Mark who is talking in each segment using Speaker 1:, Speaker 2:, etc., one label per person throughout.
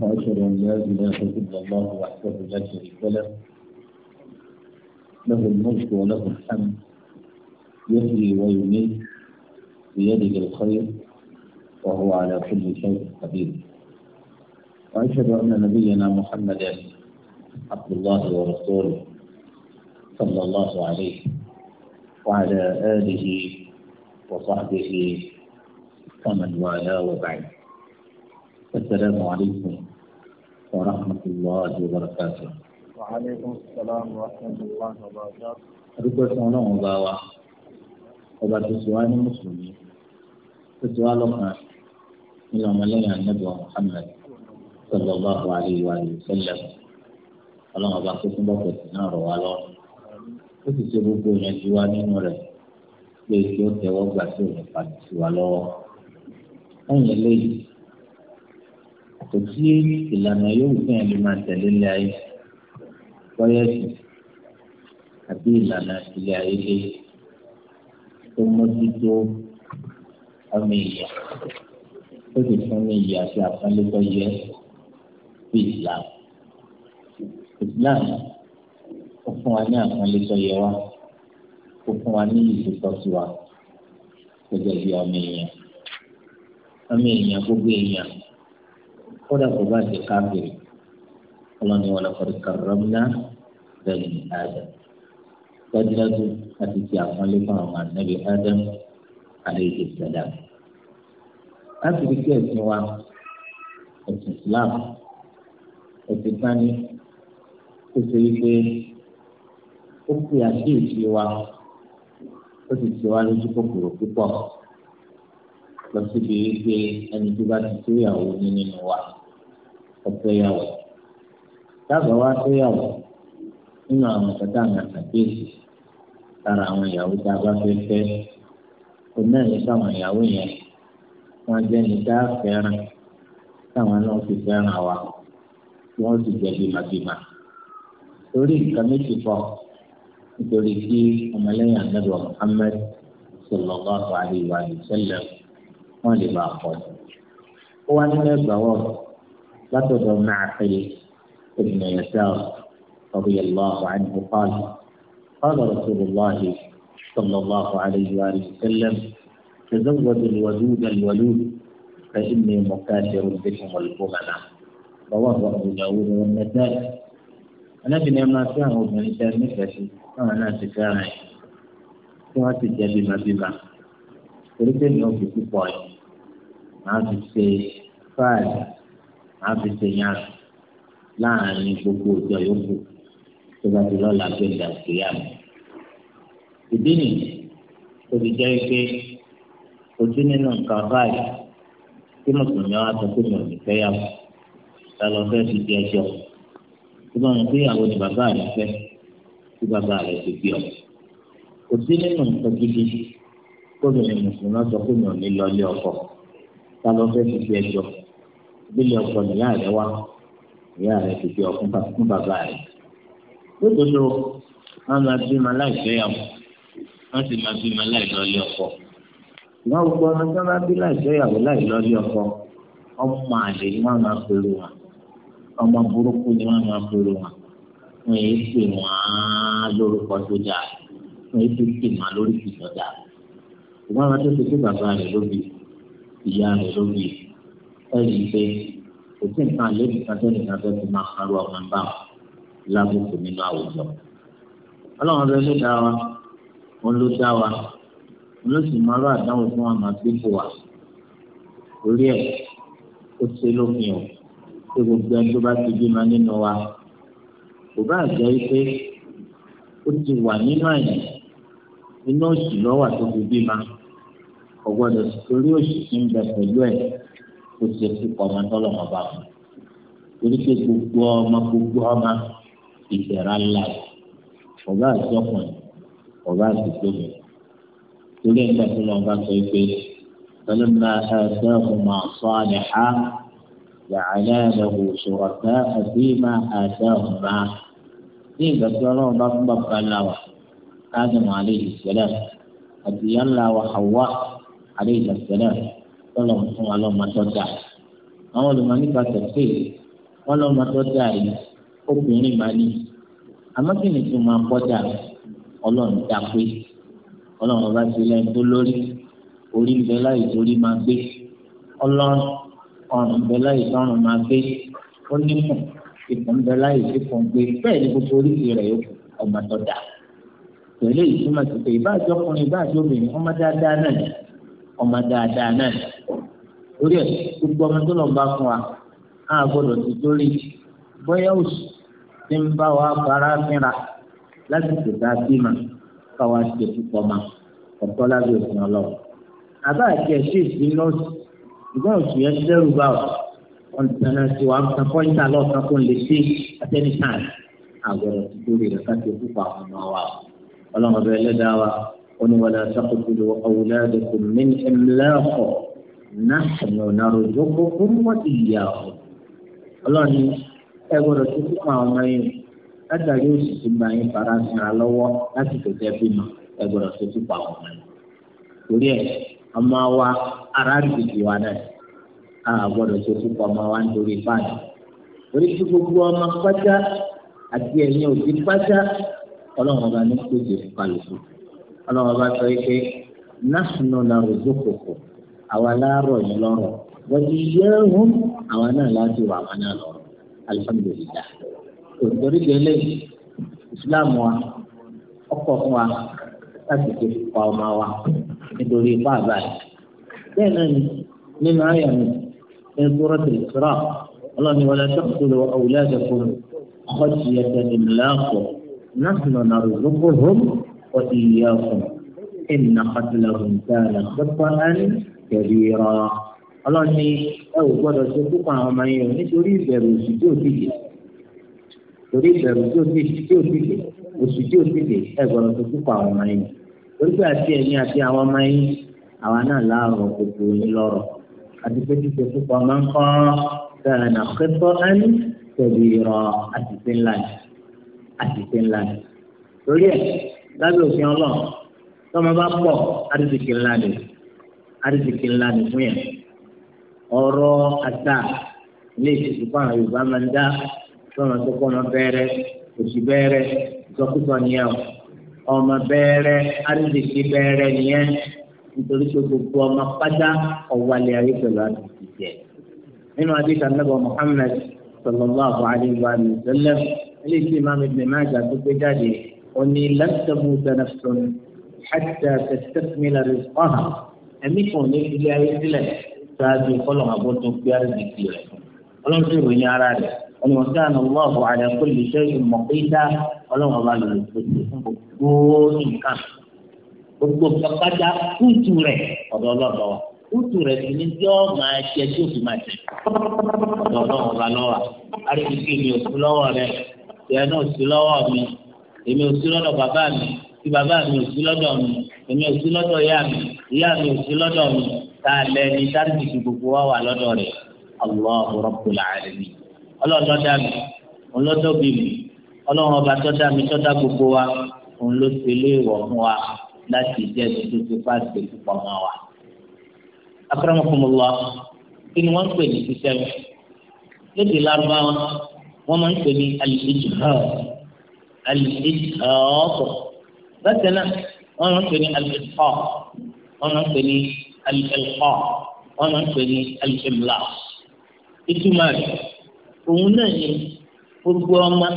Speaker 1: وأشهد أن لا إله إلا الله وحده لا شريك له له الملك وله الحمد يحيي ويميت بيده الخير وهو على كل شيء قدير وأشهد أن نبينا محمدا عبد الله ورسوله صلى الله عليه وعلى آله وصحبه ومن والاه وبعد السلام عليكم ورحمة الله وبركاته وعليكم السلام ورحمة الله وبركاته أدوكو سونا مباوا ọba tó ti wá ní mùsùlùmí tó ti wá lọ́kàn nínú ọmọlẹ́yìn anábọ̀ Muhammad sallallahu alayhi wa sallam ọlọ́run ọba tó túnbọ̀ pẹ̀sì náà rọ̀ wá lọ́rùn ó sì ṣe gbogbo kò sí ìlànà yóò fún ẹ lè máa tẹ̀lé ilé ayé bọ́yẹ̀sì àbí ìlànà ilé ayé lé tó mójútó ọmọ ìyá ó sì fún ní ìyá àti àpọ́nlẹ́tọ́ yẹ bí Islam Islam ó fún wa ní àpọ́nlẹ́tọ́ yẹ wa ó fún wa ní ìṣètọ́ sí wa gẹ́gẹ́ bí ọmọ èèyàn ọmọ èèyàn gbogbo èèyàn kódà kò bá ṣe káfíìrì ọlọ́ni wọn lọ́kọ̀ kàrọ́mùnà bẹ́ẹ̀ ni adam dájúdájú láti fi àpọ́nlé fún àwọn ànábì adam àlejò sẹ́dá. láti fi kí ẹ̀sìn wa ẹ̀sìn islam ẹ̀sìn sani ó ṣe wípé ó fi àṣeyìí wa ó sì ṣe wá lójú kòkòrò púpọ̀ lọ síbi wípé ẹni tó bá ti tó ìyàwó ní nínú wa ọ̀gbẹ́yàwó dábàá wá gbéyàwó nínú àwọn ọ̀gá àwọn àtàkìyèsí lára àwọn ìyàwó tá a bá fẹ́ fẹ́ kò náà ní káwọn ìyàwó yẹn wọ́n jẹ́ ní dá fẹ́ràn táwọn náà fi fẹ́ràn wa wọ́n sì jẹ́ bímabíma torí nǹkan méjì pọ̀ nítorí kí ọmọlẹ́yìn anábọ̀ Muhammad sallallahu alaihi wa sallam wọ́n lè bá a pọ̀ ó wá nínú ẹgbàá wọ̀ọ́. لقد معقل ابن يسار رضي الله عنه قال قال رسول الله صلى الله عليه وآله وسلم تزود الودود الولود فإني مكاثر بكم الأمم رواه أبو داود والنسائي أنا بن ما كان ابن الإنسان نفسي أنا سكاري كما تجلي ما بما قلت اليوم في كوباي ما في سي á fi ṣe yàn láàrin gbogbo ọjọ́ yòókù tó bá ti lọ́la gbé ìgbà ìgbéyà mi. ìdí nìyí tó fi jẹ́ pé ojú nínú nǹkan báyìí tí mùsùlùmí wa sọ pé mi ò ní fẹ́ yàwó ta lọ fẹ́ fi di ẹjọ́ tó bá wọn pé ìyàwó ni bàbá rẹ fẹ́ tí bàbá rẹ ti bí ọ. kò nínú nǹkan gidi kóbìnrin mùsùlùmí wa sọ pé mi ò ní lọ ilé ta lọ fẹ́ fi di ẹjọ́ bílẹ̀ ọkọ nìyá rẹ wá ìyá rẹ ti fi ọkùn fún bàbá rẹ. lódodo wọn máa bímọ aláìsẹ́yàwó wọn sì máa bímọ aláìlọ́lé ọkọ. ìwọ́n gbogbo ọmọ tí wọ́n bá bí láìsẹ́yàwó láìlọ́lé ọkọ ọmọ àlè ni wọ́n máa pèrò wọn ọmọ burúkú ni wọ́n máa pèrò wọn wọn yìí pè wọ́n á lórúkọ tó dáa wọn yìí pè wọ́n á lórúkọ tó dáa. ìwọ́n máa tó ṣe pé bàbá rẹ̀ ló bí ìyá rẹ̀ ló ẹ rí i pé kò sí nǹkan àlébù kan tó nìkan fẹ́ fi máa parọ́ ọmọ bá lábùkù nínú àwùjọ. ọlọ́run rẹ ló dá wa òun ló dá wa òun ló sì máa rọ àdánwò fún wa máa gbé fò wá. orí ẹ̀ ó ṣe lópin o pé gbogbo ẹni tó bá ti bímọ nínú wa kò bá jẹ́ pé ó ti wà nínú àyè inú òṣì lọ́wọ́ tó fi bímọ ọ̀gbọ́dọ̀ torí òṣì ti ń bẹ pẹ̀lú ẹ̀ kó ṣe kíkọ ọmọ tọ́lọ̀ wọn bá fún torí pé gbogbo ọmọ gbogbo ọmọ ìṣẹ̀ra ńlá yìí ọba àti ọkùnrin ọba àti tóbi torí ẹgbẹ́ tó lọ́n bá sọ pé pẹ̀lú máa ẹ sẹ́kùn máa sọ àlẹ́ ha yàrá ẹ̀rọ ṣòwòtá àti máa àṣà ọ̀nà ní ìgbà tí ọlọ́run bá fún bàbá ńlá wa káàdùn àlẹ́ ìṣẹ̀lẹ̀ àti ìyá ńlá wa Hawa àlẹ́ ìṣẹ̀lẹ̀ tọ́lọ̀ ń fún wa lọ́mọ tó dáa àwọn olùmọ̀ nípa tẹ̀sí wọn lọ́mọ tó dáa yìí obìnrin máa ní àmọ́ kí ni tó máa bọ́ dáa ọlọ́run dá pé ọlọ́run bá ti lẹ́yìn tó lórí orí ń bẹ láyé torí máa gbé ọlọ́run ọrùn ń bẹ láyé tọ́rùn máa gbé ó nímọ̀ ìfọ̀ ń bẹ láyé tí kò ń gbé bẹ́ẹ̀ ni gbogbo oríṣi rẹ̀ yóò ọmọ tó dáa pẹ̀lú ìtumọ̀ sí pé ìbáàjọ́ ọkùnrin ìbáàjọ́ obìnrin ọmọ dáadáa náà ọmọ dáadáa náà lórí ẹ̀ gbogbo ọmọ tó lọ́n bá fún wa á gbọ́dọ̀ ti torí bóyá oṣù tí ń bá wa fara fínra láti tètè bímọ káwa ṣe púpọ̀ ma ọ̀tọ́ lábẹ́ òfin ọlọ́run àbá àti ẹ̀ṣẹ́ ìsìn nọ́ọ̀sì ìgbọ́n oṣù yẹn dẹ́rù bá wa wọn tẹ̀lé tí wàá kan pọ́ńtà lọ́ọ̀kan kó lè ṣe àtẹnitàn àgbọ̀dọ̀ ti torí rẹ̀ ká ṣe púpọ̀ àwọn ọmọ wa ọlọ́run ọbẹ̀ ẹlẹ́dàá wa. ولا تقتلوا أولادكم من إملاق نحن نرزقكم وإياهم ọlọ́run ní ẹ gbọ́dọ̀ tó fún àwọn ọmọ yẹn látàrí oṣù tó gba yín fara sanra lọ́wọ́ láti tó jẹ́ bímọ ẹ gbọ́dọ̀ tó fún àwọn ọmọ yẹn torí ẹ ọmọ wa ará gbèsè wa náà a gbọ́dọ̀ tó fún ọmọ wa nítorí fáàlì torí tí gbogbo ọmọ pátá àti ẹ̀yin òbí pátá ọlọ́run ọba ní kó jẹ́ fún kálukú ọlọ́run bá sọ pé nahnu narzuquku àwa láàárọ̀ yìí lọ́rọ̀ wọ́n ti yẹ ohun àwa náà láti wà wọn náà lọ́rọ̀ alhamdulillah torí délé islam wa ọkọ̀ fún wa láti fi pa ọmọ wa nítorí ipá àbáyé bẹ́ẹ̀ náà ni nínú ayọ̀ mi nínú kúrọ́ tìlì kúrọ́ ọlọ́ni wọlé tọ́kùtù ọ̀wùlẹ́ àjẹkùn ọkọ̀ tìyẹ̀ tẹ̀lé ńlá ọkọ̀ náà sì lọ́nà rẹ̀ lókòó وإياكم إن قتلهم كان خطأ كبيرا ọlọ́run ní ẹ ò gbọ́dọ̀ ṣe púpọ̀ àwọn ọmọ yẹn o nítorí ìbẹ̀rù òṣì tí ò dìde torí ìbẹ̀rù tí ò dìde tí ò tí ò dìde ẹ gbọ́dọ̀ ṣe púpọ̀ àwọn ọmọ yẹn torí pé àti ẹ̀yin àti àwọn ọmọ yẹn àwa náà láàrọ̀ gbogbo yín lọ́rọ̀ àti pé títí púpọ̀ máa ń kọ́ bẹ́ẹ̀ náà kẹ́tọ́ ẹni tẹ̀lé ìrọ̀ àtìsí ńlá ni àtìsí torí ẹ̀ lábẹ́ òfin ọlọ́run tọ́mọ bá pọ̀ àdìsíkì ńlá ni àdìsíkì ńlá ni fún yẹn ọ̀rọ̀ àtà ilé ìsìnkú àwọn yorùbá máa ń dá tọ́mọ tó kọ́ ọmọ bẹ́ẹ̀rẹ́ òsì bẹ́ẹ̀rẹ́ ìsọkúsọ nìyẹn o ọmọ bẹ́ẹ̀rẹ́ àdìsíkì bẹ́ẹ̀rẹ́ nìyẹn nítorí pé gbogbo ọmọ pátá ọ̀wálé ayé pẹ̀lú àdìsíkì jẹ nínú àdìsíkì anábọ̀ Muhammad sallallahu alayhi wa sallam ilé ìsìn máa òní lásìkò danafson hàtà tẹsítẹsímìlà rẹ ọhà ẹmí kan ní ilé ayé sílẹ̀ ṣáájú kọlọn àbọtún pé àrùbìkì rẹ Ọlọ́run sì ròyìn ara rẹ wọn ni wọn kí àná wọn àbọ àdàkọ lè ṣe ìmọ̀pẹ́dá Ọlọ́run ọba lòlù pèsè fún gbogbo nǹkan gbogbo pàpàdà kúùtù rẹ ọ̀dọ̀ ọlọ́dọ̀ wa kúùtù rẹ sì ni tí ọ máa jẹ tí o sì máa jẹ ọ̀dọ̀ ọlọ́run ọba lọ́wọ́ àríkìkì mi ò sí lọ́wọ́ rẹ ìyẹn náà sí lọ́wọ́ mi èmi ò sí lọ́dọ̀ bàbá mi tí bàbá mi ò sí lọ́dọ̀ mi èmi ò sí lọ́dọ̀ ìyá mi ìyá mi ò sí lọ́dọ̀ mi tá a lẹ ní dáríjì gbogbo wa wà lọ́dọ̀ rẹ̀ Allahu Rabbul Alamin ọlọ́dọ̀ dá mi ọlọ́dọ̀ bí mi ọlọ́run ọba tó mi tó gbogbo wa òun ló ti lé ìwọ̀ wa láti jẹ́ ẹni tó ti fà púpọ̀ mọ́ wa. akọ́rọ́mọkùnmọ́lá kí ni wọ́n pè ní sísẹ́ mi lédè lárúbáwá wọ́n máa ń pè ní alìsíjú hàn alìhìhàọ́tọ̀ bákan náà wọ́n máa ń pè ní alìhìhọ́ wọ́n máa ń pè ní alìhìhọ́ wọ́n máa ń pè ní alìhìmlá ìtumọ̀ rẹ̀ òun náà ni gbogbo ọmọ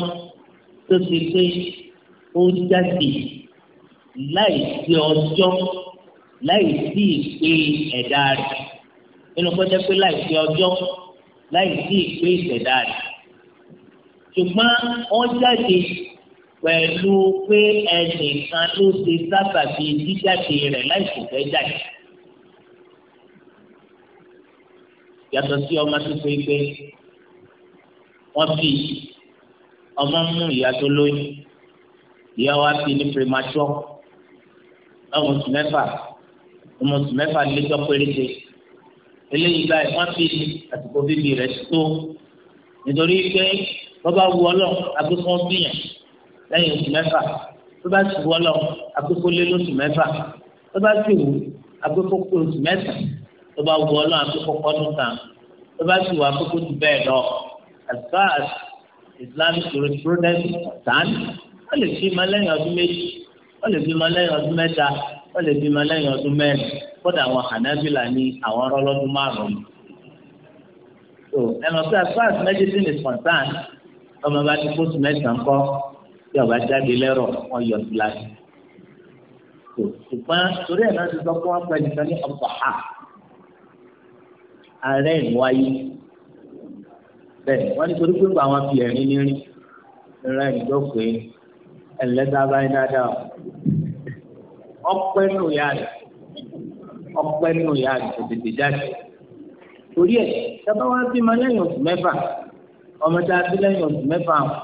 Speaker 1: tó ti pé ó jáde láì sí ọjọ́ láì sí ìpè ẹ̀dá rẹ̀ nínú kọjá pé láì sí ọjọ́ láì sí ìpè ìṣẹ̀dá rẹ̀ ṣùgbọ́n ó jáde pẹ̀lú pé ẹnìkan ló ṣe sábàbí jíjáde rẹ̀ láì kò fẹ́ jáde. yàtọ̀ sí ọmọ tó ṣe pé wọ́n bí ọmọ mú ìyá tó lóyún ìyá wa bí ní premature ọmọ oṣù mẹ́fà ọmọ oṣù mẹ́fà lẹ́jọ́ péréte eléyìí báyìí wọ́n bí àsìkò bíbí rẹ̀ tó nítorí pé bọ́bá wu ọlọ́run agbẹ́kọ̀ọ́ bíyàn lẹ́yìn oṣù mẹ́fà tó bá sì wọ́lọ́ akókó lé lóṣù mẹ́fà tó bá sì wù akókó kó oṣù mẹ́ta tó bá wọ́lọ́ akókó kọ́dún kan tó bá sì wù akókó ti bẹ́ẹ̀ lọ as far as islamic jurisprudence is concerned wọ́n lè fi ma lẹ́yìn ọdún méjì wọ́n lè fi ma lẹ́yìn ọdún mẹ́ta wọ́n lè fi ma lẹ́yìn ọdún mẹ́rin kódà àwọn hànábìlà ní àwọn ọlọ́dún márùn-ún. so ẹnu ọ̀sẹ̀ as far as medicine is concerned ọmọ bá ti kóṣù mẹ́sàn-án kọ́ tí ọba jáde lẹ́rọ̀ wọ́n yọ sí láti. ṣùgbọ́n torí ẹ̀ náà ti sọ fún wọn pẹ̀lú sọ ní ọ̀pọ̀ ha ààrẹ ìwáyé bẹ́ẹ̀ wọ́n ní torí pé àwọn fi ẹ̀rín nírin ìrìn àjò pé ẹ̀lẹ́dá bá dáadáa ọpẹ́ nù ya rẹ̀ ọpẹ́ nù ya rẹ̀ kò tètè jáde torí ẹ̀ sábà wá bímọ lẹ́yìn oṣù mẹ́fà ọmọ tá a bí lẹ́yìn oṣù mẹ́fà àwọn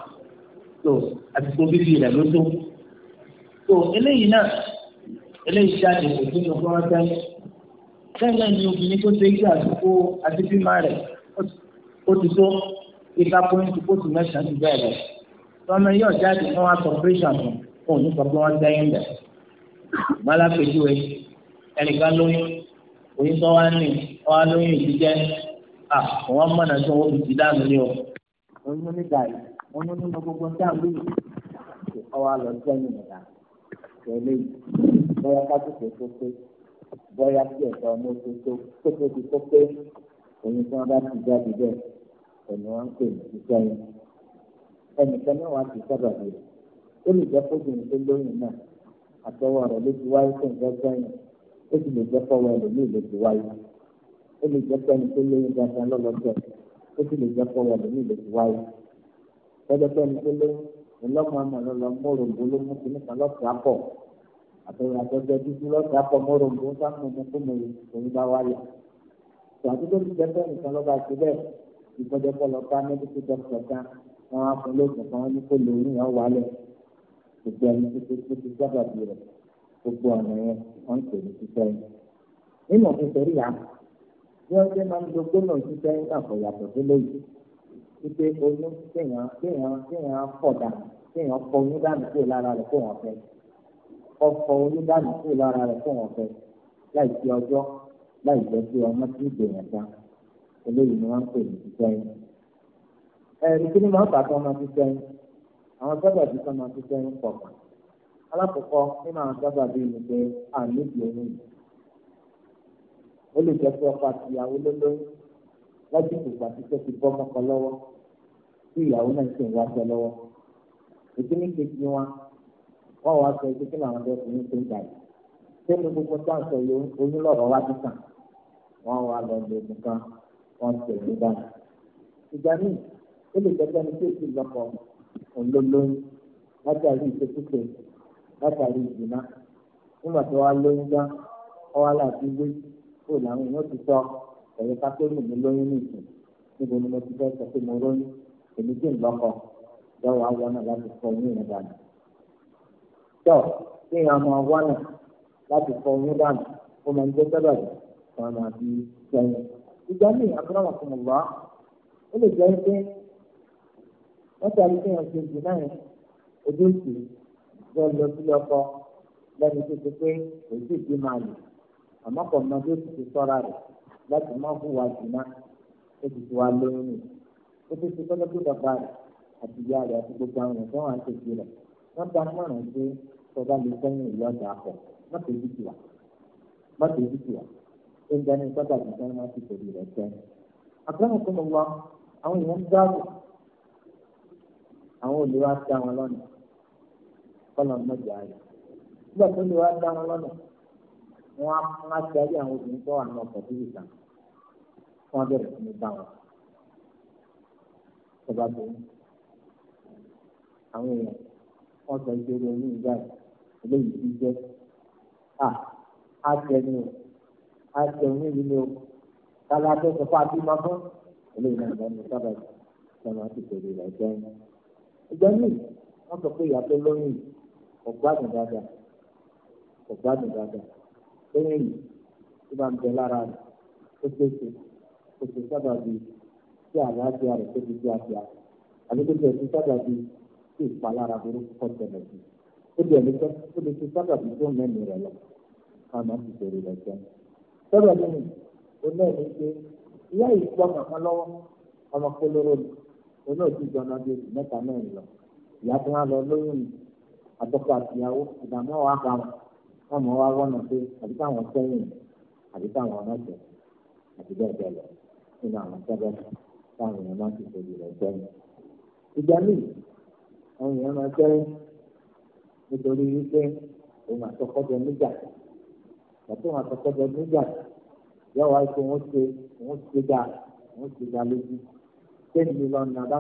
Speaker 1: tó àsìkò bíbí rẹ̀ ló tó tó eléyìí náà eléyìí jáde kò tó lọ fọwọ́ sẹ́yìn sẹ́yìn náà ni obìnrin tó ṣe gbé àsìkò àti bímọ rẹ̀ ó ti tó ìka pọ́ńtì kóòtù mẹ́sàn-án ti bẹ́ẹ̀ lọ tọ́mọ yóò jáde fún wa corporation fún òun nípa bí wọ́n sẹ́yìn bẹ̀ mọ́lá pẹ̀lú ẹ ẹnìkan lóyún òyìn tó wá ní wá lóyún ìdíjẹ́ à mọ̀nà tó wọ́n ti dáàmú ní o òun ní gàrí wọn ní nínú gbogbo dáàbò yìí ọwọ́ àlọ́ sẹ́yìn nìyà tẹ̀lé bóyá kájọpọ̀ tó pé bóyá sí ẹ̀ka ọmọ tó tó tó tó ti tó pé òun tí wọ́n bá ti jáde bẹ́ẹ̀ ẹ̀mí wọn ń pè ní sísẹ́ yẹn ẹnìkan náà wà á ti sábà bẹ̀rẹ̀ ó lè jẹ́ kó gbìyànjú tó lóyún náà àtọwọ́ rẹ̀ ló ti wáyé fún ìjọ sẹ́yìn ó sì lè jẹ́ fọwọ́ ẹlòmíì ló ti wáyé ó lè jẹ́ pẹ́ni tó lóyún dáadáa lọ́lọ́dẹ̀ ó sì lè jẹ́ fọwọ́ ẹlòmíì ló ti wáyé tẹ́lẹ̀tẹ́ ní pélé ńlọ́mọ ọmọ rẹ lọ mọ́ròǹbó ló mú kí nípa lọ́sàá pọ̀ àtẹ̀yìn àtẹ̀jẹ́ dúdú lọ́sàá pọ̀ mọ́ròǹbó sáwọn ọmọ tó mọ̀ èyí bá wáyà. tó àtúntò ti tẹ́tẹ́ nìkan lọ́ba ti bẹ́ẹ̀ ìfọ̀jẹ́pọ̀ lọ bá mẹ́díkì dọ́kítọ̀ kan wọn á fún lóògùn kan wọn ní kó lóyún wọn wálẹ̀ gbogbo ẹni tó ti tó ti sábà bì rẹ̀ gbogbo ọ̀nà yẹn wọ́n ń pè ní wípé oyún kéèyàn kéèyàn kéèyàn fọ̀ dànù kéèyàn fọ̀ oyún dànù kúrò lára rẹ̀ kó wọ́n fẹ́ ọ̀fọ̀ oyún dànù kúrò lára rẹ̀ kó wọ́n fẹ́ láì sí ọjọ́ láì jẹ́ pé ọmọ tí ìgbèyàn dá eléyìí ni wọ́n ń pè ní sísẹ́yìn. ẹ̀rí kí ni máa ń fà tán máa àwọn sábà bí tán máa sísẹ́yìn pọ̀ pọ̀ alákọ̀ọ́kọ́ nínú àwọn sábà bí mi pé àmì ìgbèyàn yìí ó lè jẹ́ pé ọkọ àtìyàwó lólóyún lọ́jọ́ ìgbà tí tó ti bọ́ mọ́kọ lọ́wọ́ tí ìyàwó náà sì ń wáṣọ lọ́wọ́ ìkíní kejì wọn wọn wá sọ pé kí làwọn ọdọ fún yín ń gbà yìí sẹ́ni gbogbo tá à sọ yìí onílọ̀rọ̀ wá títà wọn wá lọ lè nìkan ìgbà ó lè jẹ́ pẹ́ni tí èsì òǹlólóyún látàrí ìṣekúṣe látàrí nígbà wá lóyún dá ọwọ́ aláàbí wé kó ti èmi tí ń lọ́kọ lọ́wọ́ àwọn náà láti fọ oyún yẹn dànù. tó kí èèyàn máa wá náà láti fọ oyún dànù ó máa ń jẹ́ sábà rẹ̀ wọn máa fi sẹ́yìn. ìgbà míì abúlọ́wọ̀ fún mi wá ó lè jẹ́ pé wọ́n sáré kí èèyàn ṣe jù náà ojú ìsì jọ lọ sí ọkọ lẹ́nu tó ti pé kò sí ìdí máa lò àmọ́ kò mọ ti ti sọ́ra rẹ̀ láti má hùwà jù náà ó ti ti wá lóyún nìyí ó ti ṣe tọ́jọ́ pé bàbá rẹ̀ àti ìyá rẹ̀ àti gbogbo àwọn èèyàn tó wà ń tètè rẹ̀ wọ́n ta mọ́ràn pé tọ́ba lè sẹ́yìn ìlú ọ̀dà akọ mọ́tò èyí ti wà mọ́tò èyí ti wà ó ń dání tọ́ba lè sẹ́yìn láti tòbi rẹ̀ sẹ́yìn. àbúrò tó mọ̀ wá àwọn èèyàn ń dáàbò àwọn olè wa dá wọn lọ́nà kọ́nà mọ́jà rẹ̀ nígbà tó olè wa dá wọn lọ́nà wọn á ṣe ayé àwọn obìnrin tó wà ní ọkọ̀ ọba tó ní. àwọn èèyàn wọn sọ pé orí orí ìgbà eléyìí ti jẹ à á tẹnu o á tẹnu ní ìlú o kálá tó sọ fún abímọ fún eléyìí náà lọ́nà sábà lọ́nà ti tẹ̀lé rẹ̀ jẹun. ìgbà míì wọ́n sọ pé ìyàtọ̀ lóyún ọ̀gbádùn dáadáa ọ̀gbádùn dáadáa lóyún yìí tó bá ń bẹ lára rẹ̀ ó ṣeé kò sì sábà bíi sí àlàáfíà rẹ̀ tó fi dé àfíà àdókòtò ẹ̀sìn sábàbí sí ìpalára burúkú kọ́ tẹ̀lẹ̀ sí ó di ẹ̀mí tó ó lè fi sábàbí tó mẹ́mí rẹ̀ lọ ká má fi bèrè rẹ̀ jẹ́ sábàbí mi ò náà ní pé ìyá yìí gbọ́ màmá lọ́wọ́ ọmọ kólóró ni òun náà ti jọna bíi mẹ́ta mẹ́rin lọ ìyá tó wá lọ lóyún ni àtọkọ àtìyàwó ìdààmú wa bá wọn wọn mọ wá wọnà pé àbí káwọn sẹ́yìn táwọn èèyàn máa ń fi tòbi rẹ̀ jẹ́. ìgbà míì àwọn èèyàn máa jẹ́ nítorí wípé òun àtọkọ́jọ níjà pàtó òun àtọkọ́jọ níjà yóò wáyé pé wọ́n ṣe wọ́n ṣe dá wọ́n ṣe dá lójú báyìí máa bá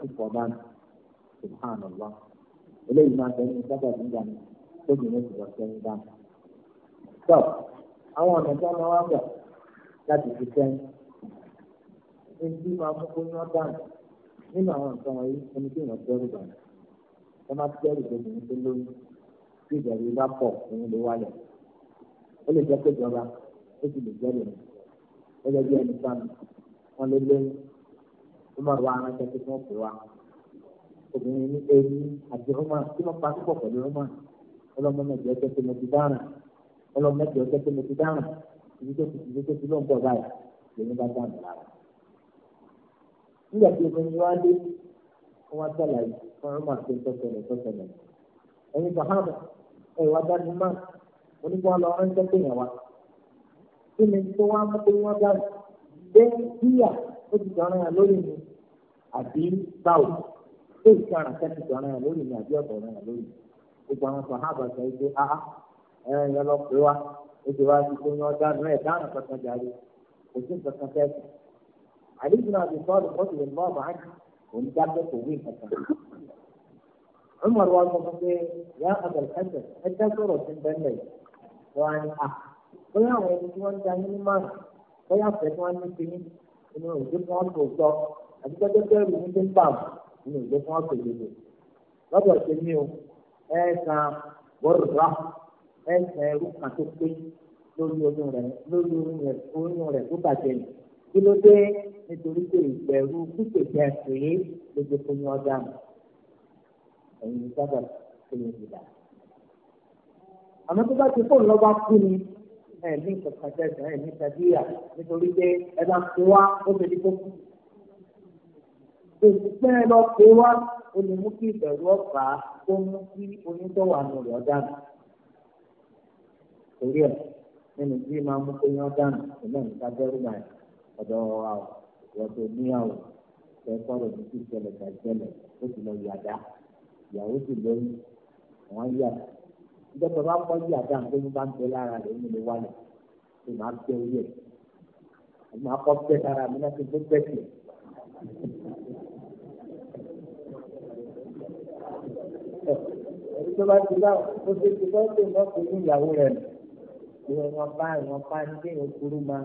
Speaker 1: mi subhana allah eléyìí máa bẹ ní sábà nígbà mi tóbi ní ìgbà sẹ́yìn bá mi. tọ́ àwọn ọ̀nà tí wọ́n máa wá gbà láti fi sẹ́yìn. ẹni tí máa mú kó yán dànù nínú àwọn nǹkan wọ̀nyí ẹni tí èèyàn dẹ́rù dànù wọ́n máa dẹ́rù dànù ní tó lóyún tí ìbẹ̀rù bá pọ̀ òun ló wáyà ó lè jẹ́ pé ìjọba ó sì lè jẹ́rù rẹ̀ gẹ́gẹ́ bí ẹni sáà wọn lé lóyún ó máa wá aránṣẹ́ tó fún òkú wa obìnrin ní ẹni àti rọ́mà tí wọ́n pa púpọ̀ pẹ̀lú rọ́mà ọlọ́mọ mẹ́jọ ọjọ́ tó mo ti dáhùn ọlọ́mọ mẹ́jọ ọjọ́ tó mo ti dáhùn ìdí tó ti ìdí tó ti lóun bọ̀ báyìí lèmi bá dáhùn lára. nígbà tí obìnrin wá dé wọn sàlàyé fún ọmọ àti ìtọ́sẹ̀lẹ̀ ìtọ́sẹ̀lẹ̀ ẹ̀yin sàhámà ẹ̀wà dání máa onígbà lọ ránṣẹ́ pé yàn wá kí ni tó wá mú pé dání dé bíyà ó ti lórí mi àbí ti lórí mi àbí lórí mi gbogbo àwọn sọ pé lọ pé wá ó ti wá علي بن ابي طالب رضي الله عنه ومدافع طويل حتى عمر والمفضل يا ابا الحسن حتى صورة بني وعن اخ bóyá àwọn ẹni tí wọ́n ń da yín ní márùn bóyá àfẹ́ tí wọ́n ń fi yín inú òjò fún ọ̀pọ̀ sọ àti gbẹ́gbẹ́ bẹ́ẹ̀rù ní ti ń bà mọ́ inú òjò fún ọ̀pọ̀ gbogbo lọ́dọ̀ ṣe mí o ẹ san bọ́ọ̀rùrà ẹ san ẹrú kan tó pé lórí oyún rẹ̀ lórí oyún rẹ̀ tó bàjẹ́ yìí kí ló dé nítorí pé ìbẹ̀rù pípèsè ẹ̀sìn yìí ló ti fún yín ọjà mọ́ ẹ̀yin sábà tó yẹ kí dà. àmọ́ tó bá ti fóònù lọ́ba kú ni ẹ̀mí kankan tẹ̀sán ẹ̀mí tàbíyà nítorí pé ẹ bá kó wá ó ti di kó kú. òṣìṣẹ́ ẹ lọ kó wá ó lè mú kí ìbẹ̀rù ọ̀fà kó mú kí onítọ̀wà nù rẹ̀ ọjà mọ́. torí ẹ̀ nínú tí máa mú kó yín ọjà mọ́ ìlànà ìta bẹ́rù báyìí ọ̀dọ̀ wa o wọ́tò níyàwó ẹ̀kọ́rọ̀ ní ti ṣẹlẹ̀ ká ṣẹlẹ̀ ó sì lọ yàdá ìyàwó sì lóyún àwọn yà ìjọba bá ń kọ́ yàdá nítorí bá ń bẹ lára rẹ̀ ní ilé wálẹ̀ tó máa bẹ orí ẹ̀ àti máa kọ́ bẹ lára mi láti tó bẹ sí. ẹ̀rí tó bá ti bá ó ṣe ti bá tó bá kó ní ìyàwó rẹ̀ nù ìwọ̀n bá ìwọ̀n bá ní kéèyàn kúrú ma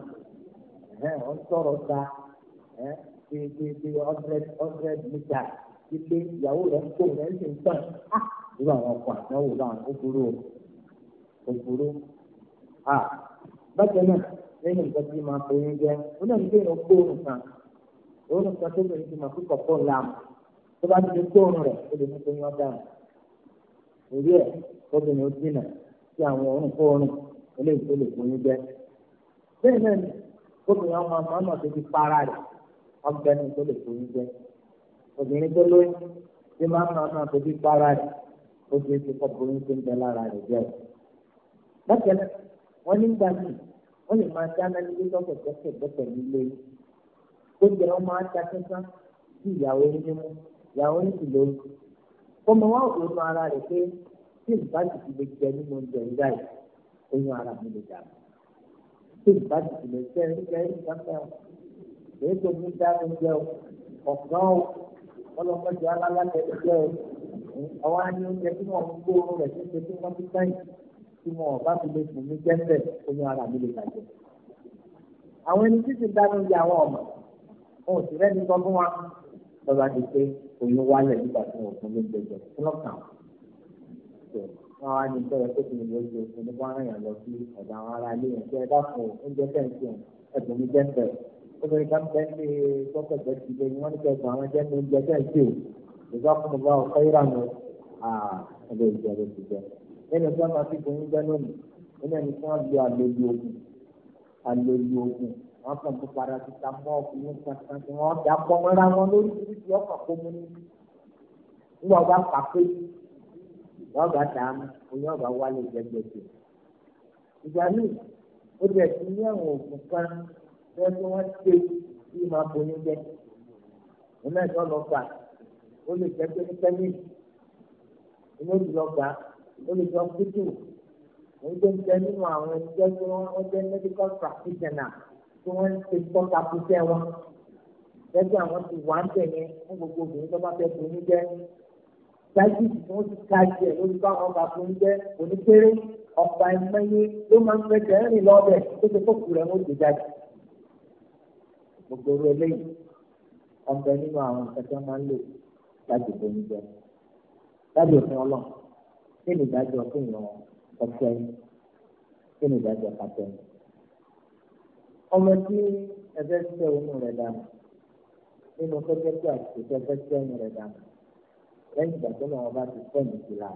Speaker 1: ẹ̀ sọ̀rọ̀ ta. ti ti ti hundred hundred mita títí ìyàwó rẹ̀ ń kó rẹ̀ ń sì ń tàn á nínú ti màá kíkọ̀ fún làmù tó o ti lè kó òrùn rẹ̀ ó lè ní kéèyàn dáhùn orí ẹ̀ kóbìnrin ó dínà sí àwọn òrùn kó òrùn eléyìí tó lè ọgbẹ́ ní tó lè forí jẹ́ obìnrin tó lóyún tí máa ń máa máa fojú para rẹ̀ ó ti ti kọ́ borí tó ń bẹ lára rẹ̀ jẹ́ o. bákan náà wọ́n nígbà tí wọ́n lè máa dáná nílé lọ́sọ̀tẹ́sẹ̀ bẹ́tẹ̀ nílé ó jẹ́ wọ́n máa ta sẹ́sán sí ìyàwó ní mú ìyàwó ní sì lóyún. ọmọ wa ò ronú ara rẹ̀ pé tí ìbájú ti lè jẹ nínú oúnjẹ ìyá yìí oyún ara mi lè dàgbà tí ìbájú ti lè jẹ nígbà yìí èyí tó ní dáhùn jẹ o ọ̀gán o ọlọ́mọdé alálàtẹ̀ jẹ o àwọn á ní oúnjẹ tí wọ́n ń gbóòórùn rẹ̀ tó ṣe tí wọ́n ti sẹ́yìn tí wọn ò bá fi lè sùn ní jẹ́ńtẹ̀ oyún ara mi lè bàjẹ́. àwọn ẹni tí ti dáná yẹ àwọn ọmọ wọn ò sì rẹ́ni sọ fún wa lọ́ba ti pé oyún wálẹ̀ nígbà tí wọn ò fún lóúnjẹ jẹ kí lọ́ kàn án. wọn wá ní bẹ́ẹ̀ tó ti lè ṣe oṣù nípa ara yẹn lọ sí ọ̀dọ̀ àwọn ará ilé yẹn kí ẹ dákun oúnjẹ tẹ̀ ń sùn ẹ̀dùn mi jẹ́ńtẹ̀ obìnrin kan bẹ ní sọ́kọ̀ bẹ ti bẹ ní wọ́n ní kẹsàn-án àwọn ẹgbẹ́ ní oúnjẹ tẹ̀ sí o ìgbà fún ọba ọ̀fẹ́ ìrànà ọbẹ̀ ìjẹ́ ló ti jẹ. nínú tí wọ́n máa fi gbóyún bẹ́ lónìí nínú ẹni tí wọ́n lo àlòlù oògùn àlòlù oògùn wọ́n kàn tó para títa mọ́ ọkùnrin kankan tí wọ́n dà pọ̀ mọ́ra wọn lóríṣiríṣi ọkàn kó mú ní. nígbà ọba pàpé ọba dàámú oyún ọba wálé gbẹgbẹgbẹ. ìgbà míì ó bẹ̀ sí ní àwọn òògùn kan wọ́n tí wọ́n ṣe kí máa bonyín jẹ́ òun náà ni wọ́n lọ gbà ó lè jẹ́ pé ní kẹ́míìlì inú ti lọ gbà ó lè jọ kútù òun tó ń jẹ nínú àwọn ẹgbẹ́ tí wọ́n jẹ́ medical practitioner tí wọ́n ń ṣe tọ́ka fúnṣẹ́ wọn lẹ́gbẹ́ àwọn ti wà ń bẹ̀ yẹn fún gbogbo obìnrin tó bá fẹ́ bonyín jẹ́ dájú tí wọ́n ti ka jẹ lórí báwọn ọba tó ń jẹ́ oníkéré ọ̀pá ẹ̀mẹ́yẹ ló máa ń fẹ́ jẹ́ rìn lọ́bẹ̀ tó ti kókù rẹ̀ wọ́n gbogbo orí eléyìí ọbẹ̀ nínú àwọn nǹkan máa ń lò láti bomi jẹ lábẹ́ òfin ọlọ́ kí ni ìdájọ́ fún ìran ọ̀fẹ́ kí ni ìdájọ́ kàtẹ́ ọmọ tí ẹgbẹ́ sẹ́ oyún rẹ̀ dànù nínú pẹ́pẹ́ tí àtúntò ẹgbẹ́ sẹ́ oyún rẹ̀ dànù lẹ́yìn ìgbà tó lọ́wọ́ bá ti fẹ́ mi sí la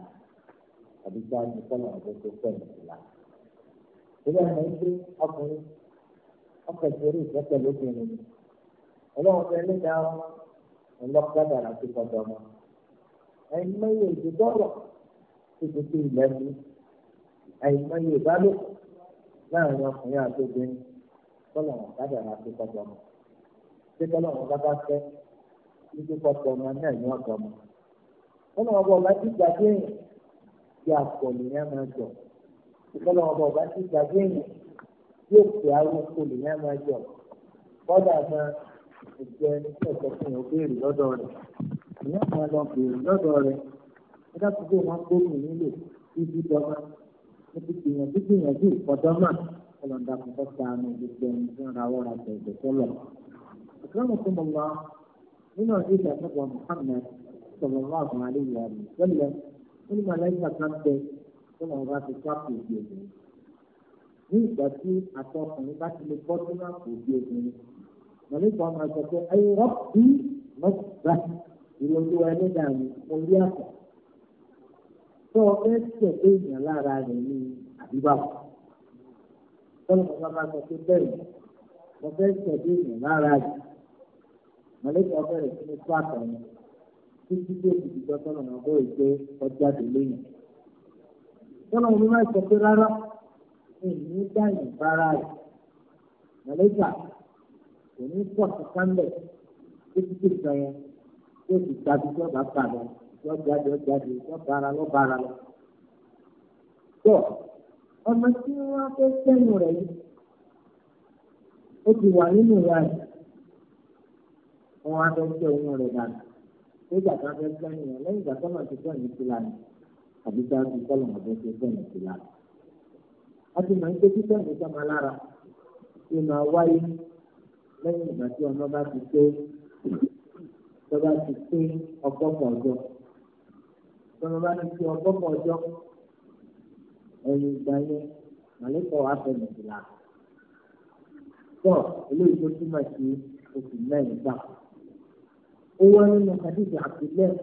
Speaker 1: àbí sáájú tó lọ́wọ́ tó fẹ́ mi sí la. ìgbà yẹn ń gbé ọkùnrin ọkọ̀ ìṣeré ìfẹ́pẹ̀ lóbìnrin ni ọlọ́run fẹ́ lẹ́dá ọlọ́kadàrà ti kọ̀dọ̀ mọ́ àìmọye ìdúdọ́rọ̀ títí tí ilẹ̀ mú àìmọye ìbálò láàrin ọkùnrin àti obìnrin tọ́lọ̀ ọ̀kadàrà ti kọ̀dọ̀ mọ́ tí tọ́lọ̀ wọn bá bá fẹ́ títí kọ̀dọ̀ mọ́ náà ní ọ̀dọ̀ mọ́ tọ́lọ̀ wọn bá ọba ti gbàgbé èèyàn bí àpọ̀ nìyẹn máa jọ tọ́lọ̀ wọn bá ti gbàgbé èèyàn yóò pè arúgbó lè yá máa jọ kọ́dà máa ẹ̀jẹ̀ ẹni tí ẹ̀jẹ̀ fún yàn béèrè lọ́dọ̀ rẹ̀ ìyá máa lọ béèrè lọ́dọ̀ rẹ̀ ẹ̀dá tó gbé wọn gbóògùn nílò ibi dọ́mà níbi gbìyànjú gbìyànjú ìfọdọ́mà ọlọ́dà kò tó ta àmì gbogbo ẹni tí ń rawọ́ ra bẹ̀rẹ̀ tọ́lọ̀. ìkànnì tó mọ̀ nínú ọdún ìgbà kan bẹ tó mọ̀ wá ní ìgbà tí àtọkùnrin bá ti lè bọ́ sínú àpò bí obìnrin mọ̀lẹ́kọ̀ ọmọ ẹ̀sọ́ pé ayé rọ́pì mọ́tìbá ìrọ̀lúwa ẹlẹ́dàá mi mo rí àpò tó o fẹ́ tẹ̀ èèyàn lára rẹ̀ ní àbíbáwò tọ́lá ọ̀gá bá sọ pé bẹ́ẹ̀ mo fẹ́ tẹ̀ èèyàn lára rẹ̀ mọ̀lẹ́kọ̀ ọ̀fẹ́ rẹ̀ sí ní tó àtọ̀yìn títí tó ti dìjọ́ tọ́lá ọ̀gá ìgbé ọjà tó léyìn tọ́lá ọ̀gá bá sọ pé rárá ìní dáyìn bára rẹ̀ mọ̀lẹ́gbà kò ní pọ̀ sí kánbẹ̀ tó ti tó sọ yẹn tó ti gbàdú tó bá bà lọ tó jáde tó jáde tó bára lọ bára lọ. tó ọmọ tí wọ́n fẹ́ sẹ́nu rẹ̀ yìí ó ti wà nínú ìyá rẹ̀ wọ́n á fẹ́ jẹ́ oyún rẹ̀ dànù nígbà tí wọ́n fẹ́ sẹ́nu rẹ̀ lẹ́yìn ìgbà tó wọ́n ti sẹ́nu sí lánàá àbí tí wọ́n ti sẹ́nu ọ̀dọ́ ti sẹ́nu sí lánàá a ti máa ń gbé títẹ̀ ní sọ́mọ lára tí máa wáyé lẹ́yìn ìgbà tí ọmọ bá ti pé tọ́ba ti pé ọgọ́pọ̀ ọjọ́ tọ́ba bá ti pé ọgọ́pọ̀ ọjọ́ ẹ̀yìn ìgbà yẹn màlẹ́kọ̀ wá fẹ́ nìyíla tọ́ eléyìí tó túmọ̀ sí oṣù mẹ́rin gbà ó wá nínú hadith Abdullah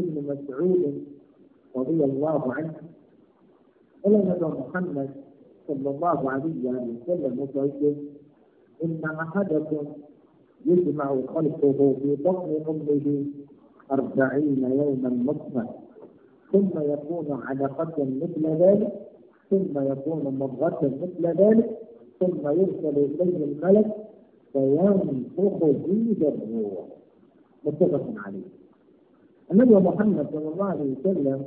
Speaker 1: ibn Mas'ud radiyallahu anhu. ọlọ́mọdé Muhammad محمد صلى الله عليه وسلم يقول إن أحدكم يجمع خلقه في بطن أمه أربعين يوما نطفة ثم يكون علاقة مثل ذلك ثم يكون مضغة مثل ذلك ثم يرسل إليه الملك فينفخ فيه الروح متفق عليه النبي محمد صلى الله عليه وسلم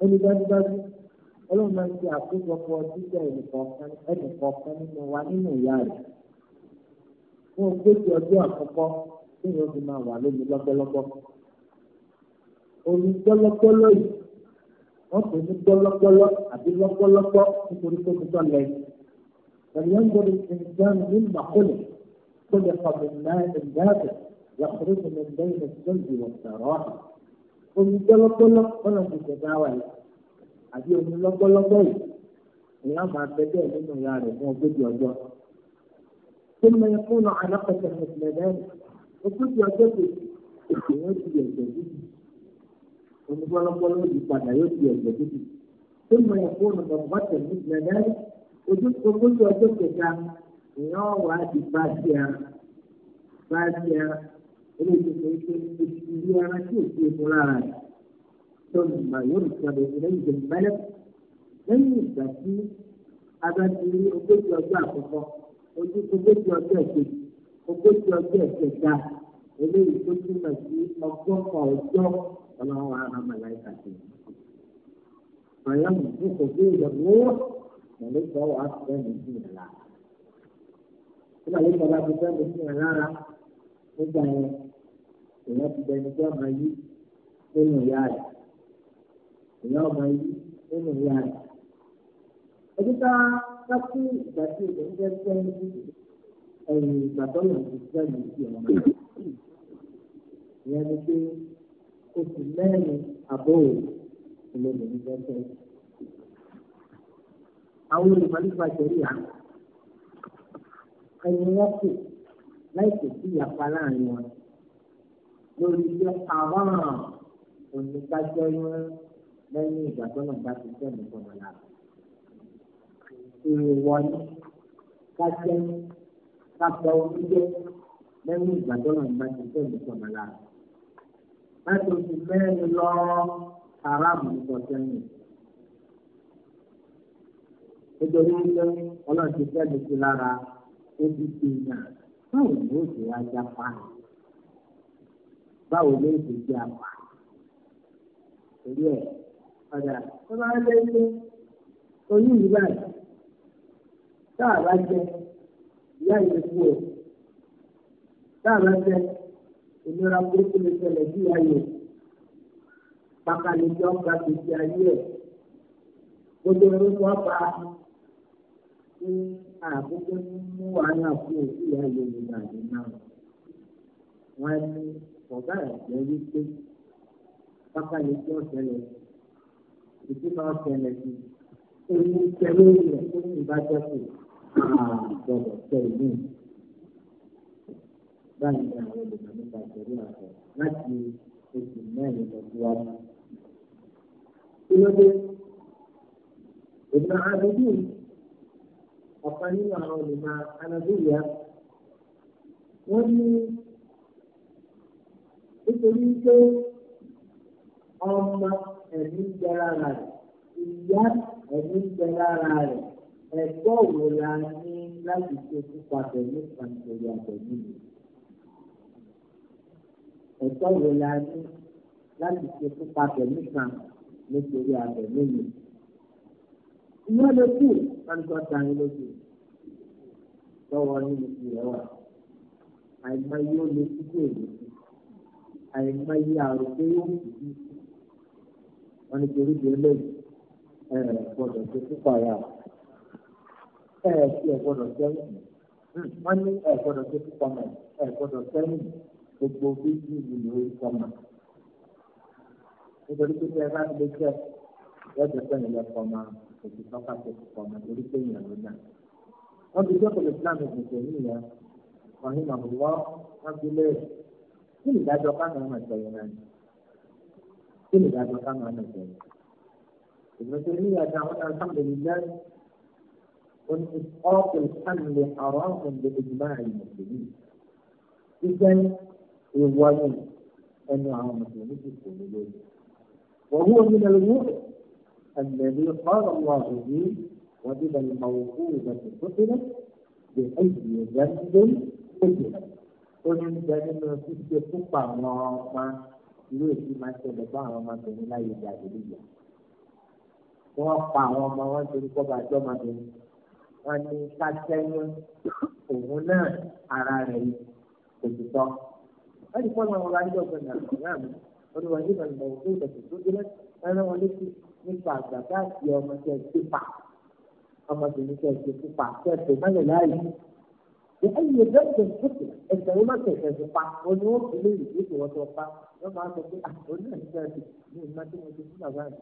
Speaker 1: قال ọlọ́run máa ń ṣe àkójọpọ̀ jíjẹ ẹnìkọ̀ọ̀kan nínú wa nínú ìyá rẹ̀ fún ogójì ọjọ́ àkọ́kọ́ tí yóò fi máa wà lómi lọ́gbọ́lọ́gbọ́ omi gbọ́lọ́gbọ́lọ́ yìí wọ́n pè ní gbọ́lọ́gbọ́lọ́ àti lọ́gbọ́lọ́gbọ́ nítorí pé kò tọ́ lẹ́yìn pẹ̀lú ẹ̀ ń gbọ́dọ̀ ìdáhùn ní màkúlẹ̀ kó lè fà mí náà ìdáàbò yàtọ̀ ní ìdáhùn ìdáhùn ìdáhùn àbí omi lọ́gbọ́lọ́gbọ́ yìí èèyàn máa fẹ́ bẹ́ẹ̀ nínú ìyá rẹ̀ fún ogójì ọjọ́. tó mọ ẹkún náà alákọ̀ọ́sẹ̀ mùsùlùmí bẹ́ẹ̀ ogójì ọjọ́ tó èèyàn ti ẹ̀jẹ̀ dídì omi lọ́gbọ́lọ́gbọ́ yìí padà yóò ti ẹ̀jẹ̀ dídì tó mọ ẹkún náà bọ̀bọ̀tẹ̀ mùsùlùmí bẹ́ẹ̀ ogójì ọjọ́ kẹta èèyàn wà á di bá a ti ara bá ثم يرسل إليه الملك lẹ́yìn ìgbà tí agbátiri ogójì ọjọ́ àkọ́kọ́ ojú ogójì ọjọ́ ìkejì ogójì ọjọ́ ìkẹta eléyìí tó túmọ̀ sí ọgọ́fà ọjọ́ ọlọ́run ara màláìka sí i. àyà mùsùlùmí kò gbé ìyàwó mọ̀lẹ́kọ̀ wà fẹ́ mi sí ìyàrá. tí màlẹ́kọ̀ bá ti fẹ́ mi sí ìyàrá rà nígbà ìyá ọmọ yìí nínú ìyá rẹ̀. ẹbí ká ká sí ìgbà tí ìgbà ń jẹ́ jẹ́ ẹ̀yìn ìgbà tó lọ sí ìgbà yìí sí ọmọ rẹ̀. ìyá ni pé oṣù mẹ́rin àbọ̀ ìlọ́mọdé jẹ́ jẹ́. àwọn olùmọ̀lẹ́fà jẹ̀rí à ẹ̀yìn wọn kù láì sí ìyapa láàrin wọn lórí iṣẹ́ àwọn onígbàjọ́ yẹn lẹ́yìn ìgbà tó náà bá ti tẹ̀ mí fún ọ̀la. Èèwọ̀ ni ká jẹ́ ká sọ orí jẹ́ lẹ́yìn ìgbà tó náà bá ti tẹ̀ mí fún ọ̀la. Láti oṣù mẹ́rin lọ aráàmù ní sọ sẹ́yìn. Nítorí pé ọlọ́run ti fẹ́ mi sí lára ó ti ṣe ìyàn báwo ni ó ṣe wá jápa? Báwo ló ṣe jẹ́ àpá? Torí ẹ̀ ọ̀dà tó bá ń lé ní oyún yìí báyìí tá a bá jẹ ìyá yìí kú o tá a bá jẹ ìnira burúkú lè ṣẹlẹ̀ sí ìyá yìí pàkà lè jọ gba gbèsè ayé ẹ̀ gbogbo ẹni tó bá ní àkókò mú wàhálà fún òkú ìyá yìí nígbà yìí náà wọn ní ọ̀gá ẹ̀ wípé pàkà lè jọ ṣẹlẹ̀ sí ìdí máa ṣẹlẹ̀ sí ẹni tẹ̀lé rẹ̀ tó ti bá jẹ́ kù àgbọ̀dọ̀ ah, tẹ̀lé báyìí ni àwọn olùkọ́ nípa ìtẹ̀lé àtọ̀ láti oṣù mẹ́rin lọ síwájú. kí ló dé ìgbà àdúgbò ọ̀kan nínú àwọn olùmọ̀ anábìyà wọ́n ní nítorí pé ọmọ ẹ̀mí ń bẹ lára rẹ̀ ìyá ẹ̀mí ń bẹ lára rẹ̀ ẹ̀kọ́ wo la ní láti ṣe púpà pẹ̀lú pàṣẹyà pẹ̀lú rẹ̀ ẹ̀kọ́ wo la ní láti ṣe púpà pẹ̀lú kan nítorí àbẹ̀lú mi. ìyá ló kù lọ́dọ̀ tani lójú lọ́wọ́ nínú ìrẹ̀ wà àìmọye ó lè kú àìmọye àròpé yóò kù kú wọn ní torí di eléyìí ẹ ẹ gbọ́dọ̀ tó púpọ̀ ya ẹ ẹ fi ẹ gbọ́dọ̀ sẹ́yìn hmm, wọn ní ẹ gbọ́dọ̀ tó púpọ̀ mọ ẹ gbọ́dọ̀ sẹ́yìn gbogbo bí ìlú ni orí kọ mọ nítorí pé bí ẹ bá ń gbé jẹ yọjọ sẹ́yìn lẹkọọ mọ òsì tọ́ka tó púpọ̀ mọ torí pé ìyẹn ló dà wọn ti jẹ́ pẹ̀lú islam ìgbìmọ̀ nìyẹn ọ̀hìn màmúwá wọn ti lé kí ìdájọ́ káàmù kí ni ìdájọ́ ká máa nàìjẹ́ ìgbésẹ̀ nígbà tí àwọn alhamdulillah wọn ti ọ́pọ̀ ìsàlẹ̀ ọ̀rọ̀ ọ̀hún lè ìgbà ìmọ̀lẹ́bí jíjẹ́ ìwọlé ẹnu àwọn mùsùlùmí ti kò ní lórí. وهو من الوضع الذي قال الله فيه وجد الموقوفة قتلت بأي ذنب قتلت ومن ذنب تلك تقع irú èsì máa ń ṣẹlẹ̀ fún àwọn ọmọbìnrin láyé ìjà ìlú ìyá. wọ́n pa àwọn ọmọ wọn torí kọ́ bá jọ́ ọmọbìnrin. wọ́n ní káṣẹ́yún òun náà ara rẹ̀ yìí kò sì tọ́. wọ́n ti fọ́nà wọn lájọ́ ọ̀gbìn àgbà mi olùwà yìí máa ń bọ̀ fún ìdọ̀tí tó dé lẹ́nu wọn létí nípa àgbàdo àti ọmọ ìdíyẹ dẹ́gbẹ̀ ìdíje ẹ̀sẹ̀ ló máa tẹ̀sẹ̀ sí pa oní wọn fi léèrè pé kò wọ́n tó pa wọ́n máa sọ pé àwọn náà ní sẹ́ẹ̀sì ní ìmọ̀ tí mo ti fún bàbá rẹ̀.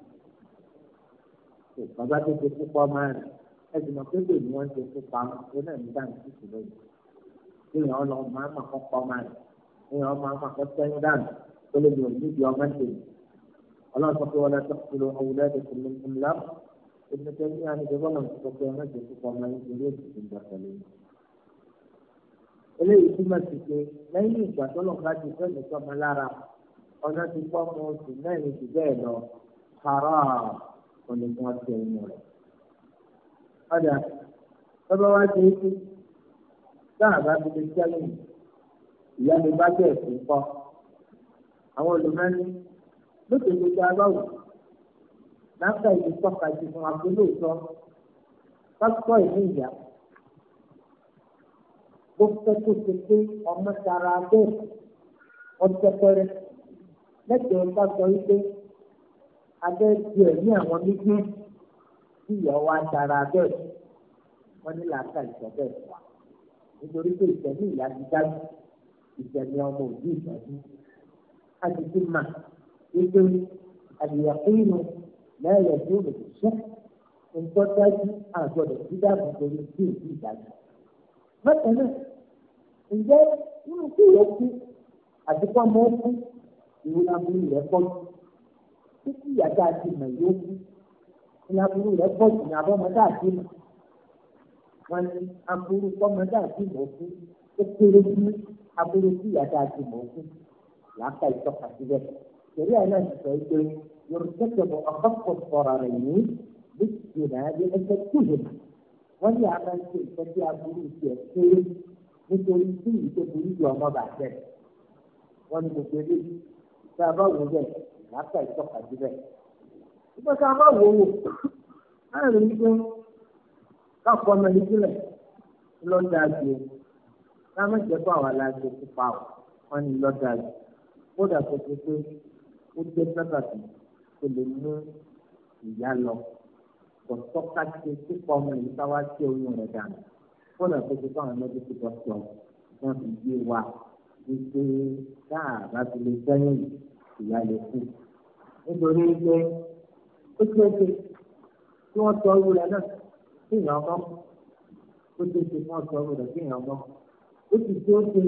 Speaker 1: bàbá tó ti fún pọ́n máa rìn ẹ̀sìn mọ̀ pé lè ní wọ́n ti fún pa ó náà ní dáhùn sí ìṣòro yìí. èèyàn lọ máa mà kọ́ pọ́n máa rìn èèyàn máa mà kọ́ sẹ́yìn dáhùn tó lè lò níbi ọmọ tèmi. ọlọ́run sọ pé wọ́n lọ́ọ́ sọ́kùnrin ọ̀wùlẹ́ ẹ̀dẹ̀kùnrin ńlá eléyìí túmọ̀ sí pé lẹ́yìn ìgbà tó lọ́ọ́ bá ti fẹ́ mi sọ́mọ lára ọ̀nà ti pọ́ ọmọ oṣù mẹ́rin jù bẹ́ẹ̀ lọ haram onígun ọtí ẹ̀yìn rẹ̀. ọ̀dà bàbá wa ṣe é sí táà bá fi lè sẹ́yìn ìyá mi bá bẹ̀rẹ̀ sí kọ́ àwọn olùmọ́ni lókè gbogbo agbáwò láǹkà ìlú tọ́ka ti fún wa pé pásítọ̀ ìlú ìyá ó fẹ́ kó ṣe pé ọmọ sara bẹ́ẹ̀ ọjọ́ pẹ́rẹ́ lẹ́gbẹ̀ẹ́ ọba sọ wípé abẹ́ tiẹ̀ ní àwọn méjì tí ìyá wa sara bẹ́ẹ̀ wọ́n ní làákà ìṣẹ̀bẹ̀ wà nítorí pé ìṣẹ̀bí ìyá ti dájú ìṣẹ̀bí ọmọ òbí ìṣẹ̀bí a ti ti mà wípé àdìyàkú inú lẹ́yìn tí ó lè ṣiṣẹ́ nǹkan dájú àgbọ̀dọ̀ dídá àbùkù ní bí ìdájú. bákan ǹjẹ́ nínú tí ìyẹn kú àdìpọ́ mọ́ kú ìwé aburú rẹ̀ pọ̀ jù títí ìyàtọ̀ àti ìmọ̀ yóò kú ìwé aburú rẹ̀ pọ̀ jù ní abọ́mọdé àti ìmọ̀ wọn ni aburú bọ́mọdé àti ìmọ̀ kú ó kéré sí aburú tí ìyàtọ̀ àti ìmọ̀ kú làákà ìtọ́ka síbẹ̀ torí àná ìsọ̀ ìgbé yorùbá tẹ̀bọ̀ ọ̀kọ́kọ̀ sọ̀rọ̀ rẹ̀ ní bí ìgbìmọ̀ ẹgbẹ́ tó yẹ wọ́n ní àmà ìṣe ìtọ́jú aburú tiẹ̀ kéré nítorí bí ìṣèkùnrin ju ọmọ bàjẹ́ wọn ni gbogbo eléyìí tá a bá wò bẹ́ẹ̀ làákà ìtọ́ka jù nígbà tá a bá wò wò á rìn wípé káàkó ọmọ yìí sílẹ̀ lọ́dà ju láwọn ìjẹ́pọ̀ àwọn aláṣẹ pupa ọ̀ wọn ni lọ́dà ju kódà tó ti pé ó jẹ́ sábàbí tó lè mú ìyá lọ kò tọ́ka ṣe kíkọ́ ọmọ yìí táwa ṣe oyún rẹ̀ dànù kọ́nà tó ti fáwọn mẹ́tíkì dọ́kítọ̀ wọ́n ti gbé wa wípé táà ti lè sẹ́yìn ìyá lè kú. nítorí pé ó ti ṣe kí wọ́n tọ owó rẹ̀ náà kí èèyàn mọ́ ó ti ṣe kí wọ́n tọ owó rẹ̀ kí èèyàn mọ́ ó ti tó ṣe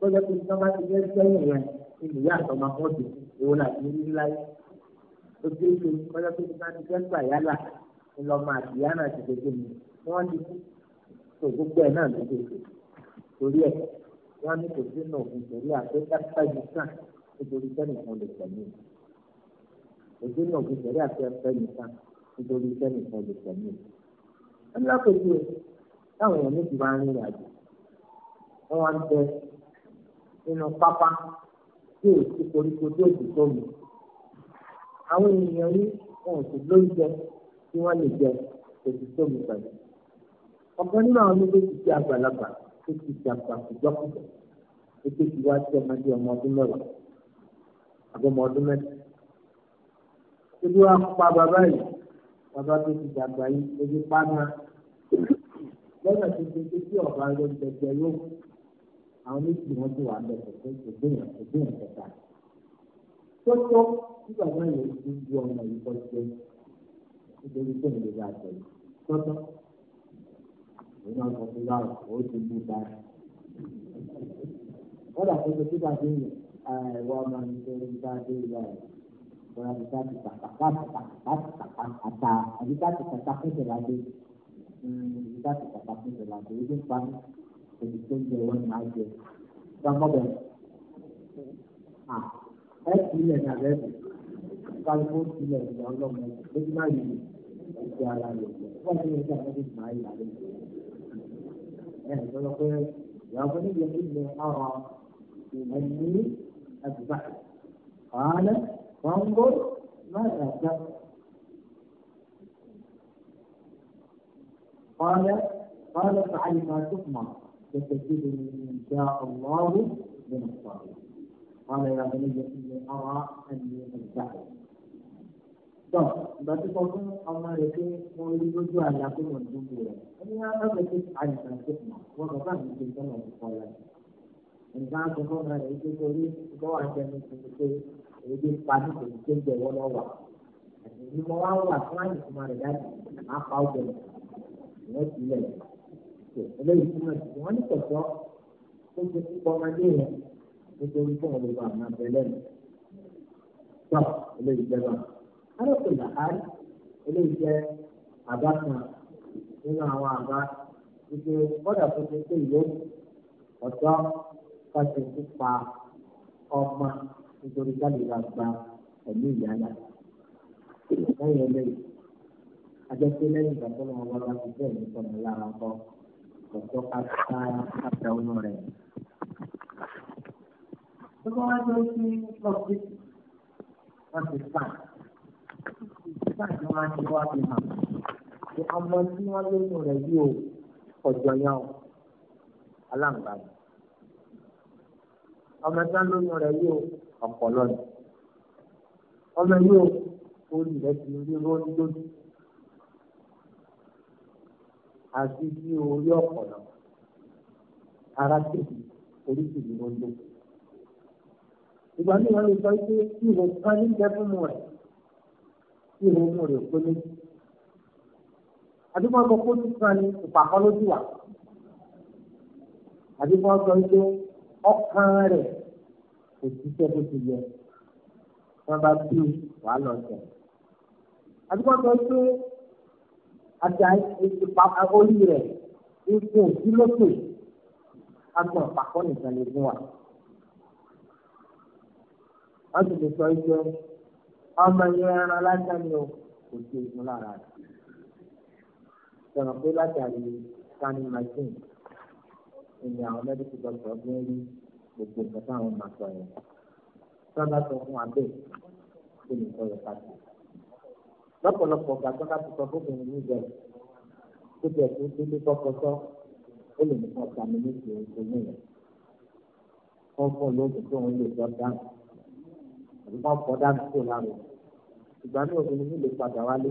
Speaker 1: lọ́jọ́ pé tí ti lè sẹ́yìn rẹ̀ ìlúyà àtọ́mọ wọn ti owó làbí rí láyé ó ti ṣe lọ́jọ́ pé tí wọ́n bá ti lè gbà yálà ńlọmọ àtìyá náà ti gbẹgbẹ mi wọ́n ti kú tó gbogbo ẹ̀ náà ló dé torí ẹ̀ wọ́n ní kò sínú òfin torí àtẹ́ká tájú sàn nítorí sẹ́nìkan lè tẹ̀lé kò sínú òfin torí àtẹ́ká nìkan nítorí sẹ́nìkan lè tẹ̀lé. ẹni lápẹ̀jù ẹ̀ táwọn èèyàn méjì máa ń rìnrìn àjò wọ́n wá ń bẹ nínú pápá tí ò sí koríko tí ò sì tó mi. àwọn èèyàn yìí wọn ò sì lóúnjẹ tí wọ́n lè jẹ kò sì tó mi ọ̀kan nínú àwọn méjèèjì tí àgbàlagbà tó ti dàgbà kùjọkùjọ tó tó ti wá sí ọmọdé ọmọ ọdún mẹ́wàá àbọ̀mọ ọdún mẹ́ta. Ibi wa pa bàbá yìí, bàbá tó ti dàgbà yìí, ebi pa náà. Lọ́nà tó ti ṣe tí ọ̀gá ló ń tẹ̀sẹ̀ yóò, àwọn méjì wọn ti wà ń bẹ̀rẹ̀ pé ògbéyàn ògbéyàn kẹta. Tọ́tọ́ tí bàbá yìí ti ju ọmọ yìí kọ́ jẹ́ nítorí tó ń lè bá a jẹ yìí. Tọ́tọ́ ìyá ọkọ̀ tó yá ó ti mú báyìí. wọ́n dà pé kí bá dé ẹ̀rọ ọmọ mi tó ń bá dé ìyá rẹ̀ wọ́n á ti ká ti tàkàkà tàkàkà tàkàkà àtà àbí ká ti tàkà fún ìṣẹ̀lá dé àbí ká ti tàkà fún ìṣẹ̀lá dé ó ti ń pa mí tó ń jẹ wọ́n ní máa jẹ. gbàgbọ́ bẹ̀rẹ̀ ẹ kì í lẹ̀ ní abẹ́ bẹ̀ kálukú ti lẹ̀ ní ọlọ́mọ ẹ̀ lójúmọ́ yìí ìṣe ara rẹ̀ wọ́n ti ń sọ fún ìgbà yìí àlejò يا بني إني أرى في مني أذبحك قال فانظر ماذا ترى قال قال فعل ما تؤمر ستجدني إن شاء الله من الصالحين قال يا بني إني أرى أني أذبحك tọ́ ìgbà tó sọ fún ọmọ rẹ̀ pé mo rí lójú àlá pé mo dúró rẹ̀ ó ní ọ̀rẹ́ pé àyùkà ṣe fún wọn bàbá mi ṣe tọ́lọ̀ ti kọ́ la nǹkan tó fún ọmọ rẹ̀ pé torí ìgbọ́ àjẹmí ti fi pé èdè parí kò ní tó jẹ wọ́n lọ́wọ́ ni mo wá wà fún àyùkùnmá rẹ̀ dájú máa pa ọ̀gbẹ́ ìwọ́n ti lẹ̀ tó eléyìí túmọ̀ sí wọ́n ní kọ̀tọ́ ó ti pọ̀ ọmọdé yẹn nítorí fún ọ̀gbọ̀n àmọ́ abẹ́lẹ́ mi tọ́ eléyìí jẹ́ báyìí arákùnrin làhárí eléyìí jẹ́ àbá kan nínú àwọn àbá ìṣe kọ́dà tó ti pé ìyókù ọ̀dọ́ káṣí pípa ọmọ nítorí jáde la gba ẹ̀mí ìyáyà lẹ́yìn eléyìí ajẹ́pé lẹ́yìn ìgbà tó lọ́wọ́ wọ́n ti bẹ́ẹ̀ ní sọ̀rọ̀ lára kọ́ ọ̀dọ́ káṣí ọmọ rẹ̀. Tó bá wá jẹ́ kí lọ́ọ̀kì wọ́n ti pààyàn láti máa ń ṣe wá fi hàn pé ọmọ tí wọ́n lóyún rẹ̀ yìí o ọ̀jọ̀ yẹn o aláǹgbá ni ọmọ tí wọ́n lóyún rẹ̀ yìí o ọ̀pọ̀lọ́ ni ọmọ yìí o orí rẹ̀ ti rí róńdó lójú àti bí orí ọ̀pọ̀lọ́ ara tèmi orí sì rí róńdó ìgbà míì wọ́n sọ pé ìwòsàn ní ìjẹ́ fún mu rẹ̀ kí ìhòòhò rẹ̀ pé méjì. àdúgbò ọkọ̀ kó tuntun ni ìpàkọ́ lójú wa. àdúgbò ọkọ̀ ń gbé ọkàn rẹ̀ kò síṣẹ́ bó ti yẹ. wọ́n bá bí wàá lọ sẹ̀. àdúgbò ọkọ̀ ń gbé àti orí rẹ̀ ipò ìlókè agbọ̀n ìpàkọ́ nìkan lè fún wa. wọ́n sì lè sọ ẹgbẹ́ ọmọ yẹn ẹran lásán o kò sí egun lára rẹ̀ sọ̀rọ̀ pé látàrí scanning machine ìní àwọn mẹ́díkì dọ́kítọ̀ bí ń rí gbogbo nǹkan táwọn máa sọ yẹn sọ́dá sọ fún abẹ́ kí ni sọ yẹn pàtó lọ́pọ̀lọpọ̀ ọ̀gá tó bá ti sọ fún obìnrin níbẹ̀ tó bẹ̀ tó délé kọ́kọ́ sọ ó lè nìkan sàmì ní ìṣòro ìṣòro yẹn wọ́n fún un lóògùn tó ń lè sọ dáhùn àbí ká fọ́ dànù kó lára ìgbà ní obìnrin mi lè padà wálé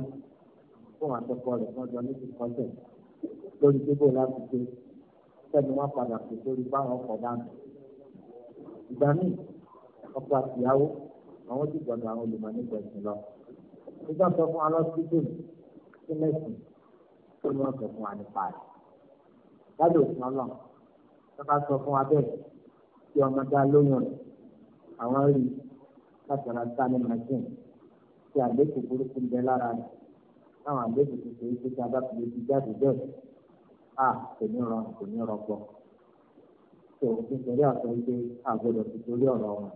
Speaker 1: fún àtọkọ rẹ̀ lọ́jọ́ ní ìkọ́sẹ̀ lórí gbogbo láti gbé sẹ́ni wọ́n padà kò sórí báwọn ọkọ̀ dànù ìgbà míì ọkọ àtìyàwó àwọn ti gbọ́dọ̀ àwọn olùmọ̀ nípa ẹ̀sìn lọ nígbà tó fún alọsídò sí mẹsìn tó ní ọsẹ fún wa nípa rẹ̀ lábẹ́ òfin Ọlọ́run tó bá sọ fún wa bẹ́ẹ̀ tí ọmọ dá lóyún rẹ̀ àwọn rí i látara sáré machine tí àgbẹ̀kù burúkú ń bẹ lára rẹ̀ táwọn àgbẹ̀kù tó ṣe é ṣe tí a bá fi lè fi jáde bẹ́ẹ̀ à kò ní rọ kò ní rọ gbọ́. tó nítorí àtọ́ ilé àgbọ̀dọ̀ ti torí ọ̀rọ̀ wọn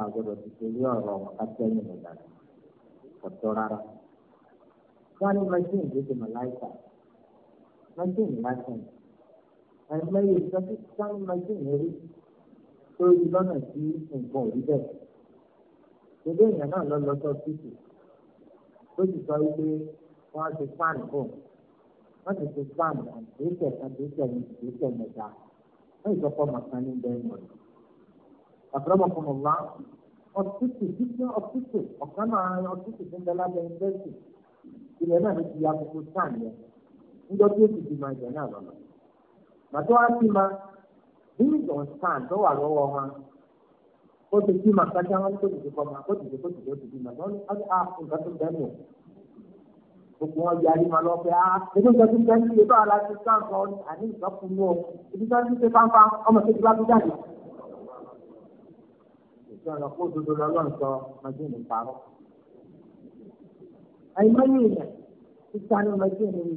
Speaker 1: àgbọ̀dọ̀ ti torí ọ̀rọ̀ wọn ká tẹ́yìn rẹ̀ dànù ọ̀tọ̀ rárá. sáré machine ló ti mọ̀ láìka machine lásán àìmọye ìsọfíìsì sáré machine rí lórí lọ́nà tí nǹkan ò rí bẹ́ẹ̀ ṣebí èèyàn náà lọ lọ sọ títì tó sì sọ wípé wọ́n á ti fan fún wọ́n ti ti fan àtúntẹ̀ àtúntẹ̀ àtúntẹ̀ mẹ́ta wọ́n ìjọpọ̀ màkàn ní bẹ́ẹ̀ nù. àfọlọ́mọkùnrin wa ọtútù títí ọtútù ọ̀kan náà ọtútù fún bẹ́ẹ̀ lábẹ́ ẹgbẹ́sì ilẹ̀ náà ló ti ya gbogbo sàn yẹn níjọ́ tí ó ti di máa náà lọ́nà. màtí wọ́n á ti bí ìjọ sàn tó wà lọ́wọ́ wọn ó ti bí màkà tí wọn tó dìde kọ màkà ó dìde kó dìde ó ti bí màkà ó ní à ah, nǹkan tó bẹ́ẹ̀ nù. gbogbo wọn yarí ma lọ pé ah ebi nǹkan tó bẹ́ẹ̀ nù ètò ara ti sàn kan àní nǹkan kú mú o ibi tí wọn ti ṣe fáńfá ọmọ tó ti bá tó jáde. ìṣe ọ̀nà kó dodo lọ lọ́n sọ májèlé parọ́. ẹ̀yin máa ń yìn yẹn títa ní májèlé ní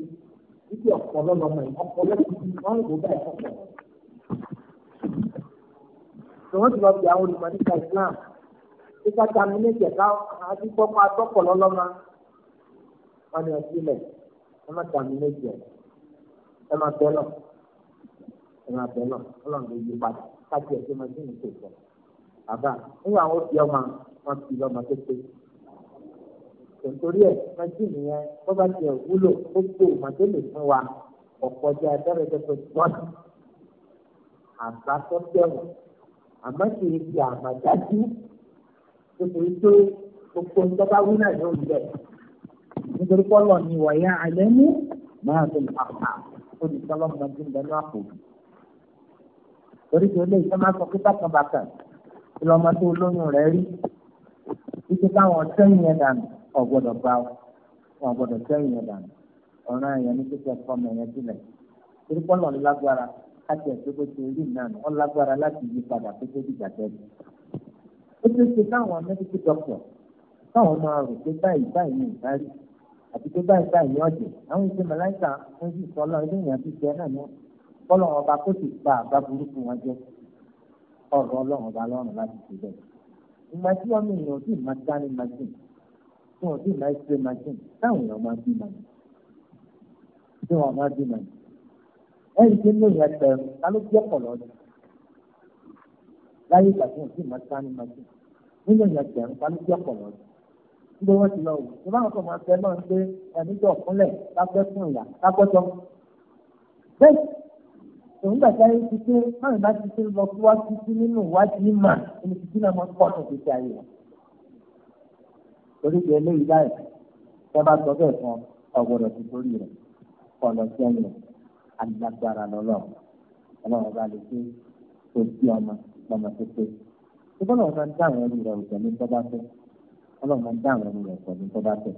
Speaker 1: ibi ọ̀pọ̀ lọ́lọ́mọ yìí ọ̀pọ̀ lọ́ ni wọ́n ti lọ bí àwọn olùmọ̀ nípa Islam nípa jàmínẹ́tì ẹ̀ka àti gbọ́pọ̀ atọ́pọ̀ lọ́lọ́mọ wọn ni ọtí lẹ̀ ẹ má jàmínẹ́tì ẹ̀ ẹ má bẹ́ lọ ẹ má bẹ́ lọ ọlọ́run ló yí padà káàkiri ẹ̀sìn máa dín nìkan ìfọ̀ bàbá nígbà àwọn òbí ọmọ wọn fi lọ́mọ pépé nítorí ẹ̀ máa dín nìyẹn bó bá tiẹ̀ wúlò ó kó màtẹ́lẹ̀ fún wa ọ̀pọ̀ jẹ́ adẹ́rẹ́dẹ́gbẹ̀ẹ́ àmọ́ kì í ṣe àmàdájú nítorí pé gbogbo nǹkan bá wí náà yóò bẹ̀. nítorí pọ́lọ̀ ni wọ̀nyá alẹ́ mú máa tó àpá olùsọ́lọ́ máa tó ń bẹnu àpò. torí pé olóyè tó máa sọ pé bákan bákan kí lọ́mọ tó lóyún rẹ̀ rí títí káwọn sẹ́yìn yẹn dànù ọ̀gbọ́dọ̀ bá wọn ọ̀gbọ́dọ̀ sẹ́yìn yẹn dànù ọ̀ràn yẹn ní kíkẹ́ fọ́ọ̀mù yẹn sílẹ̀ torí pọ́lọ̀ ní lágbára kájí ẹ̀sọ́ bó ṣe rí náà wọ́n lágbára láti yí padà tó tó dìgbà tẹ́lẹ̀. ó ti ṣe káwọn mẹ́tíkì dọ́kítọ̀ káwọn máa rò pé báyìí báyìí ní ìdarí àti pé báyìí báyìí ní ọ̀jẹ̀ àwọn ìṣe mọ̀láìkà ń sì sọ ilé ìyàn ti jẹ náà ní bọ́lọ̀ ọba kó sì gba àgbá burúkú wọn jẹ ọ̀rọ̀ ọlọ́run ọba lọ́rùn láti ṣe bẹ́ẹ̀. ìgbà tí ọmọ èèyàn sì máa dání machine tí wọ́n sì máa ṣe machine táwọn èèyàn máa bí màní ẹ̀rí tí ní ìyẹn tẹ̀ ta ló jẹ́ pọ̀ lọ́dún láyé ìgbà tí wọ́n sì máa sá ní màjú nínú ìyẹn tẹ̀ ta ló jẹ́ pọ̀ lọ́dún níbo wọ́n ti lọ wò ìbá wọn kọ̀ máa fẹ́ náà ń gbé ẹ̀mí jọ fúnlẹ̀ lápẹ́ fún ìyá lápẹ́tọ́ bẹ́ẹ̀ òun gbàgbá yìí ti pé báyìí bá ti ṣe lọ síwájú sí nínú ìwádìí mà ẹni títí náà máa ń pọ̀ ní ìgbésí ayé rẹ̀ torí pé eléyìí báyìí tẹ́ bá sọ bẹ́ẹ̀ fún ọ ti torí rẹ̀ kọ̀ lọ sí alágbára lọ́lọ́ ọlọ́run bá lè ṣe tó bí ọmọ lọ́mọ tó pé ṣùgbọ́n ọlọ́run máa ń dá àwọn ẹrú rẹ̀ ọ̀tọ̀ ní tọ́ba tẹ́ ọlọ́run máa ń dá àwọn ẹrú rẹ̀ ọ̀tọ̀ ní tọ́ba tẹ́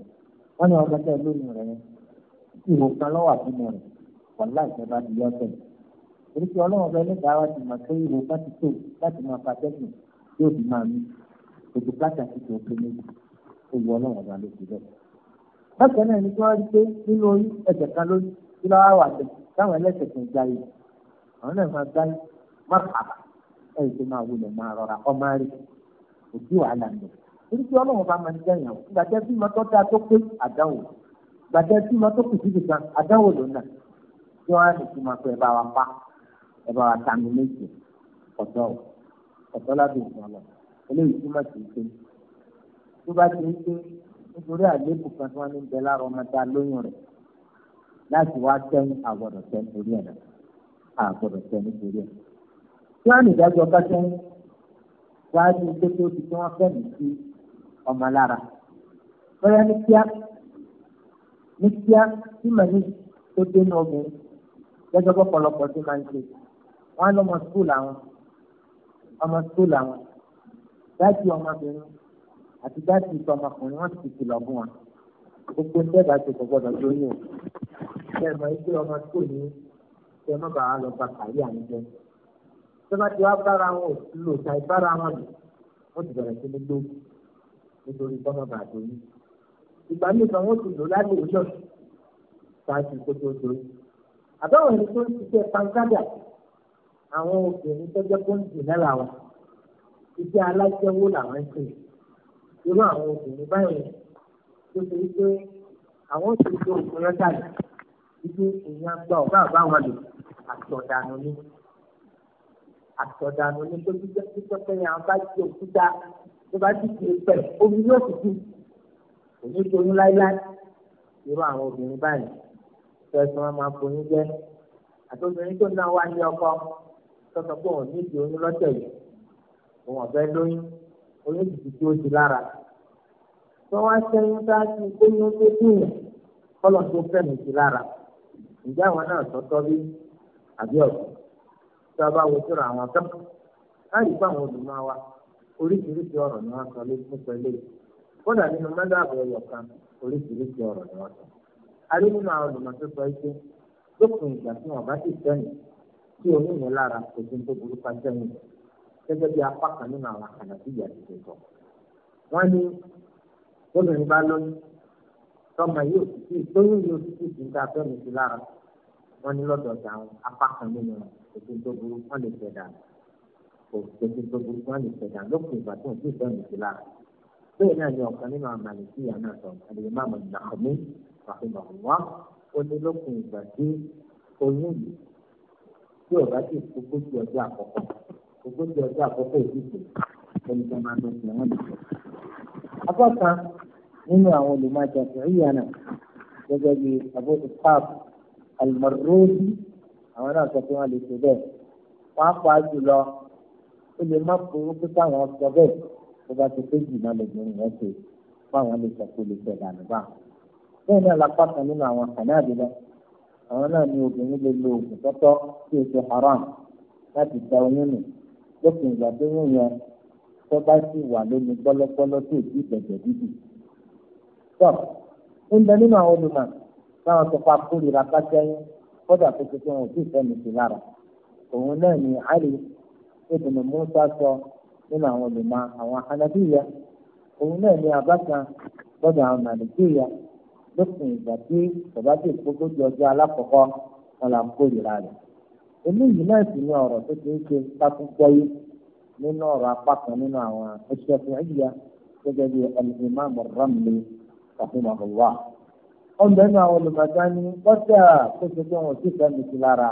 Speaker 1: wọ́n ní ọmọ tẹ́ lónìí rẹ̀ ìwò kan lọ́wọ́ àbúmọ̀ rẹ̀ wọ́n láìpẹ́ bá ti yọ́tẹ̀ torí pé ọlọ́run bá ẹlẹ́dàá wa ti mọ̀ pé ìwò bá ti tó láti máa fa tẹ́sán yóò fi máa mí òtù pàtàkì tó pé méjì ó wọ ọlọ́run ọba ló ti bẹ́ẹ̀. bákan náà ni kí wọ́n rí pé nínú orí ẹ̀jẹ̀ kan lórí kí lọ́wọ́ wà bẹ́ẹ̀ táwọn ẹlẹ́sẹ̀ kan jáde àwọn náà máa jáde má pàpà ẹ̀ ṣe máa wulẹ̀ máa rọra ọmọ rẹ̀ òjú wàhálà ń bẹ̀. torí pé ọlọ́run bá máa ń jẹ́ ìyàwó gbàdé bí mo tọ́ da tó pé àdáwò gbàdé bí mo tó kù sí ìgbà àdáwò ló nà tí wọ́n á lè fi máa pẹ́ ẹ wa pa ẹ wa tàmí méjì ọ̀dọ́ ọ̀dọ́ lábẹ́ ìgbà lọ eléyìí túmọ̀ sí pé tó bá ti ń pé nítorí àléébù kan tí wọ́n ní bẹ lára ọmọdé alóyún rẹ̀ láti wá sẹ́yìn àgbọ̀dọ̀ sẹ́yìn torí ẹ̀ náà àgbọ̀dọ̀ sẹ́yìn torí ẹ̀. tí wọ́n á nìdájọ́ ọba sẹ́yìn wọ́n á ní ike tó ti tí wọ́n fẹ́mi sí ọmọ lára. bóyá ní kíá ní kíá tí mẹ́lí tó dé ní obìnrin gẹ́gẹ́ bọ́ pọ̀lọpọ̀ tí máa ń ṣe wọ́n á lọ ọmọ skul àwọn ọmọ skul àwọn dájú ọmọbìnrin àti dájú ìtọ́ ọmọkùnrin wọ́n ti ti lọ́gùn wọn gbogbo ń dẹ́gbàá ṣe kò gbọ́dọ̀ lóyún ṣe mọ̀ pé ọmọ tó ní ṣe má bàa lọ bá kàrí àníjẹ́ tó bá ti wá bára wọn ò lò ta ìbára wọn lò wọ́n ti bẹ̀rẹ̀ sí ní gbó nítorí bọ́mọ bàa tó ní ìgbà míì kan wọ́n ti lò láti òjọ́ ṣáàtì kó tó tó àbẹ̀wò ẹni tó ń ṣiṣẹ́ pankádà àwọn obìnrin tó jẹ́ pọ́ǹtì náà làwọn iṣẹ́ aláṣẹ́wó làwọn ń ṣe irú àwọn obìnrin báyìí tó wípé èèyàn gba ọ̀gá àbá wọn lò àtọ̀dànù ni àtọ̀dànù ni tó jíjẹ́ jíjẹ́ pé yàn bá jí òkúta tó bá jí kiri pẹ̀ omi yóò fi kú kò ní toyún láíláí irú àwọn obìnrin báyìí tó ẹsẹ̀ wọn máa foyún jẹ́ àti obìnrin tó náà wá ní ọkọ tó sọ pé òun nídìí oyún lọ́tẹ̀ yìí òun ọ̀fẹ́ lóyún oyún ti ti tí ó ti lára tó wá sẹ́yìn sáájú oyún tó dùn kọ́lọ̀ tó fẹ̀mí ti lára ǹjẹ́ àwọn náà sọ́tọ́ bí àbí ọ̀sán tí a bá wo síra àwọn tán láì pa àwọn olùmọ̀ wa oríṣiríṣi ọ̀rọ̀ ni wọ́n sọ nípa eléyìí kódà nínú mẹ́dàbọ̀ ẹ̀yọ̀ kan oríṣiríṣi ọ̀rọ̀ ni wọ́n sọ. a rí nínú àwọn olùmọ̀ tó sọ ike lópin ìgbà tí wọ́n bá ti sẹ́yìn tí onímọ̀ lára kò sí tó burú pa sẹ́yìn gẹ́gẹ́ bí apá kan nínú àwọn àkànà tí ìyá ti sọ. wọ́n ní obìnrin bá lóyún tọmọ yóò ti tí tóyún yóò ti tí ìdíjà fẹ́mi sí lára wọn ní lọ́dọ̀ ọ̀dà àwọn apá kan nínú ètò tó burú wọn lè tẹ̀dá kò ètò tó burú wọn lè tẹ̀dá lópin ìgbà tó ń tí fẹ́mi sí lára bẹ́ẹ̀ náà ni ọ̀kan nínú àmàlẹ́síyà náà sọ àlèyé má mọ̀ nàkọ́mí àfihàn wọn ó ní lópin ìgbà tí oyún yìí tí ọ̀gá ti ogójì ọjọ́ àkọ́kọ́ ogójì ọjọ́ àkọ́kọ́ ìdíje ẹnìkan máa lọ sí wọn nìkan nínú àwọn olùmọ̀jà fìríyà náà gẹ́gẹ́ bí abu ishaq almarrozi àwọn náà sọ pé wọ́n lè ṣe bẹ́ẹ̀ wọ́n á pa jùlọ ó lè má burú pé káwọn sọ bẹ́ẹ̀ tó bá ti pé jù náà lóbìnrin yẹn ṣe fáwọn lè sọ pé lè ṣe dànù bá bẹ́ẹ̀ náà lápá kan nínú àwọn kànáàbí náà àwọn náà ní obìnrin lè lo oògùn tọ́tọ́ tí o ṣe haram láti da oyún nù lópin ìgbà tó yún yẹn tó bá sì wà lónìí gbọ́lọ́gbọ́lọ́ tó ìdí ìbẹ̀jẹ̀ dídì. tọ́ ó ń nínú àwọn olùmọ̀ táwọn tó pa kórìíra bá sẹ́yìn kódà tó ti fún wọn tí sí lára òun náà Ali ibn Musa sọ nínú àwọn olùmọ̀ àwọn Hanabiya òun náà ni abáta àwọn lópin ìgbà tí bàbá ọjọ́ alákọ̀ọ́kọ́ wọn là ń rẹ̀ náà sì ọ̀rọ̀ tó ti ń ṣe nínú ọ̀rọ̀ apá kan nínú àwọn fún ẹ̀yà gẹ́gẹ́ rahimahullah ọ̀nbẹ náà àwọn olùmọ̀tá ní kọ́tà kó ṣe pé wọn ò sì fẹ́ mi sí lára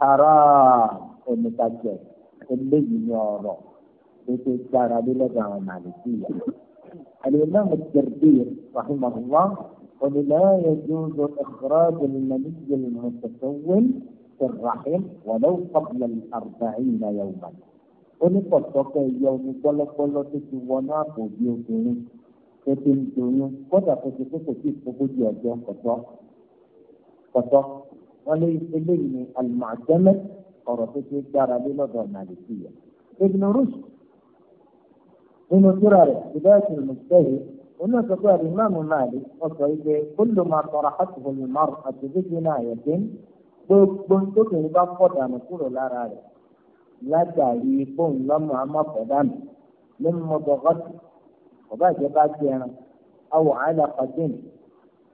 Speaker 1: haram onítàjẹ eléyìí ní ọ̀rọ̀ tó ṣe gbára lé lọ́dọ̀ àwọn màlìkì yà. الإمام التربية رحمه الله قل لا يجوز إخراج المني المتكون في الرحم ولو قبل الأربعين يوما. قل قد يوم قل قل تجوانا قد يوم tètè ń dùnú kódà kó ti kókò tí ìfowópamọ́ di ọjọ́ kọ̀tọ́ kọ̀tọ́ wọn lé eléyìí ní alùmọ̀ọ́dẹ́mẹ́ ọ̀rọ̀ tó ti gbára lé lọ́dọ̀ nàìjíríà ibn rushd nínú síra rẹ̀ bidayatul mujtahid oní ọ̀sọ̀kọ́ àdìmọ́ọ̀mù máàlì ọ̀sọ̀ ìgbẹ́ kullu ma tarahatuhu al-mar'atu biduni ayatin gbogbo tókìnrin bá pọ̀ dànù kúrò lára rẹ̀ látàrí fóun lọ́mọ amọ̀pọ̀ dànù ní mọ̀tọ́kọ́tì bàbá ìjọba ti ẹran awọ àlà kọjìn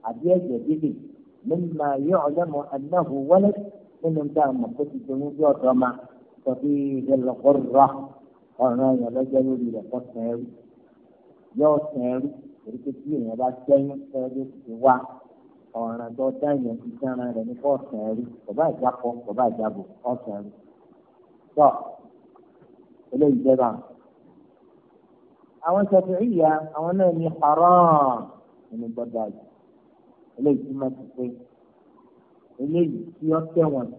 Speaker 1: àbí ẹ̀jẹ̀ dídì mímà yọ ọlọmọ anáhùn wọlé nínú tá a mọ kó ti dùn bí ọ̀dọ́ ma tọbi ìlọkọrọ ọ̀ràn yẹn lọ́jọ́ lórí rẹ̀ kọ sàn yọ sàn ẹrú tí èèyàn bá sẹ́yìn ẹrú ti wá ọ̀ràn tó dá ti sẹ́ran rẹ̀ ní kọ́ sàn ẹrú bàbá ìjápọ̀ bàbá ìjábọ̀ kọ́ sàn ẹrú tọ́ eléyìí jẹ́ báwọn àwọn Ṣafi'iyya àwọn náà ní haram ẹni gbọ́dọ̀ àjò eléyìí tí máa ti pé eléyìí tí ó tẹ̀wọ̀n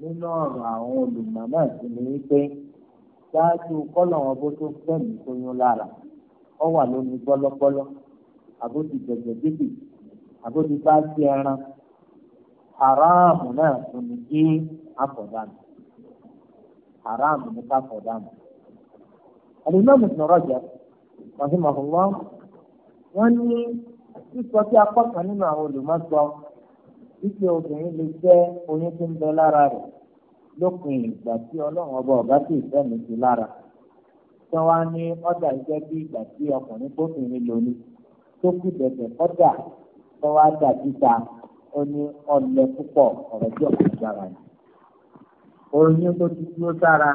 Speaker 1: nínú ọ̀rọ̀ àwọn olùmọ̀ náà sì ní wípé ṣáájú kọ́lọ̀ wọn bó tó fẹ́mi tóyún lára ọ wà lómi gbọ́lọ́gbọ́lọ́ àbójú jẹ̀jẹ̀ bíbì àbójú bá sí ẹran haramu náà tó ní gé àfọ̀dánù haramu ní káfọ̀dánù. الإمام ابن رجب رحمه الله wọ́n ní sísọ tí apá kan nínú àwọn olùmọ̀sọ wípé obìnrin lè jẹ́ oyún tó ń bẹ lára rẹ̀ lópin ìgbà tí ọlọ́run ọba ọ̀gá sì fẹ́mi sí lára tí wọ́n á ní ọ̀dà jẹ́ bí ìgbà tí ọkùnrin tóbìnrin lóní tó kù dẹ̀dẹ̀ kọ́dà tí wọ́n á dà títa ó ní ọlẹ púpọ̀ ọ̀rọ̀ tí ọkùnrin gbára ni oyún tó ti dúró sára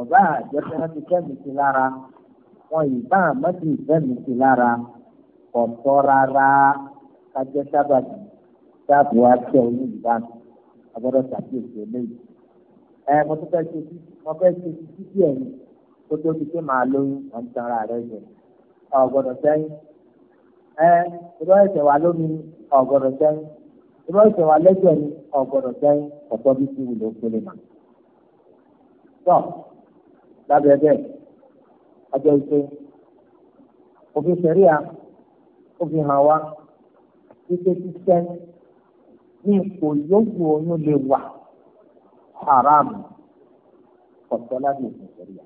Speaker 1: ọ̀bá àjẹ́ tí wọ́n ti kẹ́mi sí lára wọn ìbá àmọ́tì ìfẹ́mi sí lára ọ̀tọ́ rárá kájẹ́ sábàbí sáàbù wa tẹ oyún ìbámu agbọ́dọ̀ ṣàkíyèsí eléyìí. ẹ mo tún fẹ́ ṣe mo fẹ́ ṣe títí díẹ̀ ni kó tó di pé màá lóyún wọn ti tanra rẹ jẹ ọ̀gbọ́dọ̀ sẹ́yìn. ẹ irọ́ ẹ̀sẹ̀ wa lómi ọ̀gbọ́dọ̀ sẹ́yìn irọ́ ẹ̀sẹ̀ wa lẹ́jọ̀ ni ọ̀gbọ́dọ̀ sẹ́yìn ọ̀tọ́ bí ti wù ló kéré mà. tọ́ lábẹ́ bẹ́ẹ̀ ajọ ìpè òfin ṣẹ̀ríà ó fi hàn wá títí títẹ ní ipò yòówù oyún lè wà haram ọ̀tọ̀ lábẹ́ òfin ṣẹ̀ríà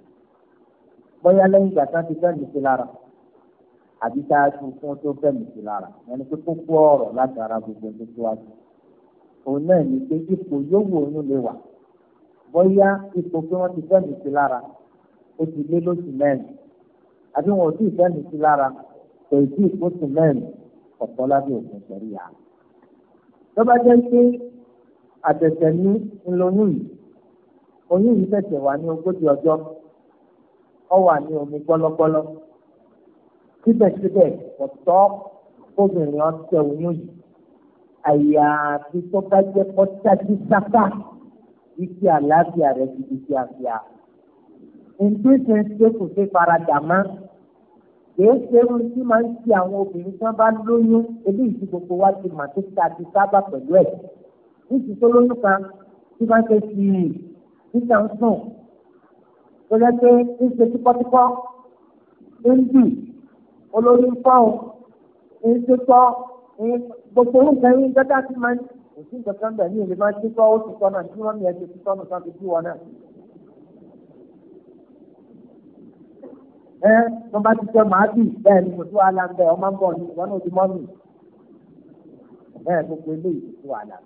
Speaker 1: bóyá lẹ́yìn ìgbà tí wọ́n ti fẹ́ẹ́ nìṣe lára àbí sáájú kí wọ́n tó fẹ́ẹ́ nìṣe lára ẹni pé kókó ọ̀rọ̀ láti ara gbogbo ẹni tó wájú òun náà ní pé ipò yòówù oyún lè wà bóyá ipò pé wọ́n ti fẹ́ẹ́ nìṣe lára ó ti lé lóṣù mẹ́rin àbí wọn ò tí ì fẹ́mi sí lára kò ì tí ì fóṣù mẹ́rin ọ̀pọ̀ lábẹ́ òfin sẹ̀rí ya. tó bá jẹ́ pé àtẹ̀tẹ̀ ní ńlọyún yìí oyún yìí tẹ̀tẹ̀ wà ní ogójì ọjọ́ ọ wà ní omi gbọ́lọ́gbọ́lọ́ síbẹ̀síbẹ̀ ọ̀tọ́ obìnrin ọ̀tẹ̀ oyún yìí àyàfi tó bá jẹ́ pọ́tájú sáká ike àlàáfíà rẹ̀ ti di sí àfíà ìdúró ṣe kò ṣe faradà mọ́ kìí ṣe irú tí máa ń ṣe àwọn obìnrin tí wọ́n bá lóyún eléyìí tí gbogbo wa ti mà tó ta ti sábà pẹ̀lú ẹ̀ níṣìí tó lóyún kan tí wọ́n ṣe sí i níta ń sùn tó jẹ́ pé ń ṣe tíkọ́tíkọ́ ń bì olórí ń fọ́ ń ṣe tọ́ gbogbo oúnjẹ yín dọ́tà ti máa ń kò sí nǹkan kan bẹ̀ ní ìlú máa ń ṣe tọ́ ó ti sọ náà tí wọ́n mi ti sọ́nù kan fi bí wọn náà. ẹ tó bá ti jẹ màálù bẹ́ẹ̀ ni kò tó wàhálà ń bẹ ọmọ ń bọ̀ ní ìwọ náà ti mọ́ mi ẹ gbogbo eléyìí kò tó wàhálà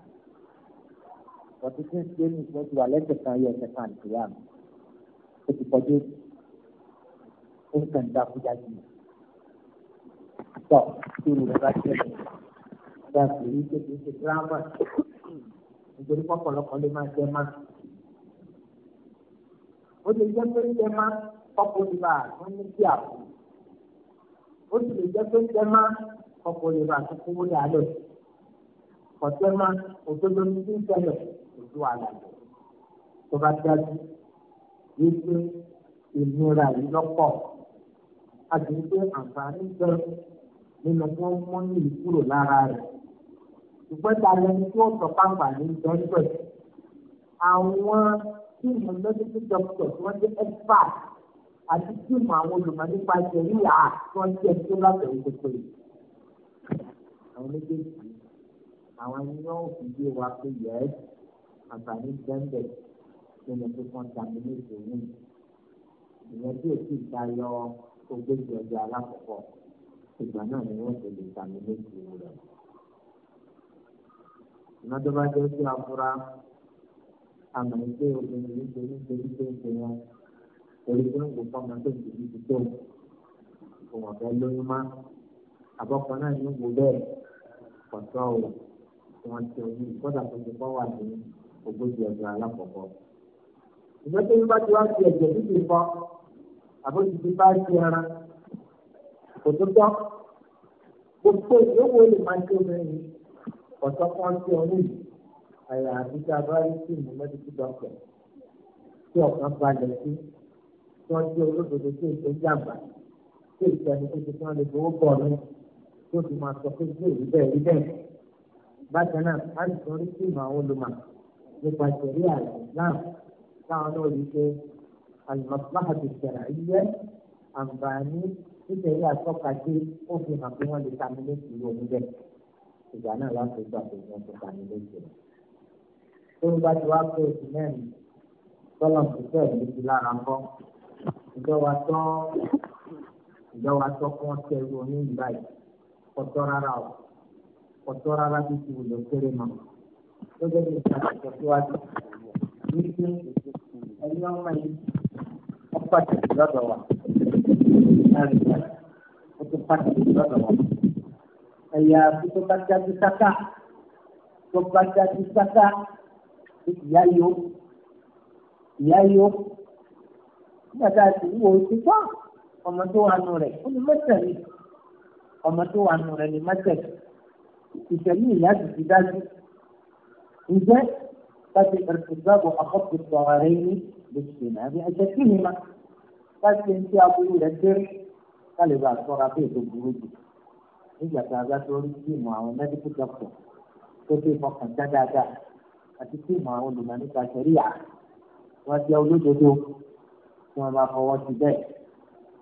Speaker 1: ọtí tí ń ṣe ní ìfún ti wà lẹ́sẹ̀ kan yẹ ẹsẹ̀ kan àti yàrá ó ti kọjú ó ń kàn dá kújà jù tọ tí olùrẹ bá ṣẹlẹ̀ bá a sì rí pé kì í ṣe gírámà nítorí pọpọlọpọ lè máa jẹ má ó lè jẹ pé jẹ má ọkùnrin bá wọn ní bí àpò ó sì lè jẹ́ pé ń tẹ́ máa ọkùnrin bá tún kówó ní alẹ́ ọ̀tẹ́ máa òdodo ní bí ń tẹ́lẹ̀ òdo àlàyé tó bá dájú wípé ìnira yìí lọ́pọ̀ a sì ń pé àǹfààní jẹ nínú kí wọ́n ní ìkúrò lára rẹ̀ ṣùgbọ́n ta lẹni tí ó sọ pàǹpà ní ìjọ́ńbẹ̀ àwọn tí ìmọ̀ lọ́dún tó jọ tí wọ́n jẹ́ expert àti tíìmù àwọn olùmọ̀ nípa ìṣẹ̀lẹ̀ à tí wọ́n tiẹ̀ tó látọ̀ ní gbogbo yìí. àwọn méjèèjì àwọn ènìyàn ò fi yé wa pé yẹ ẹ́ àǹfààní gbẹ́ǹdẹ̀ nínú tó contaminate òun ìyẹn bí èsì ìdáyọ ogójì ọjọ́ alákọ̀ọ́kọ́ ìgbà náà ni wọ́n ti lè contaminate òun rẹ̀. ìmọ̀tò bá jẹ́ sí àfúrá àmọ̀ ìgbé obìnrin nítorí nítorí tó ń ṣe wọn torí pé ń wò fọmọ tó ń tèmi ti tó kò wọ́n fẹ́ lóyún má àbọ̀kọ náà ń wò bẹ́ẹ̀ pọ̀tọ́ o tí wọ́n ti oyún kódà tó ti kọ́ wà ní ogójì ọjọ́ alákọ̀ọ́kọ́. ìgbà tó ń bá ti wá fi ẹ̀jẹ̀ títí kọ́ àbójú ti bá ti ẹran kò tó tọ́ gbogbo ìyókù olè máa tó mẹ́rin pọ̀tọ́ kan ti oyún àyà àti bá rí sí ìmú mẹ́tíkì dọ́kítọ̀ tí ọ̀kan balẹ̀ sí tí wọ́n jẹ́ olódodo tí èso jàmbá tí èso ẹni tó ti fún wọn lè fowó pọ̀ ní tó fi máa sọ pé bí èyí bẹ́ẹ̀ rí bẹ́ẹ̀. bákan náà a lè sọ orí fíìmù àwọn olùmọ̀ nípa ìṣẹ̀rí ààrẹ náà táwọn náà rí pé àlùmọ̀tòmáà ti ṣẹ̀rà yíyẹ àǹfààní nítorí àtọ́ka ó fi hàn pé wọ́n lè ta mi létí ìwé bẹ́ẹ̀. ìgbà náà láti gbà pé wọ́n ti ta mi létí tó ń bá ti wá pé oṣù mẹ́rin tọ́lọ̀ ìjọba tọ́ ìjọba tọ́ fún ọtẹ ru ní ìgbà yìí ọtọ́ rárá o ọtọ́ rárá bí ti wùlọ kéré mọ́ lọ́jọ́ bí ìgbà tó síwájú wípé ẹni ọmọ yìí ó pàtàkì lọ́dọ̀ wa àrùbá ó tún pàtàkì lọ́dọ̀ wa ẹ̀yà tó bá jáde sáká tó bá jáde sáká ìyá yóò ìyá yóò nígbàtà sì wò ó ti gbọ́ ọmọ tó wà nù rẹ̀ ó ní mẹ́tẹ̀lì ọmọ tó wà nù rẹ̀ ní mẹ́tẹ̀lì ìtẹ̀lì ìyá sì ti dájú ǹjẹ́ láti ẹ̀rọ̀tìgbàgbọ́ àkọ́kọ́ sọ̀rọ̀ rẹ̀ ní lóṣù náà bí ẹ̀jẹ̀ kí ni ma láti ń tí aburú rẹ̀ déré ká lè bá a sọ̀rọ̀ abẹ́ ètò burú jù nígbà tá a bá tó rí tíìmù àwọn mẹ́díkù dọ́kítọ̀ tó dé fọkàn dáadáa àti tíìmù àwọn olùmọ̀ nípa sẹ́ríà wọ́n jẹ́ olódodo tí wọ́n bá fọwọ́ sí bẹ́ẹ̀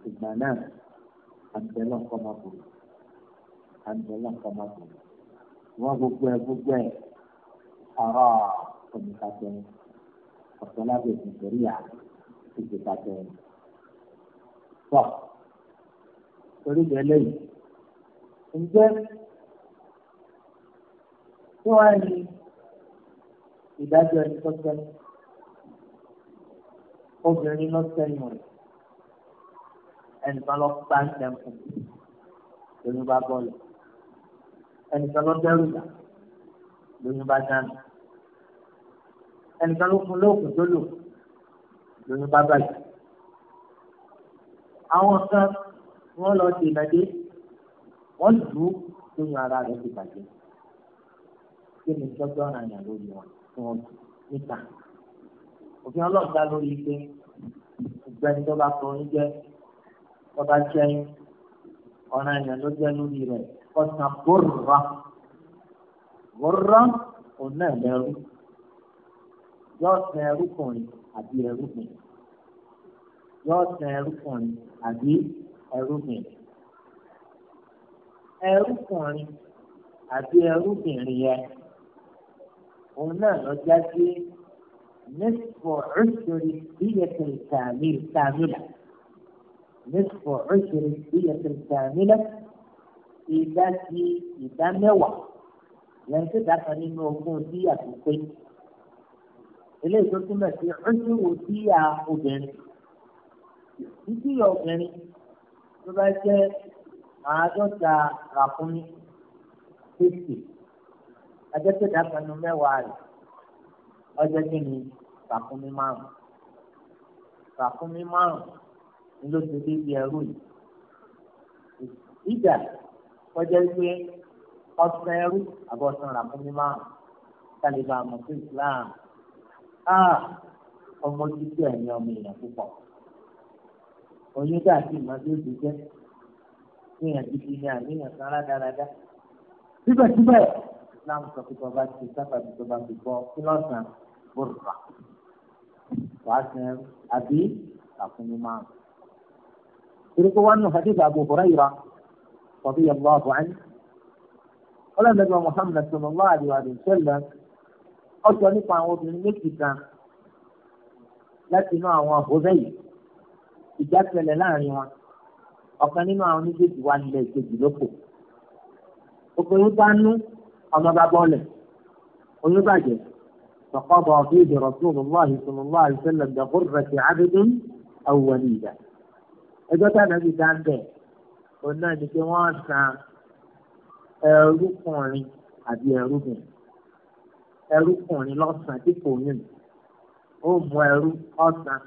Speaker 1: ìgbà náà àgbẹ̀lọ́ kọ́ máa bò àgbẹ̀lọ́ kọ́ máa bò wọ́n gbogbo ẹ̀ gbogbo ẹ̀ ọ̀rọ̀ oníkàtẹ́ni ọ̀pọ̀ lábẹ́ ìtòrí à ìtòkàtẹ́ni. torí bẹ́ẹ̀ lẹ́yìn ǹjẹ́ tí wọ́n á ní ìdájọ́ ẹni tó tẹ́lẹ̀ obìnrin lọ sẹ́nu rẹ̀ ẹnìkan lọ pa ń tẹ̀kù lóyún bá bọ́ọ̀lù ẹnìkan lọ dẹ́rù gbà lóyún bá dáná ẹnìkan ló fún lóògùn tó lò lóyún bá bàjẹ́ àwọn kan wọ́n lọ dènà dé wọ́n lù ú lóyún ara rẹ̀ ti bàjẹ́ kí ni tọ́jú ọ̀ràn yà lórí wọn tí níta òfin ọlọ́run dá lórí pé ìgbẹ́ni tó bá kọ orin jẹ́ tó bá jẹ́ ọ̀nà èèyàn ló jẹ́ lórí rẹ̀ ọ̀sán bòrò bòrò òun náà lẹ́rú yóò sàn ẹrúkùnrin àbí ẹrúkùn yóò sàn ẹrúkùnrin àbí ẹrúkùn ẹrúkùnrin àbí ẹrúkùnrin yẹn òun náà lọ já نصف عشر الدية الكاملة نصف عشر الدية الكاملة ìdá ti ìdá mẹ́wàá lẹ́yìn tó dáka nínú ogún tí àtúnpé eléyìí tó túmọ̀ sí ọ́nṣúwò tí a obìnrin títí obìnrin tó bá jẹ́ àádọ́ta ràkúnmí fífi ajẹ́pẹ̀dá kanú mẹ́wàá rẹ̀ ọjọ́ kí ni ràkúnmí márùn ràkúnmí márùn ni ló ti dé bí ẹrú yìí ìjà kọjá wípé ọsàn ẹrú àbọ̀sán ràkúnmí márùn kálíbà mọ̀tò Islam a ọmọ títí ẹ̀yìn ọmọ èèyàn púpọ̀ oyún dàbí ìmọ̀lódé jẹ́ èèyàn gidi ni àníyàn kan rádaràda síbẹ̀síbẹ̀ Islam sọ pé bàbá ti sábà tó bá ti bọ́ kí lọ́sàn-án burra wàá sin àbí àkúnmí márùn. torí pé wọn nù hadith Abu Hurairah radiyallahu anhu ọlọ́dẹ̀gbọ́n Muhammad sallallahu alaihi wa sallam ó sọ nípa àwọn obìnrin méjì kan láti inú àwọn ọ̀hóbẹ́ yìí ìjà ṣẹlẹ̀ láàrin wọn ọ̀kan nínú àwọn oníṣègùn wa nílẹ̀ ìkejì lóko obìnrin bá nú ọmọ bá bọ́ọ̀lẹ̀ oyún bàjẹ́ فقضى فيه رسول الله صلى الله عليه وسلم بغرة عبد أو وليدة إذا كان أبي دانبي قلنا لكي واسع ẹrúkùnrin àbí ẹrúbìn ẹrúkùnrin lọ́sàn tí kò yìn ó mú ẹrú ọ̀sán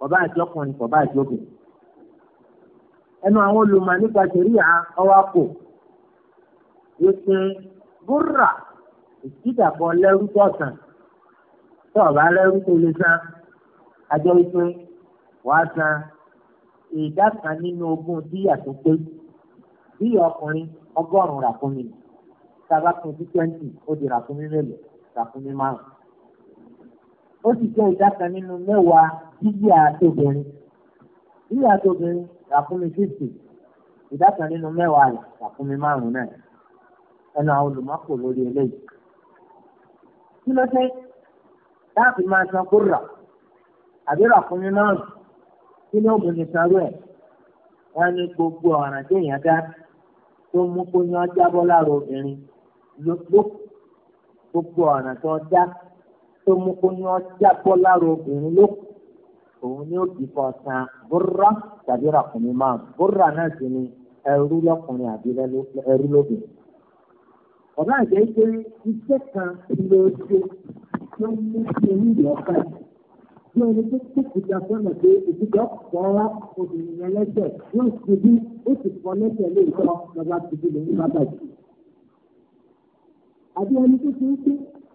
Speaker 1: bàbá àjọkùnrin bàbá àjọbìn ẹnu àwọn olùmọ̀ nípa ṣẹ̀ríà ọwọ́ àpò wípé búrà ìdàpọ̀ lẹ́rú tọ̀sán tó ọ̀bá lẹ́rú tó lè san àjọ ìpín wàá san ìdá kan nínú ogún díyà tó pé díyà ọkùnrin ọgọ́rùn-ún ràkúnmí sábà kan sí twenty ó di ràkúnmí mélòó ràkúnmí márùn. ó sì jẹ́ ìdá kan nínú mẹ́wàá díyà tóbìnrin díyà tóbìnrin ràkúnmí fifty ìdá kan nínú mẹ́wàá rẹ̀ ràkúnmí márùn náà ẹnu àwọn olùmọ́kò lórí eléyìí kí ló dé láàfin máa san kó rà àbí rà fún mi náà kí ló mú ní sanwó ẹ̀ wọ́n ní gbogbo ọ̀ràn tí èèyàn dá tó mú kó yan jábọ́ lára obìnrin ló gbogbo ọ̀ràn tó dá tó mú kó yan jábọ́ lára obìnrin ló òun ni ó di kọ san búrọ́ tàbí rà fún máa búrọ́ náà sì ni ẹrú lọ́kùnrin àbí ẹrú lóbìnrin ọ̀gá àjẹ́ pé iṣẹ́ kan ló ṣe tó ń mú kí orí rẹ̀ ọ̀ka yìí. bí ẹni tó tètè gba fọ́nà pé ìdíjọ́ pọ̀ obìnrin yẹn lẹ́sẹ̀ yóò ṣe bí ó sì fọ́ lẹ́sẹ̀ lóòótọ́ lọ́ba ti di lòun bá bàjẹ́. àbí ẹni tó ṣe ń pé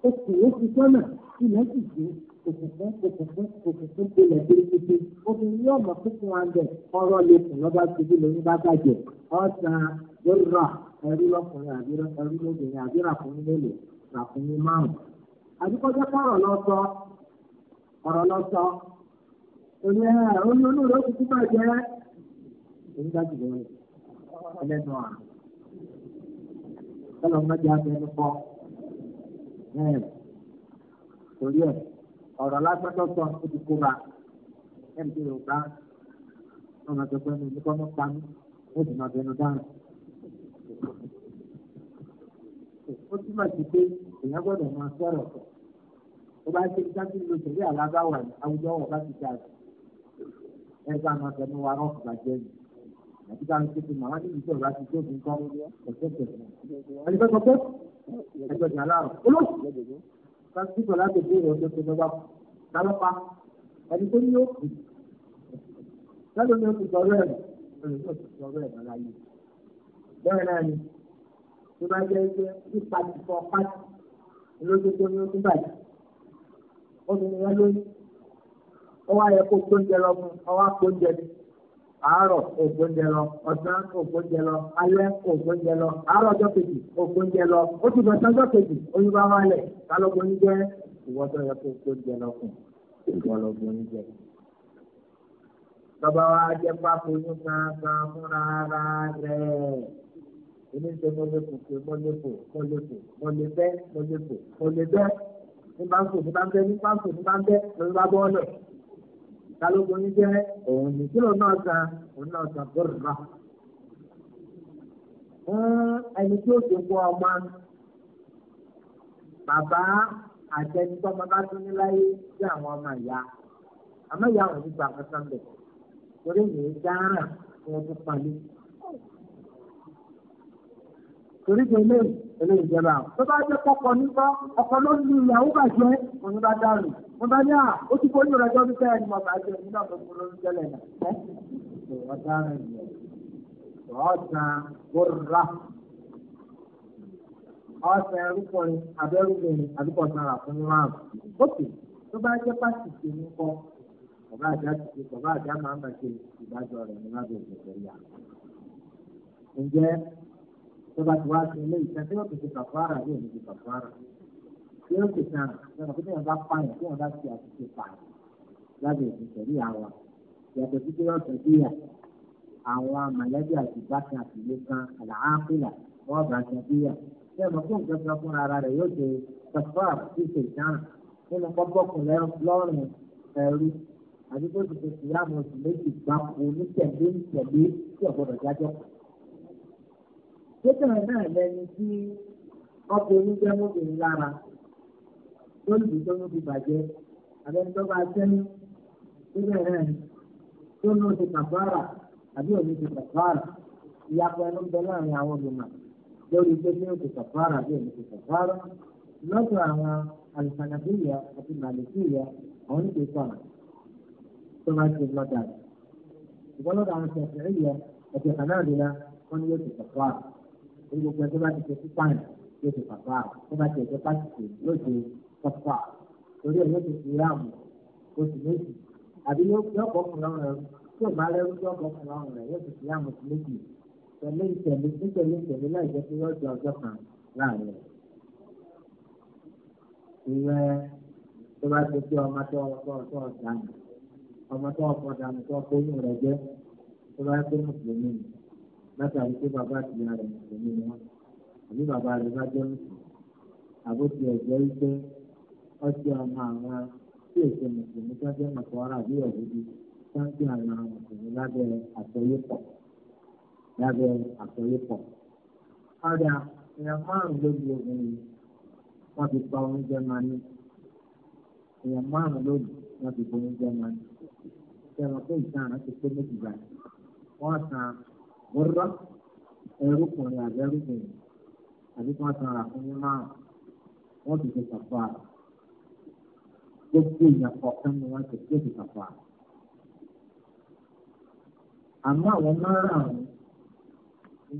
Speaker 1: oṣù oṣù sọ́nà ilẹ̀ sì dé òkùnkùn òkùnkùn òkùnkùn tó lẹ̀ déédéé obìnrin yóò mọ̀ fún fún wa ń bẹ̀ ọ̀rọ̀ lè kùn lọ́ba ti di lòun bá bàjẹ́ ọ̀sán lórí rà ẹrú lọkùnrin àbí ẹrú lóbìnrin àbí ràkúnmí mélòó ràkúnmí márùn. àdúgbòjẹ́ kọ̀rọ̀ lọ sọ ọ̀rọ̀ lọ sọ òní ẹ̀ òní olóòrè ó ti tún bá jẹ́ èyí dájú lọ ẹlẹ́nu àrùn. kọ́lọ̀ mọ́jà abẹnú pọ̀ torí ẹ̀ ọ̀rọ̀ lásán tó sọ ó ti kó ba ẹ̀ ń bí Yorùbá wọn máa sọ pé ní kọ́ mọ́ pa mí ó sì máa bẹnu dáhùn. ó túmọ̀ sí pé èèyàn gbọ́dọ̀ máa sọ̀rọ̀ pọ̀ ó bá ṣe dájú ló tẹ̀lé àlágbáwà ní àwùjọ wọn bá ti dà jù ẹgbẹ́ àwọn ọ̀sẹ̀ ní wa rọ́ọ̀kì bàjẹ́ yìí àti ká ló tètè màmá níbi tí ọ̀rọ̀ àti tó fi ń kọ́ ọ̀sẹ̀ tẹ̀lé ẹgbẹ́ kọ́kọ́ ẹgbẹ́ tí aláàrọ̀ olóòtú pásítọ̀ láti béèrè ọjọ́ tó lọ́wọ́ tó ní òkú tó bá jẹ́ jẹ́ ní pàtì fọ pàtì lójoojú ní ọdún báyìí obìnrin yẹn lóyún ó wá yẹ kó gbóúnjẹ lọ fún ọwọ́ àpòúnjẹ ni àárọ̀ ògbóúnjẹ lọ ọ̀sán ògbóúnjẹ lọ alẹ́ ògbóúnjẹ lọ àárọ̀ ọjọ́ kejì ògbóúnjẹ lọ ó ti bọ̀sán ọjọ́ kejì oyún bá wálẹ̀ kálọ́gbó ní jẹ́ ìwọ́tọ̀ yẹ kó gbóúnjẹ lọ fún ìwọ́lọ́gbó ní jẹ́ bàbá wa jẹ́ pápá oyún kankan fúnra rẹ̀ oníṣẹ́ mọ́lẹ́kùnkù mọ́lẹ́kù mọ́lẹ́kù mọ́lẹ́bẹ́ mọ́lẹ́kù mọ́lẹ́bẹ́ ní báńkì ní báńkì ní báńkì ní báńkì ní bá bọ́ọ̀lù kálógun ní jẹ́ òun ní kílò náà san òun náà san bọ́ọ̀lù ẹni tí ó ti wọ ọmọ bàbá àtẹni tó ọmọ bá tún ní láyé sí àwọn ọmọ ìyá àmọ́ ìyá òun ní gbàgbọ́ sọ́ńdẹ̀ torí ìyẹn dáràn fún ọdún pálí torí pé ilé ilé ìjọba tó bá jẹ́ kọ́kọ́ nípa ọkọ̀ ló ní ìyàwó bàjẹ́ òun bá dàrú wọn bá ní à ó ti kó ní ìrọ̀jọ́ bí sẹ́yìn ni mo bá jẹ nínú ọ̀pọ̀ ìmúlò ní tẹ́lẹ̀ náà. ọ̀tá rẹ̀ yẹn ọ̀sán bóra ọ̀sán ẹrúkọ ni abẹ́rúkọ ni àdúgbò sára fún ram ókè tó bá jẹ́ pásítì ní kọ́ bàbá àjá ti ṣe bàbá àjá máa ń bàjẹ́ ìdájọ́ rẹ̀ ní lábẹ́ ìjọba tó bá ti wá sí ilé ìtàn tí wọ́n ti fi kàfàrà bí òní ti kàfàrà tí ó ti tàn lọ́nà pé téèyàn bá pààyàn tí wọ́n bá ti àtúnṣe pààyàn lábẹ́ òfin tẹ̀lé àwọn yàtọ̀ sí pé wọ́n tẹ̀ sí yà àwọn mọ̀lẹ́bí àti bákan àti ilé kan àlàáfíà wọ́n bá tẹ̀ sí yà tí ẹ̀ mọ̀ fún nǹkan kan fúnra ara rẹ̀ yóò ṣe kàfàrà tí ó ṣe ìtàn nínú kọ́bọ́kùn lọ́rùn ẹ̀rú àti tó ti ṣe ìyá àwọn oṣù méjì gbáko ní tẹ̀lé ní tẹ̀lé tí ọ̀gbọ́dọ̀ jájọ́ kan. Sétan náà lẹni tí ọkùnrin jẹ́ mọ́bìnrin lára tó lù tó ló fi bàjẹ́ àbẹ́ni tó bá sẹ́yìn síbẹ̀ náà tó ló ti kàfàrà àbí òní ti kàfàrà ìyàpọ̀ ẹnu bẹ láàrin àwọn olùmọ̀ lórí pé ní òkè kàfàrà àbí òní ti kàfàrà lọ́dọ̀ àwọn alùpàdàbíyà àti màlìkíyà àwọn ìpè sọ̀rọ̀ tó bá ti lọ́dà rẹ̀ ìgbọ́lọ́dọ̀ àwọn ṣẹ̀fẹ̀ ìyà àti ànáàdìlà wọn ni yóò ti kàfàrà orí gbogbo ẹjọ́ bá ti ṣe sí pààyàn yóò ṣe pàpà tó bá ti ẹjọ́ pàṣẹ yóò ṣe pàpà torí ẹ̀ yóò ṣe fi ráàmù oṣù méjì àbí yóò kọ́ fún ọ̀rọ̀ rẹ̀ tí ò bá lẹ́rú yóò kọ́ fún ọ̀rọ̀ rẹ̀ yóò ṣe fi ráàmù oṣù méjì tẹ̀lé ìtẹ̀lé nítẹ̀lé ìtẹ̀lé láì jẹ́ pé yóò jẹ ọjọ́ kan láàrin rẹ̀. ìwẹ́ tó bá ti pé ọmọ tó ọ̀tọ̀ ọ̀dà ọmọ tó ọ̀pọ̀ dànù tó ọkọ̀ oyún rẹ̀ jẹ́ tó bá pé mùsùlùmí ni látàrí pé bàbá àti ìyá rẹ̀ mùsùlùmí ni wọ́n àbí bàbá rẹ̀ bá jẹ́ mùsùlùmí àbótí ẹ̀jẹ̀ ìgbẹ́ ọjọ́ ọmọ àwọn tí èso mùsùlùmí tó jẹ́ mọ̀kọ́rọ́ àbí ọ̀gbẹ́bí sáńkì àwọn mùsùlùmí lábẹ́ àtọ́yẹ́pọ̀ lábẹ́ àtọ́yẹ́pọ̀. ọ̀dà èèyàn márùn-ún ló di obìnrin wọ́n ti pa oúnjẹ máa ní èèyàn márùn-ún ló di wọ́n ti pa oúnjẹ máa ní. ìṣẹ̀lẹ̀ pé ìtàn àti pé méjì báyìí wọ́n san mọ́rọ́ ẹrúkùnrin àbí ẹrúkùnrin àbí kí wọ́n san ara fún yín márùn wọ́n ti fi kàfà gbogbo èèyàn kọ̀ọ̀kan ni wọ́n ti fi kàfà. àmọ́ àwọn márùn-ún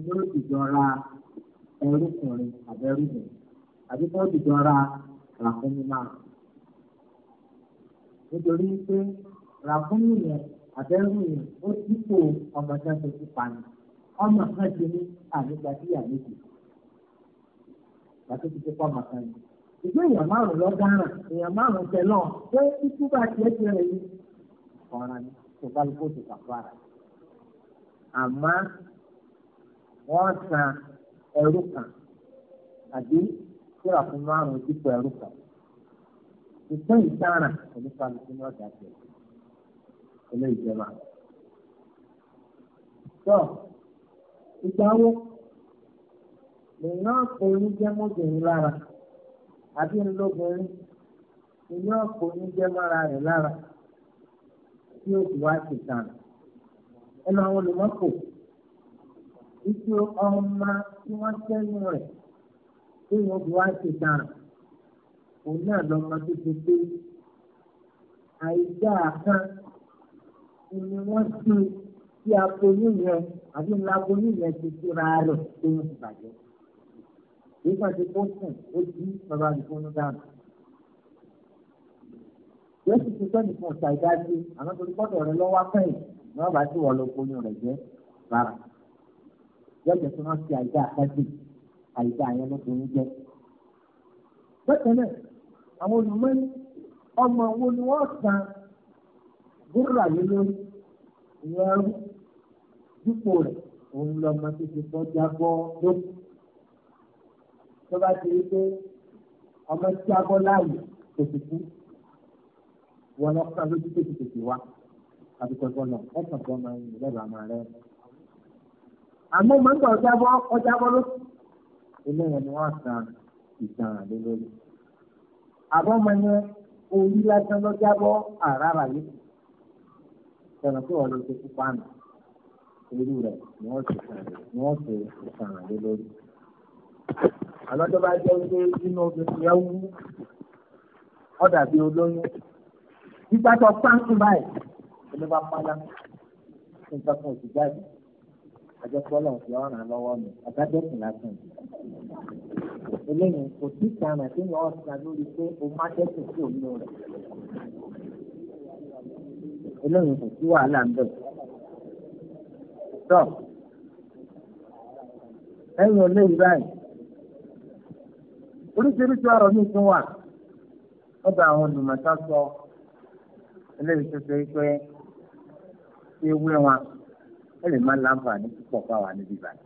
Speaker 1: ni ó ti jọra ẹrúkùnrin àbí ẹrúkùnrin àbí kí wọ́n ti jọra ràkúnmí márùn. nítorí pé ràkúnmí yẹn àbẹ́rù yẹn ó dípò ọmọdé tó ti pa ni ọmọ kan ti ní àmúgba sí àmúgba yàtọ̀ ti kópa màkà yìí. ìgbé èèyàn márùn lọ́gáràn èèyàn márùn tẹ̀lọ́ pé títí bá tiẹ̀ ti rẹ̀ yìí ọ̀ràn ni kò bá lóko tó kàfàrà. àmọ́ wọ́n san ẹrú kan àbí kíra fún márùn dípò ẹrú kan. ìpín ìtara oníkàlùkù ní ọjà tẹ̀ eléyìí jẹ́ máa ìgbàwọ́ èèyàn àpòyún jẹ́ mọ́bìnrin lára àbí ńlọbìnrin èèyàn àpòyún jẹ́ mọ́ra rẹ̀ lára tí ó ti wá ti tàn ẹnu àwọn olùmọ́kò ìṣe ọmọ tí wọ́n tẹ́nu rẹ̀ tí wọ́n ti wá ti tàn òun náà lọ́mọ tó ti pé àìdá ni wọ́n ti ti àpòyún yẹn àbí lagoni yẹn ti síra rẹ̀ tó ń bàjẹ́. Nígbà tí ó sùn, ó jí bàbá rẹ̀ fún dànù. Jésù ti sọ́ni fún ọ̀sà ìdájí, àmọ́ torí gbọ́dọ̀ rẹ lọ́wọ́ akẹ́yìn ni wọ́n bá ti wọ̀ lọ́gbọ́nyún rẹ̀ jẹ́ rárá. Yọ̀jẹ̀ tí wọ́n ti àìdá àkájì, àìdá yẹn ló fi ń jẹ́. Bẹ́ẹ̀ náà, àwọn olùmọ́ni ọmọ wo ni wọ́n san búrúdà lé ìyẹn rú dípò rẹ̀ òun lọ́mọ tó ti kọjá bọ́ lókù. tó bá ti rí pé ọmọ tí a bọ́ láàyè kò sì kú wọn lọ kọ́ lójú tó ti tètè wá àbíkọ gbọ́nà ọ̀sán tó máa ń yìn lẹ́bàá máa rẹ́. àmọ́ mọ́tò ọjà bọ́ ọjà bọ́ lókù. eléyìí ni wọ́n san ìtàn àlẹ́ lórí. àbọ̀mọ yẹn orí lásán lọ́jà bọ́ àràrà yìí. sọ̀rọ̀ pé wọ́n lọ sí púpà náà irú rẹ̀ ni wọ́n ṣe ìsàràn lé lórí. àmọ́ tó bá jẹ́ pé inú obìnrin yẹn wú ọ̀dà bíi olóyún gbígbá tó pánkì báyìí ló bá pálá nǹkan kan oṣù jáde àjẹpọ́lọ̀ fi ọ̀ràn lọ́wọ́ mi àgájọ́sì lásán eléyìí kò sí ìtàn àti ìyàn ọ̀sà lórí pé o má dẹ́sùn sí òun rẹ̀ eléyìí kò sí wàhálà ń bẹ̀. tọ́ ẹ̀yìn ò léyìí báyìí oríṣiríṣi ọ̀rọ̀ mi tún wà àwọn olùmọ̀tá sọ eléyìí tó ṣe pé ewé wọn ẹ lè má láǹfààní púpọ̀ fáwa níbí báyìí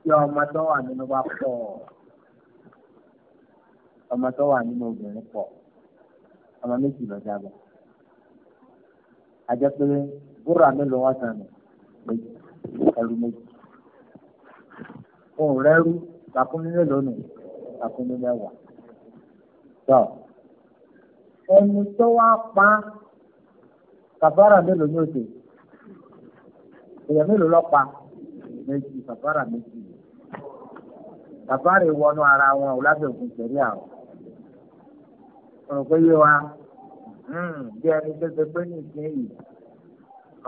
Speaker 1: tí ọmọ tó wà nínú bá pọ̀ ọmọ tó wà nínú obìnrin pọ̀ ọmọ méjì búra mélòó sànù. pé ẹrú méjì. Òun rẹ́rú takúnmí mélòó nù takúnmí mẹ́wàá. Tọ́ ẹni tó wá pa kàfàrà mélòó ní òde? Èèyàn mélòó lọ pa? Méjì kàfàrà méjì. Kàfàrà ìwọnú ara wọn ò lábẹ́ òkun tẹ̀lé àwọn. Òun kò yé wa hmm. bí ẹni tó ṣe pé nìkan yìí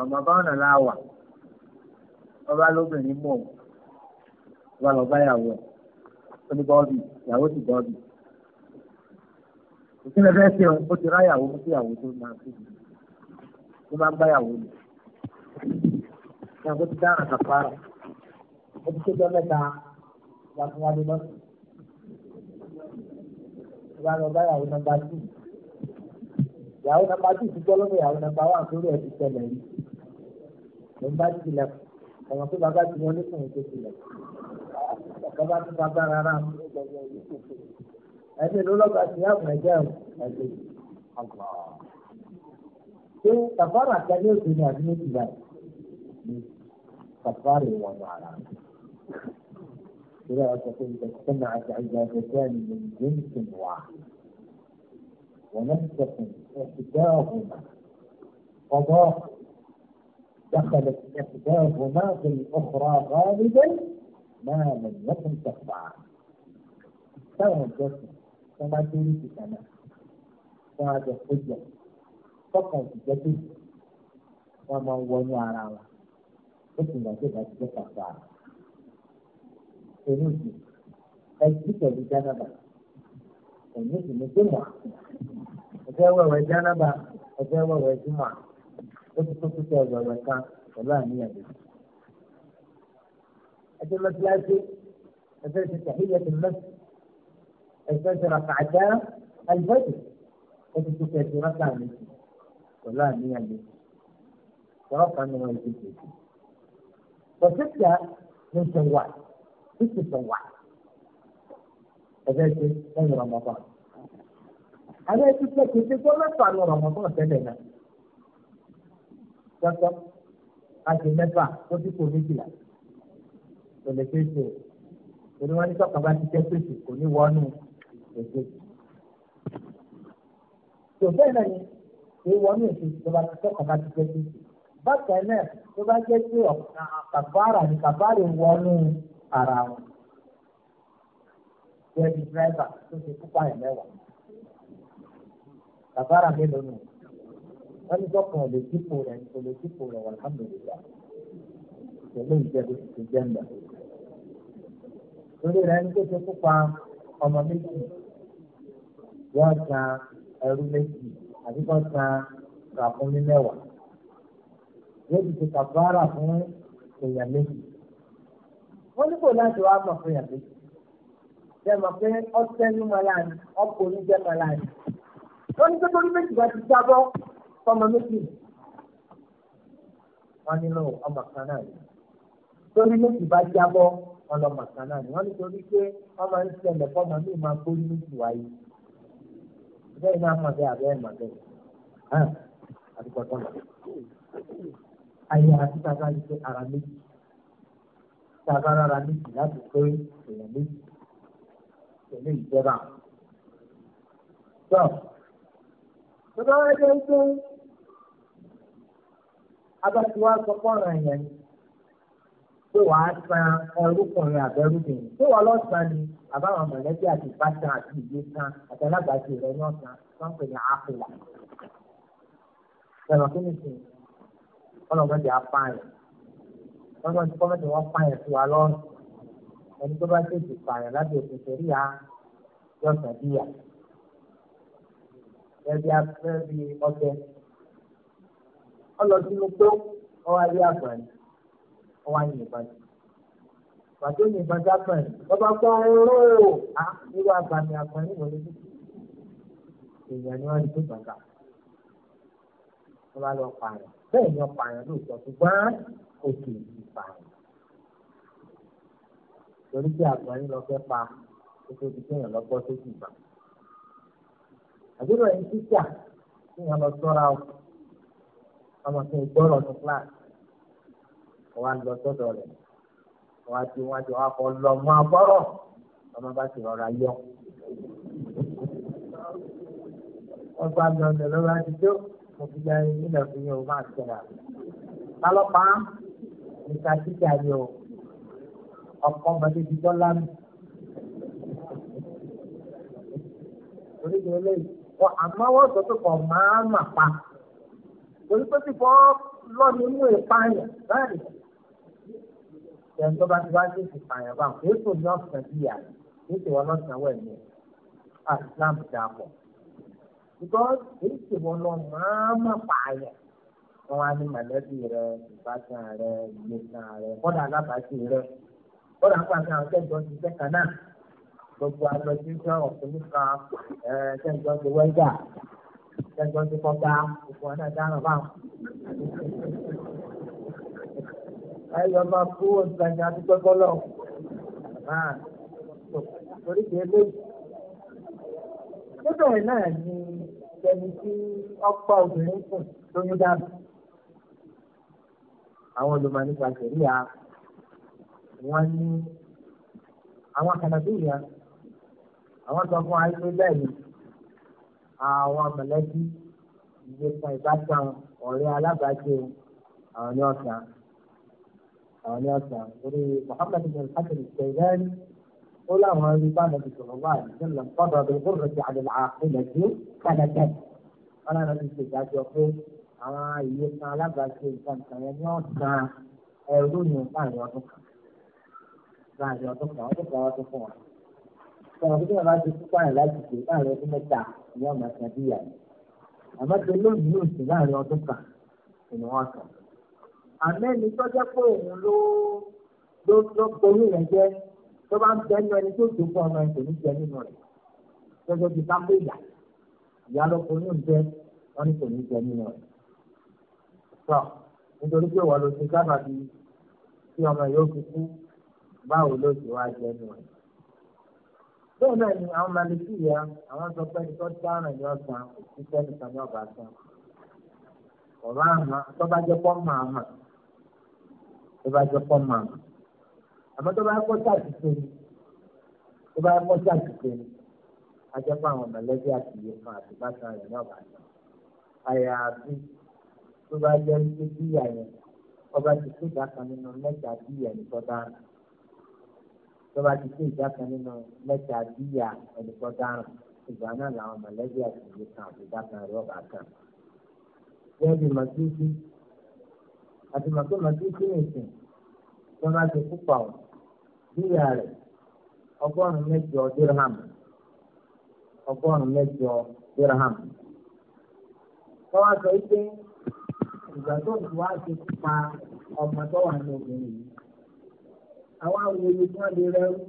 Speaker 1: ọmọ bá ọ̀nà láwà bàbá lóbìnrin mọ̀ wà lọ báyàwó ẹ̀ ó ní bọ́ọ̀bì ìyàwó sì bọ́ọ̀bì òsì lè fẹ́ ṣe òun ó ti ráyàwó mú sí ìyàwó tó máa fi ló máa ń báyàwó lò ìyàwó ti dáhùn àtàkùrà ó ti kéjọ mẹ́ta wà fún wa ní lọ́sùn wà lọ báyàwó nọ́mbà tù ìyàwó nọ́mbà tù ti gbọ́ lọ́wọ́ ìyàwó nọ́mbà wà lórí ẹ̀ ti tẹ̀lé yìí ló ń bá ti tilẹ̀kùn ọmọ pé bàbá ti wọlé fún ètò ìpìlẹ̀ bàbá ti bàbá rárá ẹni ló lọ́gbà sí àwọn ẹ̀jẹ̀ ẹ̀jẹ̀ ṣé kàfàrà àtàlẹ́ òkè ni àbí méjì báyìí ni kàfàrà ìwọ̀n ara ìrẹ́ ọ̀sẹ̀ tó ń bẹ sọ́nà àti àjà ẹ̀jẹ̀ ni دخلت إحداهما في الأخرى غالبا ما لم يكن تخضع فهو الجسم فما تريد سنة فهذا حجة فقط جسد وما هو نعرى اسم الجسد جسد تخضع فنوجد الذكر بجنبه فنوجد الجمعة أجاوة وجنبه أجاوة وجمعة ó ti tó títẹ ọ̀rọ̀ kan pẹ̀lú àníyàn rẹ̀. ẹjọ́ mọ́tíláṣí ẹgbẹ́ ti tàhíyà ti mọ́ ẹgbẹ́ ti rà kàdá alibẹ́tì ó ti tó tẹ̀sí rákà rẹ̀ pẹ̀lú àníyàn rẹ̀. sọ̀rọ̀ kan ní wọn ti tẹ̀sí. pọ̀sítíà ló ń sọ wà ó ti sọ wà ẹgbẹ́ ti lẹ́yìn rọ̀mọ́tàn. àwọn ẹtí tẹ̀sí ti gbọ́ mẹ́fà ní rọ̀mọ́tàn tẹ́lẹ̀ náà tọ́tọ́ káṣe mẹ́fà tó ti kò méjìlá kò lè ṣe é ṣe òní wọn ní sọ́kàn bá ti jẹ́ pèsè kò ní wọ́nú èkejì. tòbẹ́ náà ni kò wọ́nú èkejì tó bá ti sọ́kàn bá ti jẹ́ pèsè bákan náà tó bá jẹ́ pé kàfàrà ni kàfàrà wọ́nú ara wọn. jẹ́ bí dírẹ́fà tó ti kúpa ẹ̀ mẹ́wàá kàfàrà mélòó nù wọ́n ní dọ́kàn lè dípò rẹ̀ kò lè dípò rẹ̀ wà lámìlélá pẹ̀lú ìjẹ́bù tuntun jẹ́ńdà. torí rẹ̀ ní kéṣe púpà ọmọ méjì yóò san ẹrú méjì àti kò san ràkúnmí mẹ́wàá yóò ti ṣe kàfàrà fún èèyàn méjì. wọ́n ní kò láti wá mọ̀ fún èèyàn méjì. sẹ́mi pé ọ̀sẹ̀ ní mọ́lá ni ọkùnrin jẹ́ mọ́lá ni. wọ́n ní kí méjì bá ti jábọ́ fọmọ méjì wọn nínú ọmọ kan náà ni torí méjì bá jábọ́ wọn lọ màkà náà ni wọn nítorí pé wọn máa ń ṣẹlẹ̀ fọmọ mi máa gbóyún méjì wáyé bẹ́ẹ̀ náà mọ̀ bẹ́ẹ̀ àbẹ́ mọ̀ bẹ́ẹ̀ hàn àdúgbò tó mọ̀ ayé àti tàbá yìí pé ara méjì tàbá rárá méjì láti pé èèyàn méjì pẹ̀lú ìjọba. tó tó bá wá jẹ́ pé abátiwá sọ fọ́ràn yẹn ni pé wàá san ẹrúkùnrin àbẹ́rúbìnrin pé wàá lọ san ni àbáwọn mọ̀lẹ́bí àti ìbátan àti ìgbé san àtàlágbàtì rẹ̀ ní ọ̀sán wọ́n pè ní àpòlà. ẹ̀rọ kí ni sìn ọlọ́mọdé apáyẹ̀ ọlọ́mọdé kọ́mọ́tì wọ́n pààyàn sí wa lọ́rùn ẹni tó bá tètè pààyàn lábẹ́ òfin sẹ́rí à yọ̀ọ̀sán bíyà. ẹbí afẹ́ bíi ọbẹ̀ ọlọ́dún ló pé ọwọ́ ayé àgbàyìn ọwọ́ ayé ìbàdàn pàtó ní ìbàdàn àgbàyìn bàbá pa ọ̀rọ̀ à nínú àgbàmì àgbàyìn wọlé tó èèyàn ni wọ́n rí tó gbàgbà wọ́n bá lọ pààyàn bẹ́ẹ̀ ni ọ̀pààyàn lóòótọ́ ṣùgbọ́n òkè ìpààyàn torí pé àgbọ̀nrín lọ fẹ́ pa kókó ti kéèyàn lọ gbọ́ sókè ìgbà. àbúrò ẹni títà kéèyàn lọ sọ́ra o ọmọ tó gbọ́rọ̀ ní class wọ́n á lọ sọ́dọ̀ rẹ̀ wọ́n á ti wọ́n á ti wọ́n á kọ́ lọ mọ́ abọ́rọ̀ ọmọ bá ti rọra yọ. wọ́n bá lọ ọ̀nà lọ́wọ́ á ti tó mo fi gba ẹni nílẹ̀ fún yín o máa tẹ̀ra. lálọ́pàá níta títà ni o ọkọ̀ ọmọdé ti dọ́là mi. oríṣiríṣi wọ́n àmọ́ wọ́n sọ pé kò máa mà pa torí pé ti fọ́ lọ́ọ̀ni mú ìpààyàn báyìí. Ìyẹn tó bá ti wá sí ìpààyàn báwọn kò èso ní ọ̀sán bí yà ní ìwọ lọ́sàn wẹ̀ ní Islam dàpọ̀. Because èso wọn lọ máa má pààyàn. Wọ́n á ní mọ̀lẹ́bí rẹ̀, ìbátan rẹ̀, ìgbésàn rẹ̀, kọ́dà alábàáṣe rẹ̀. Kọ́dà ń pàṣẹ àwọn akẹ́kọ̀ọ́ ti fẹ́ kan náà. Gbogbo àlọ́ tí ń sọ̀rọ̀ fún nípa ẹ̀ẹ́dẹ́gbọ́n ti wẹ́dà ẹgbẹ́ tó kọ́ bá òkú ọ̀nà dáná báwọn. ẹyọ máa kú ọ̀sán àdúgbò gbọ́lọ̀ torí pé eléyìí. lọ́dọ̀ ẹ̀ náà ni ẹni tí ọ̀pọ̀ obìnrin kù lóyún dábì. àwọn olùmọ̀ nípa sẹ̀ríà wọ́n ní àwọn kànáfíìyà àwọn sọ fún àìsàn bẹ́ẹ̀ ni àwọn mọ̀lẹ́bí ìgbésàn ìbátan ọ̀rẹ́ alábàájẹ àwọn ní ọ̀sán àwọn ní ọ̀sán orí Muhammad bin Hasan al-Shaybani ó láwọn rí bá nàbì sọ̀rọ̀ wá ìṣẹ̀lẹ̀ fọ́dọ̀ bí kúrò ti àdìlà àpilẹ̀ tí kàdàkẹ́ wọn náà ti ṣe ìdájọ́ pé àwọn ìgbésàn alábàájẹ ìkàǹkàn yẹn ní ọ̀sán ẹ̀rú ni láàrin ọdún kan láàrin ọdún kan ọdún kan ọdún fún wa sọ̀rọ̀ pé bàbá ti kúkú àrùn láti pè láàrin ọdún mẹ́ta ni wọ́n máa san bíyà rẹ̀. àmọ́ tó lóyún yóò sì láàrin ọdún kan ni wọ́n sàn. àmẹ́ni tọ́jọ́ pé òun ló ló ló borí rẹ̀ jẹ́ tó bá ń bẹ́ẹ̀ lọ ẹni tó tó fún ọmọ ẹ̀sìn níjẹ nínú rẹ̀ tọ́jọ́ ti sápé ìyá ìyá lọkùnrin ń jẹ́ wọ́n ní kò ní jẹ nínú rẹ̀. sọ nítorí pé wọ́n ló ti sábà bí tí ọmọ yóò fi kú báwo ló ti wá jẹ́ nínú rẹ̀ bẹ́ẹ̀ náà ni àwọn màlìkì yá àwọn sọ pé nìkan dáràn ní ọ̀sán òṣìṣẹ́ nìkan ní ọ̀bà sàn ọ̀rọ̀ àmà tó bá jẹ́ pọ́ mọ̀ àmà tó bá jẹ́ pọ́ mọ̀ àmà àmọ́ tó bá kọ́ sàtìsẹ́ ni tó bá kọ́ sàtìsẹ́ ni a jẹ́ pé àwọn mọ̀lẹ́bí àti iye kan àti bàtà rẹ̀ ní ọ̀bà sàn àyàfi tó bá jẹ́ pé bíyà yẹn ọba ti tó dákan nínú mẹ́ta bíyà nìkan dáràn. tó bá ti pé ìjà kan nínú mẹ́ta bíyà ẹnìkan dáràn ìgbà náà làwọn mọ̀lẹ́bí àti kan àti kan rọ́ọ̀bà kan. Bẹ́ẹ̀ ni màtúntì àti màtó màtúntì nìsín tó ti púpà ọ̀ bíyà rẹ̀ ọgọ́rùn-ún mẹ́jọ ọgọ́rùn-ún mẹ́jọ sọ wípé ìgbà tó ń wá ọmọ tó wà ní obìnrin yìí. àwọn awòye tí wọ́n lè rẹ́rú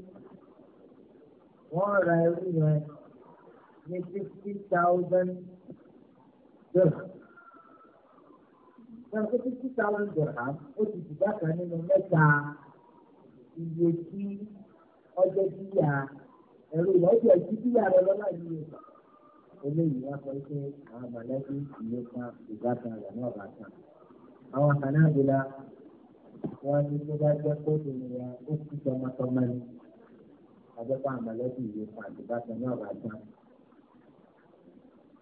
Speaker 1: wọ́n ra ẹrú yẹn ní fifty thousand dirham. Ṣé ọ̀sẹ̀ fifty thousand dirham ó ti dìgbà kan nínú mẹ́ta iye tí ọjọ́ díyà ẹ̀rọ ìwọ́jọ́ ìdí díyà rẹ lọ́la yìí o. Eléyìí wá sọ pé àwọn mọ̀lẹ́bí ìlú kan ìgbà kan rẹ̀ náà bá tán. Àwọn kan náà bí la wọ́n ní tó bá jẹ́ kó obìnrin yẹn ó kú tọmọtọmọ ni àjọpọ̀ àmọ̀lẹ́bí yìí fún àdìbàtàn náà bá tán.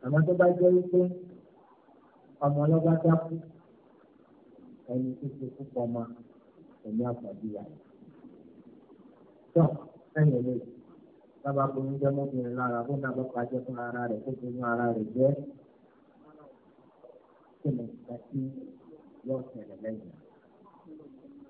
Speaker 1: àmọ́ tó bá jẹ́ wípé ọmọ ọlọ́ba dákú ẹni tó ti kú pọmọ ẹ̀mí àpàdéyà. tó ẹ̀yìn lè sábà bomi jẹ́ mọ́bìnrin lára fún náà bọ́pá jẹ́ fún ara rẹ̀ tó fi mú ara rẹ̀ jẹ́ kí ni ìgbà tí yóò ṣẹlẹ̀ lẹ́yìn.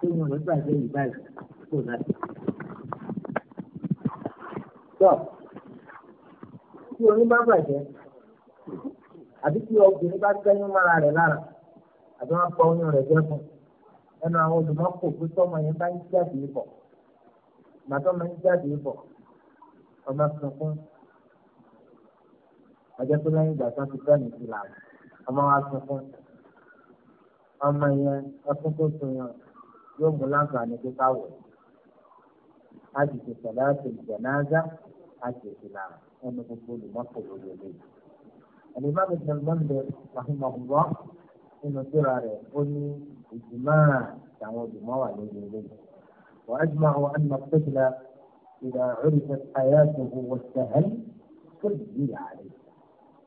Speaker 1: kéèyàn rẹ̀ bàjẹ́ yìí báyìí kò náà. tọ́ tí oyún bá bàjẹ́ àbí tí obìnrin bá tẹ́yún mọ́ra rẹ̀ lára àbí wọ́n pa oyún rẹ̀ jẹ́ fún ẹnu àwọn olùmọ́kò pé tọ́mọ yẹn bá ń jáde bọ̀ màtọ́ ń jáde bọ̀ ọmọ tuntun ọjọ́ tó lẹ́yìn ìgbà tó ti fẹ́ nìkú ọmọ wa tuntun ọmọ yẹn ọtún tó tún yàn yóò mú láǹfààní pé ká wọ̀ á sì ṣe sọ̀láàtì ìjànáza á sì ṣe là ẹnu gbogbo olùmọ́tò lórí ilé. àlùbáàbí sọlọ́ńdẹ rahimahullah nínú síra rẹ̀ ó ní ìjùmọ́ àwọn olùmọ́wà lórí ilé. وأجمع أن الطفل إذا عرفت حياته والسهل كله عليه.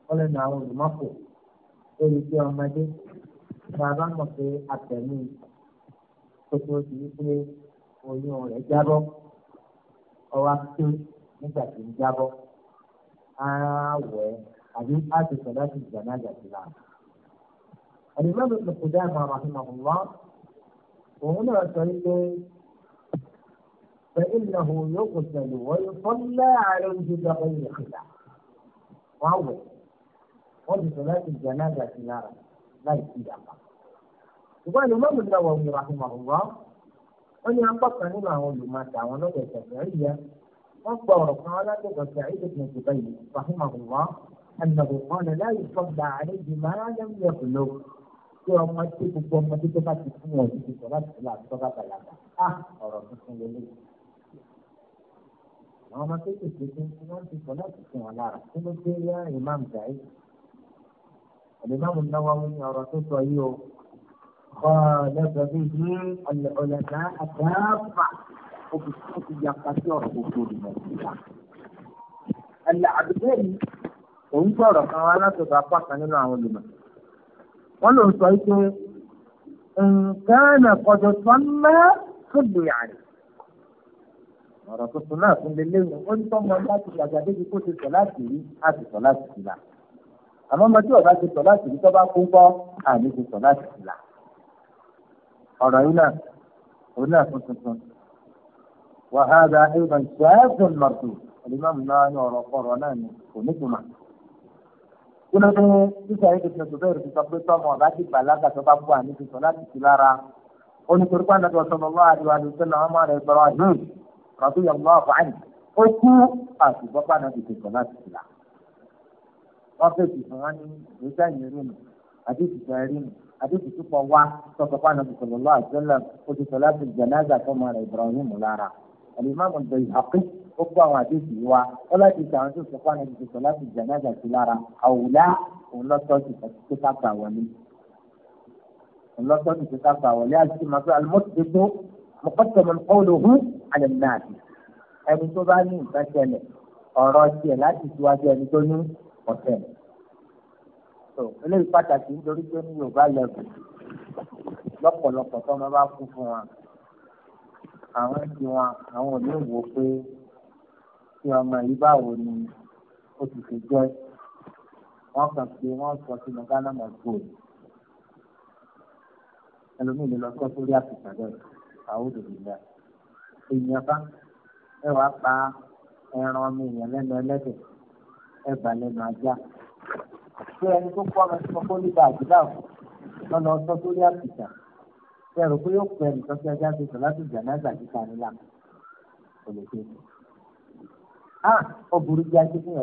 Speaker 1: قلنا أول مصر. قلت يوم مجد. فأظن في التمييز tó tó ti ní pé oyún rẹ̀ jábọ́ ọwá pé nígbà tí ń jábọ́ ara wẹ̀ àbí láti sọ̀dá ti jàdá jàdá la. àdìmọ́ mi kò dá ìmọ̀ àwọn àfihàn wá òun náà sọ pé فإنه يغسل ويصلى عليه بغير خلاف وهو وفي صلاة الجنازة لا لا يصير أمام ṣùgbọ́n ìlú mọ́mù náà wọ̀ wíwá fún ọ̀wọ́ wọ́n ní apá kan nínú àwọn olùmọ̀ọ́ta àwọn lọ́dọ̀ ìṣàkóyà wọ́n gba ọ̀rọ̀ kan alátẹ̀gbọ̀n sí àìdèkùn ìjọba yìí fàfún ọ̀wọ́ ẹnìyàwó kan lè láyé fọ́gbà àlejò máa ń lẹ́mú ẹ̀kọ́ lọ kí ọmọ tí gbogbo ọmọ tó bá ti fún wọn ti sọ láti fún àti tọ́ka bàlágà á ọ̀rọ̀ tuntun lélẹ̀. àwọn ọmọ kéékèèké tó ń wọn ti sọ láti fún wọn lára kí ló dé yá ìmáàmù gàí. àlè máàmù náwó ní ọ̀rọ̀ tó sọ yìí o. خالف به العلماء كافة وبالصوت يقتصر وصول المسيح العبدين òun sọ̀rọ̀ kan wá látọ̀dọ̀ apá kan nínú àwọn olùmọ̀. wọ́n lòun sọ pé nǹkan ẹ̀kọ́jọ tó ń mẹ́ fúdù yàrá. ọ̀rọ̀ tuntun náà fún lè léwu ó ní tọ́mọ láti gbàgbà débi kó ti sọ láti rí àti sọ láti sílà. àmọ́ ọmọ tí ọba ti sọ láti rí tó bá kú ń kọ́ àní ti sọ láti sílà ọ̀rọ̀ yìí náà òun náà fún tuntun. wàhálà ìgbà ṣáàtún mọ̀tò alimami náà ní ọ̀rọ̀ ọ̀rọ̀ náà ní onígbìmọ̀. kúlẹ̀ ní sísè ayé tuntun tó bẹ̀rẹ̀ tuntun pé tọ́mọ ọ̀bá ti gbà lága tó bá bọ̀ àní tuntun láti ti lára. ó ní torí pàǹdà tó sọ̀rọ̀ lọ́wọ́ àdìwà àdìwà sẹ́lẹ̀ ọmọ rẹ̀ gbọ́rọ̀ yìí rọ̀bí yọ̀gbọ́n ọ̀fààn ó kú àtìgbọ́ pàǹdà tó tuntun láti ti là. wọ́n fẹ́ tuntun wọn ní ìgbésẹ̀ yìí rí mi àti tuntun rí mi àdéhùn túpọ̀ wá sọ̀tọ̀ fún anabi sallallahu alaihi wasallam ó ti salatul janaza fọmọ rẹ̀ Ibrahim lára alimami Bayhaqi ó gbọ́ àwọn àdéhùn yìí wá ó láti ṣe àwọn tó sọ fún anabi salatul janaza sí lára àwùlá òun lọ́tọ́ọ̀tì tó ká gbà wọlé òun lọ́tọ́ọ̀tì tó ká gbà wọlé àti ṣe máa fẹ́ alimọ́tòdó muqaddamun qawluhu ọ̀rọ̀ tiẹ̀ láti tiwájú ẹni tó ní ọ̀tẹ̀lẹ̀ tó eléyìí pàtàkì nítorí pé ní yorùbá lẹ́bù lọ́pọ̀lọpọ̀ tó máa bá kú fún wa àwọn ti wọn àwọn òní wò pé tí ọmọ yìí báwo ni ó ti fi jẹ́ wọ́n kàn pé wọ́n sọ sínú ghana mọ̀gbọ́n ẹlòmíì lè lọ sọ sórí àpìtà bẹ́ẹ̀ àwọn òdòdó náà èèyàn bá ẹ wàá pa ẹran ọmọ èèyàn lẹ́nu ẹlẹ́dẹ̀ ẹ bà lẹ́nu ajá. pé ẹni tó kọ́ ọmọ ẹ̀sìn kó nípa àdúrà wọn lọ sọ sórí àpìtà ṣe rò pé yóò pẹ́ nìkan tí ajá ti sọ láti jàǹdà kíkà a ó burú ajé fún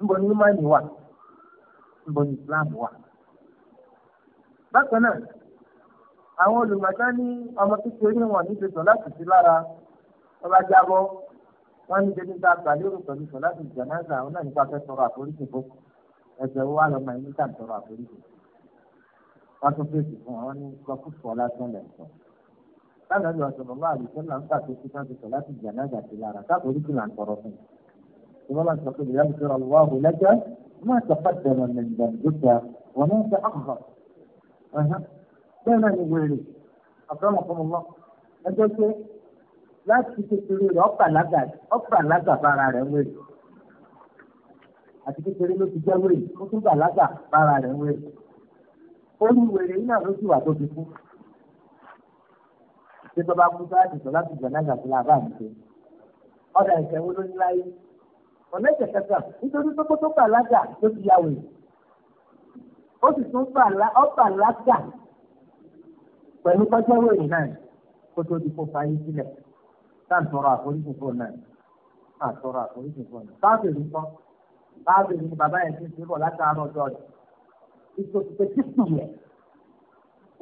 Speaker 1: níbo ni imani wà níbo ni Islam wà. bákan náà àwọn ní ọmọ kékeré wọn wọ́n ní dédé bá gbà lérò pẹ̀lú sọ láti jẹnáza àwọn náà nípa fẹ́ tọrọ àforíjì fún ẹsẹ̀ wo wà lọ́mọ ẹni ká tọrọ àforíjì wọ́n tún fèsì fún wọn ní kọ́kú sọ lásán lẹ̀ sọ. láti ọjọ́ ọ̀sọ̀rọ̀ máa lè sọ́nà ń pàṣẹ sí káńtì sọ láti jẹnáza sí lára káforíjì là ń tọrọ fún un. ìwọ́n máa sọ pé ìyá mi sọ̀rọ̀ wá òun lẹ́jọ́ máa tọ́pẹ́ bẹ́ẹ̀ náà ni wèrè àfẹ́mọ̀kọ́mọ́ ẹjọ́ pé láti kékeré rẹ̀ ọ̀pà lágàbára rẹ̀ wẹ̀rẹ̀ àti kékeré ló ti jẹ́ ó tún bà rẹ̀ wẹ̀rẹ̀ orí wẹ̀rẹ̀ yìí náà ló wà tó fi kú ṣé bàbá kú bá ti sọ láti gbà náà gàdúrà mi ṣe ọ̀dà ló láyé ọ̀nà nítorí pé tó lágà táàtọrọ àforíjì fún náà táàtọrọ àforíjì fún náà káàbèrè kọ káàbèrè ni bàbá yẹn ti ń bọ̀ látàárọ̀ ọjọ́ rẹ̀ ìtòkìtò títù yẹ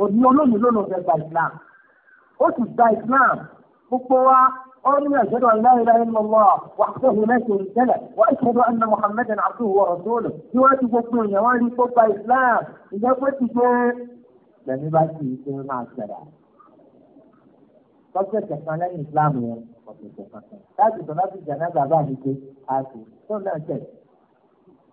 Speaker 1: òní olómi lónà fẹ́ gba Islam ó sì gba Islam gbogbo wa ó ní ẹ̀jẹ̀dọ̀ láìláì lọ́wọ́ wà á tẹ̀lé mẹ́sẹ̀ ìtẹ́lẹ̀ wà á ṣẹ̀dọ̀ ẹ̀nà Muhammad ní àdúgbò wọ̀rọ̀ sóòlù tí wọ́n ti gbogbo èèyàn wọn rí kó gba Islam ìjẹ́pẹ́ ti gbé lẹ́ni bá ti ṣe máa ṣẹ̀dá lọ́sẹ̀ kẹsàn-án lẹ́yìn islam yẹn ọ̀sẹ̀ kẹsàn-án láti sọ láti jà náà bàbá mi pé a sì tó náà tẹ̀.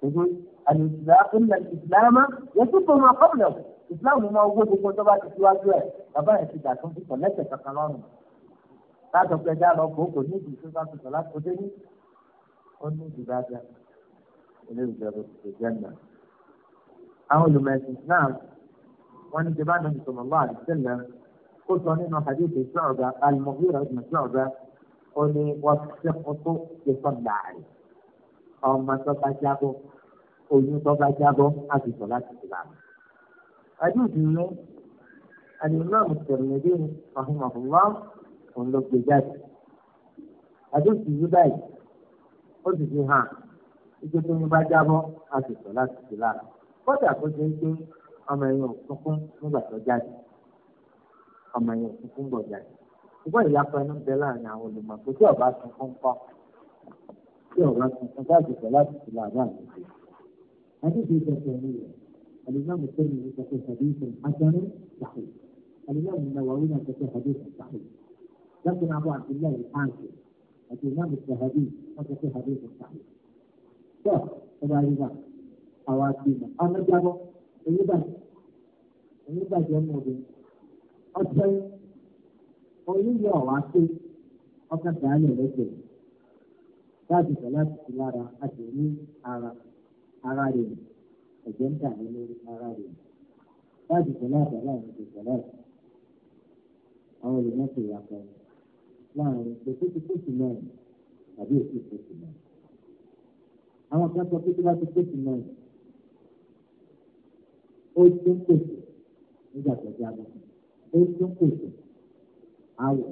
Speaker 1: Èdè àlùsílámù ìsìlámà yẹtí tó máa kọ́ lọ. Ìsìlámù máa wó gbogbo tó bá ti síwájú ẹ̀. Bàbá yẹn ti dàtún fi kọ̀lẹ́sẹ̀ kankan lọ́rùn. Láti ọ̀pẹ dá lọ kó kò ní ìdìbò bá tuntun láti kó dé ní. Ó ní ìdìbò ajá. Ilé ìjọba ti jẹ́ nà. Àwọn olùmọ̀ ẹ̀sìn náà wọ́n ó sọ nínú hadithi sọ̀rọ̀dà alimọ̀húrà ìmọ̀ sọ̀rọ̀dà ó ní wọ́n ṣe kótó ìsọ̀ láàrin ọmọ tó bá jábọ́ oyún tó bá jábọ́ àti sọ láti ìlànà. hadithi yìí alimọ̀húrà Tirmidhi rahimahullah òun ló gbé jáde. hadithi yìí báyìí ó sì fi hàn ike tó ń bá jábọ́ àti sọ láti ìlànà. kódà kó ṣe ń gbé ọmọ ẹ̀yìn òkùnkùn nígbà tó jáde ọmọ yẹn kú fún bọ̀dá yìí ṣùgbọ́n ìyapa ẹnu bẹ láàrin àwọn olùmọ̀ pé tí ọba tuntun kọ́ tí ọba tuntun láti fẹ́ láti fi làbá àtúnṣe. adébí ìjọba ẹni rẹ̀ alimami sẹ́yìn ní sọ́kẹ́ hadithan ajarin sahi alimami nawawi náà sọ́kẹ́ hadithan sahi lọ́sìn abu abdullahi anke àti imam sahadi wọ́n sọ́kẹ́ hadithan sahi. tó ọba yíba àwọn àti ìmọ̀ ọmọ ọjọ́ oníyọ̀ wá sí ọkàn dàálẹ̀ lẹ́sẹ̀ láti sọ láti fi lára àti ní ara ara rẹ̀ ẹ̀jẹ̀ ń dà nínú ara rẹ̀ láti sọ láti aláìní ti sọ láti àwọn olùmọ̀tò ìyàtọ̀ láàrin òtútù fóòtù mẹ́rin tàbí òtútù fóòtù mẹ́rin. àwọn kan sọ pé tí wọ́n ti fóòtù mẹ́rin ó tún pèsè nígbà tó jábọ̀ fún ó tún kò tó àwọ̀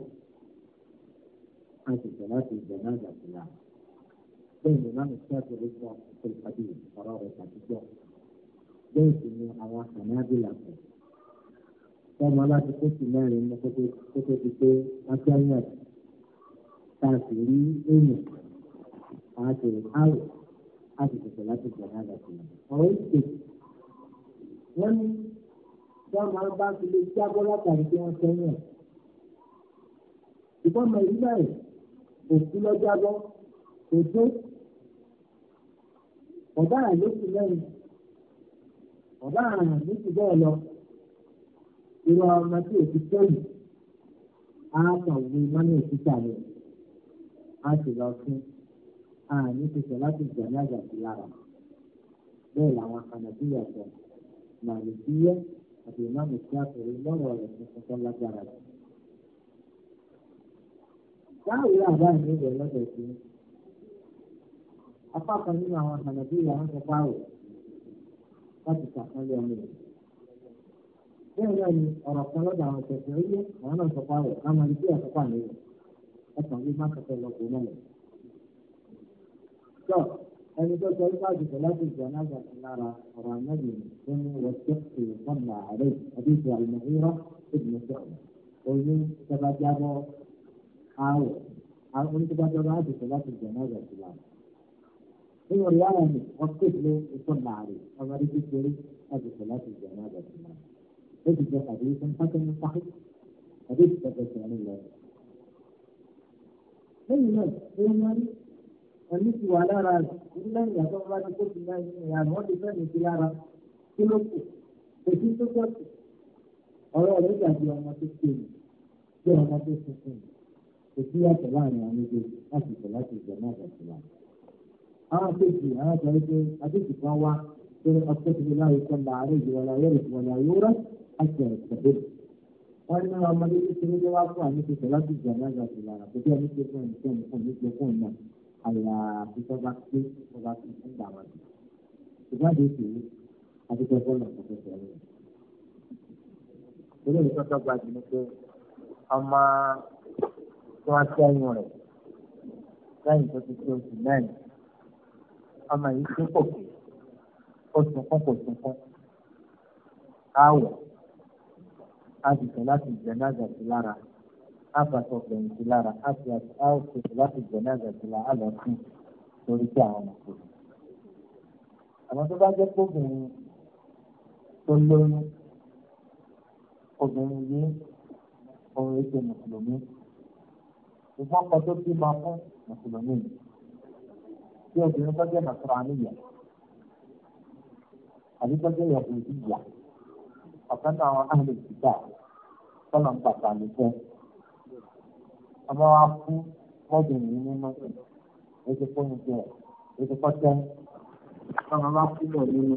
Speaker 1: a sì sọ láti ìjọba àgbàgbà bẹ́ẹ̀ ni láti ṣe àtúntò fún ọkọ̀ ìpàdé ọ̀rọ̀ rẹ̀ tàbíjọ́ bẹ́ẹ̀ sì ni àwọn àkànáàbílà kù tọ́mọ láti kóòtù mẹ́rin mọ́ kókó ti pé wákẹ́yìn tá sì rí èèyàn a àwọ̀ a sì sọ láti ìjọba àgbàgbà ọ̀rọ̀ ìpè wọ́n ní wọ́n máa bá ti lè jábọ́ látàrí tí wọ́n fẹ́ràn. ìbọn mọ ìlú báyìí òkú lọ jábọ́ òjò ọ̀bá àlékún mẹ́rin ọ̀bá àrùn méjì bẹ́ẹ̀ lọ ìrọ̀ ọmọ tí òkú sẹ́yìn á kàn wí mọ́nà òkúta rẹ̀ á sì lọ fún àní tuntun láti jà ní àgbàdo lára bẹ́ẹ̀ làwọn kanàdíyà sọ màlúù àti ìmáàmù káàkiri lọ́rọ̀ rẹ̀ tuntun tó lágbára rẹ̀.
Speaker 2: báwo la bá
Speaker 1: ní ìwé lọ́dọ̀ sí i? apá kan nínú àwọn ànàbí ìyá ń sọ báwò láti ṣàkánlé ọmọ rẹ̀. bẹ́ẹ̀ náà ni ọ̀rọ̀ kan lọ́dọ̀ àwọn ìṣẹ̀ṣẹ̀ orílẹ̀ àwọn náà sọ báwò káwọn ọmọ ìṣẹ̀ṣẹ̀ àkọ́kọ́ àná rẹ̀ ẹ̀sán bí má kẹ́kẹ́ lọ ẹni tó sọ ipá àjùkọ láti ìjọba àgbàdo lára ọ̀rọ̀ ànábì fún wọ́sẹ̀kì kọ́mà àrẹ àdéhùn àlùmọ́hírọ́ ìdùnnú sọ̀rọ̀ oyún tọ́ba jábọ́ àwọ̀ onítọ́bájọba àjùkọ láti ìjọba àgbàdo lára. nínú ìyá rẹ̀ ni ọkọ̀ ìlú ìkọ́mà àrẹ ọmọdé kékeré àjùkọ láti ìjọba àgbàdo lára. ó ti jẹ́ àdéhùn pátánù pàkó àdéhùn tọ́jú pẹ̀lú ti wà lára rẹ̀ nílẹ̀ ìyàtọ̀ bá ti kó ti náà ìyàrá wọn ti fẹ́ẹ̀ ní ti lára kí ló kù èsì tó tọ̀tù ọ̀rọ̀ rẹ̀ dàbí ọmọ tó kéwì bí ọmọ tó tuntun èsì yàtọ̀ láàrin àwọn méjèèjì láti tọ̀ láti ìjọ náà bọ̀ sílá. àwọn kejì àwọn sọ wípé adéjì kan wá pé ọkọ ti láàyè kan láàárọ̀ ìjọba láyé rẹ̀ wọlé ayéwúrọ̀ àti ẹ̀rọ wọ́n ní ọmọdé kékeré wá fún àmì tuntun láti ìjọ náà bọ̀ sílá àti bí ọmọ tó fún ẹnìkan fún ẹnìkan fún ẹnìkan àyà àbíkọ́ba pé ọba tó ń gbà wá sí. ìgbàdé ìṣòro adúgbò bọ́ọ̀lù ọ̀sẹ̀ tẹ̀lé. ilé ìwé tọ́tọ́ gba jù ni pé ọmọ tí wọ́n ti ẹ̀yìn rẹ̀ lẹ́yìn tó ti tó oṣù mẹ́rin ọmọ yìí tún kò kí ó sunkún kò sunkún áwọ̀ á sì tẹ̀ láti jẹ̀ náà jẹ̀ sí lára àbàtọ̀ bẹ̀rù sí lára àti àti láti gbẹ̀mí àgbàdo la àlọ́ sí lórí tí àwọn ọmọ kò. àmọ́ tó bá jẹ́ kóbìnrin tó lóyún obìnrin yìí òun ètò mùsùlùmí ṣùgbọ́n kan tó bí máa fún mùsùlùmí ni tí obìnrin tó jẹ́ nàṣọ́ra níyà àbí tó jẹ́ yẹ̀kùn ìyà ọ̀kan náà àwọn àhìlẹ̀ ìgbà tọ́lọ̀ ń pàtàkì jẹ́ ọmọ wa kú lọ́dún yìí nínú ètò fóònù jẹ ètò kọ́tẹ́ ọmọ wa kú lọ nínú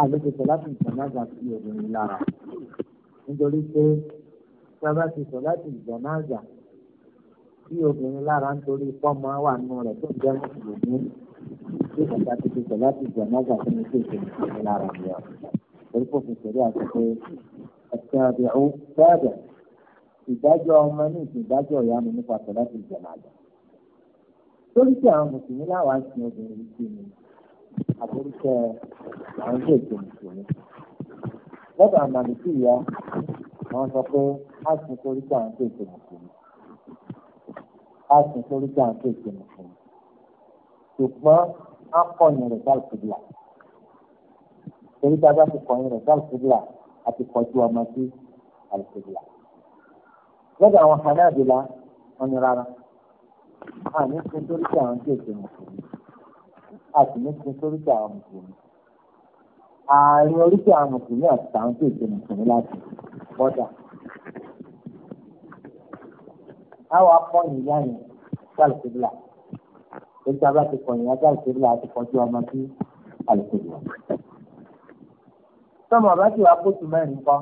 Speaker 1: àlejò láti ìjànáza sí obìnrin lára nítorí pé tí a bá ti sọ láti ìjànáza sí obìnrin lára nítorí pọ́nmọ wà nù rẹ̀ tó jẹ́ mùsùlùmí tí ìjànáza ti ti sọ láti ìjànáza sí ní kéèké mùsùlùmí lára rẹ̀ lórí kò sọ̀rọ̀ àti pé ẹ̀ka àbẹ̀wò bẹ́ẹ̀ bẹ́ẹ̀ ìdájọ́ ọmọ ní ìdájọ́ ìyá mi nípa sọ̀láṣí ìjọba lórí tí àwọn mùsùlùmí láwọn á sin obìnrin sí ni àbúrúkẹ àwọn ilé ìjọ mùsùlùmí lọ́dọ̀ àmàlùkù ìyá wọn sọ pé á sin sórí tí àwọn ilé ìjọ mùsùlùmí á sin sórí tí àwọn ilé ìjọ mùsùlùmí ṣùgbọ́n á kọ̀yìn rẹ̀ sáà kìdìlà torí tí a bá ti kọ̀yìn rẹ̀ sáà kìdìlà a ti kọjú ọmọ sí àlùkìdìlà lọ́dọ̀ àwọn Hanabila wọn ni rárá a ní kí n torí kí àwọn tí èsì mùsùlùmí a sì ní kí n torí kí àwọn mùsùlùmí àárín oríṣi àwọn mùsùlùmí àti àwọn tí èsì mùsùlùmí láti bọ́dà àwọn akọni ìyá yẹn gbàlùkébìlà èyí abá ti kọ̀yìn ajá ìkébìlà àti kọjú ọmọ sí àlùkébìlà. sọ́mọ̀ bá ti wá kóòtù mẹ́rin kọ́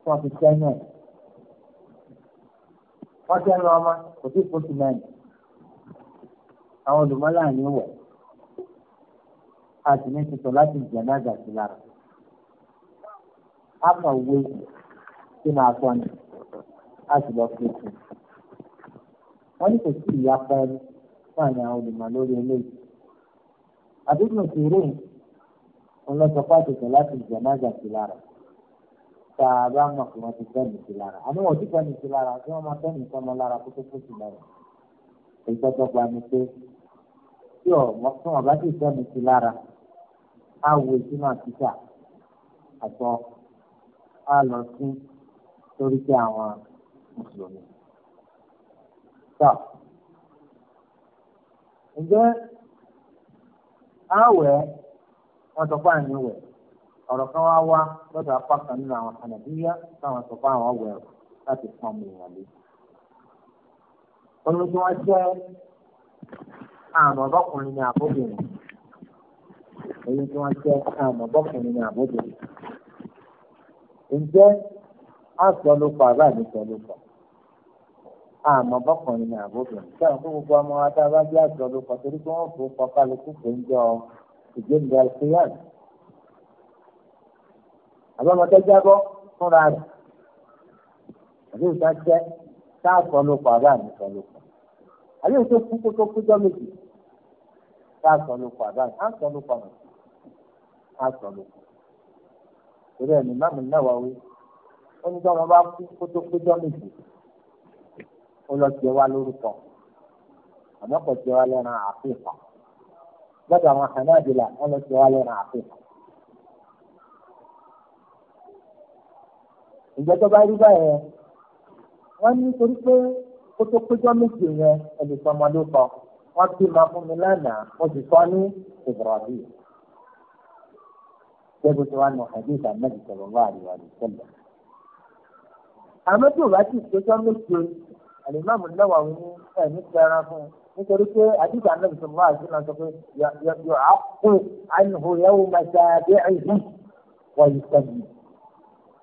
Speaker 1: tí wọ́n fi tẹ́ náà wọ́n tẹ́ lọ ọmọ kò sí forty nine àwọn olùmọ́lá ní wọ̀ àti ní tuntun láti jánásà sí lára a kàn wé sínú akọ ni a sì lọ pé tù wọ́n ní kò sí ìyapa ẹni fún àwọn olùmọ̀ lórí eléyìí àdúgbò kìí rèé ńlọsọpá tuntun láti jánásà sí lára tá a bá mọ̀ pé wọ́n ti fẹ́ nìkí lára àmọ́ wọ́n ti fẹ́ nìkí lára kí wọ́n máa fẹ́ nìkan mọ́ lára kó tó kó sí lára ìtọ́jọ́ gba ni pé tí ọ̀mọ́ tí wọ́n bá ti fẹ́ nìkí lára á wo ìtumọ̀ títà àtọ́ á lọ sí torí pé àwọn mùsùlùmí. tó ǹjẹ́ àwẹ̀ wọ́n sọ fún àníwẹ̀ ọ̀rọ̀ kan wá wá lọ́dọ̀ apá kan nínú àwọn ànàbíyá táwọn sọ fún àwọn ọ̀wẹ̀ láti fún ọmọ èèyàn lé. Olú tí wọ́n jẹ́ àmọ́ ọ̀bọ̀kùnrin ni àbóbìnrin. Olú tí wọ́n jẹ́ àmọ́ ọ̀bọ̀kùnrin ni àbóbìnrin. Ǹjẹ́ àsọlùpọ̀ àbá mi sọlùpọ̀? Àmọ́ ọ̀bọ̀kùnrin ni àbóbìnrin. Sọ̀rọ̀ fún gbogbo ọmọ wa tá a bá jẹ́ àsọlùpọ̀ torí pé wọ́n fò kọ́kálukú kò ń jọ ìgbéǹde àìsíyàlì àbọ̀mọdé jábọ́ fúnra rẹ̀ àbí nǹkan jẹ́ tá a sọ lóko àbá mi sọ lóko àbí nǹkan kú kó tó kújọ́ méjì tá a sọ lóko àbá mi á sọ lóko àmọ̀ á sọ lóko torí ẹni máàmù náà wáwé ó ní sọ́mọ bá kú kó tó kújọ́ méjì ó lọ jẹ wá lórúkọ àmọ́ kò jẹ wá lẹ́ran àfihàn lọ́dọ̀ àwọn àná àdìlà wọ́n lọ jẹ wá lẹ́ran àfihàn. ìjẹ́ tó bá rí báyẹn wọ́n ní torí pé kó tó péjọ́ méje yẹn ẹnìkan ọmọ ló kọ wọ́n bí máa fún mi lánàá wọ́n sì kọ́ ní Ibrahim jẹ́gbẹ́ tó wà nù hadith anabi sallallahu alaihi wasallam. àmọ́ tó bá ti péjọ́ méje alimami lọ́wọ́ àwọn ẹ̀ ní kẹran fún un nítorí pé àdìgbà anabi sallallahu alaihi wasallam sọ pé yọ àpò àìníhó yẹ́wò máa ṣe àdé àìsí wọ́n yìí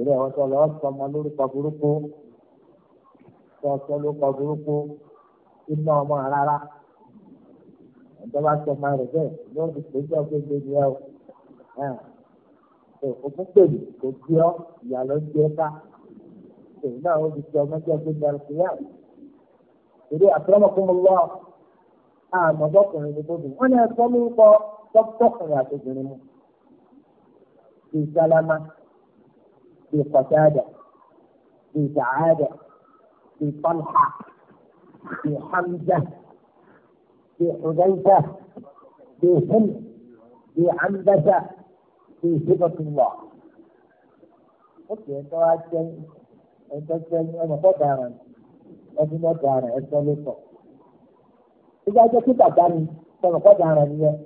Speaker 1: ìrẹ àwọn tí wọn sọ ọmọ lórúkọ burúkú tí wọn sọ lórúkọ burúkú iná ọmọ rárá ìjọba sọ ọmọ rẹ bẹ́ẹ̀ yóò fi péjọ gbégbé ni ẹ o òkúpèlú kò gbé ọ ìyàlọ gbé ẹ ká èyí náà ó fi ti ọmọ jẹ gbégbé àlùfíà ìdí àtúrọmọkùnmọlọ àmọdọkùnrin ní bóbi wọn ni ẹ sọ lórúkọ tọkùnrin àtòkùnrin mu ìsálámà. بقتادة بسعادة بطلحة بحمزة بحذيفة بحلم بعنبسة بهبة الله ókè ẹ̀tọ́ wa jẹ́ ẹ̀tọ́ jẹ́ ọmọ tó dára ẹni mọ́ dára ẹ̀tọ́ ló sọ. Ìgbà jẹ́ kí bàbá mi sọ̀rọ̀ kọ́ dára ni yẹn,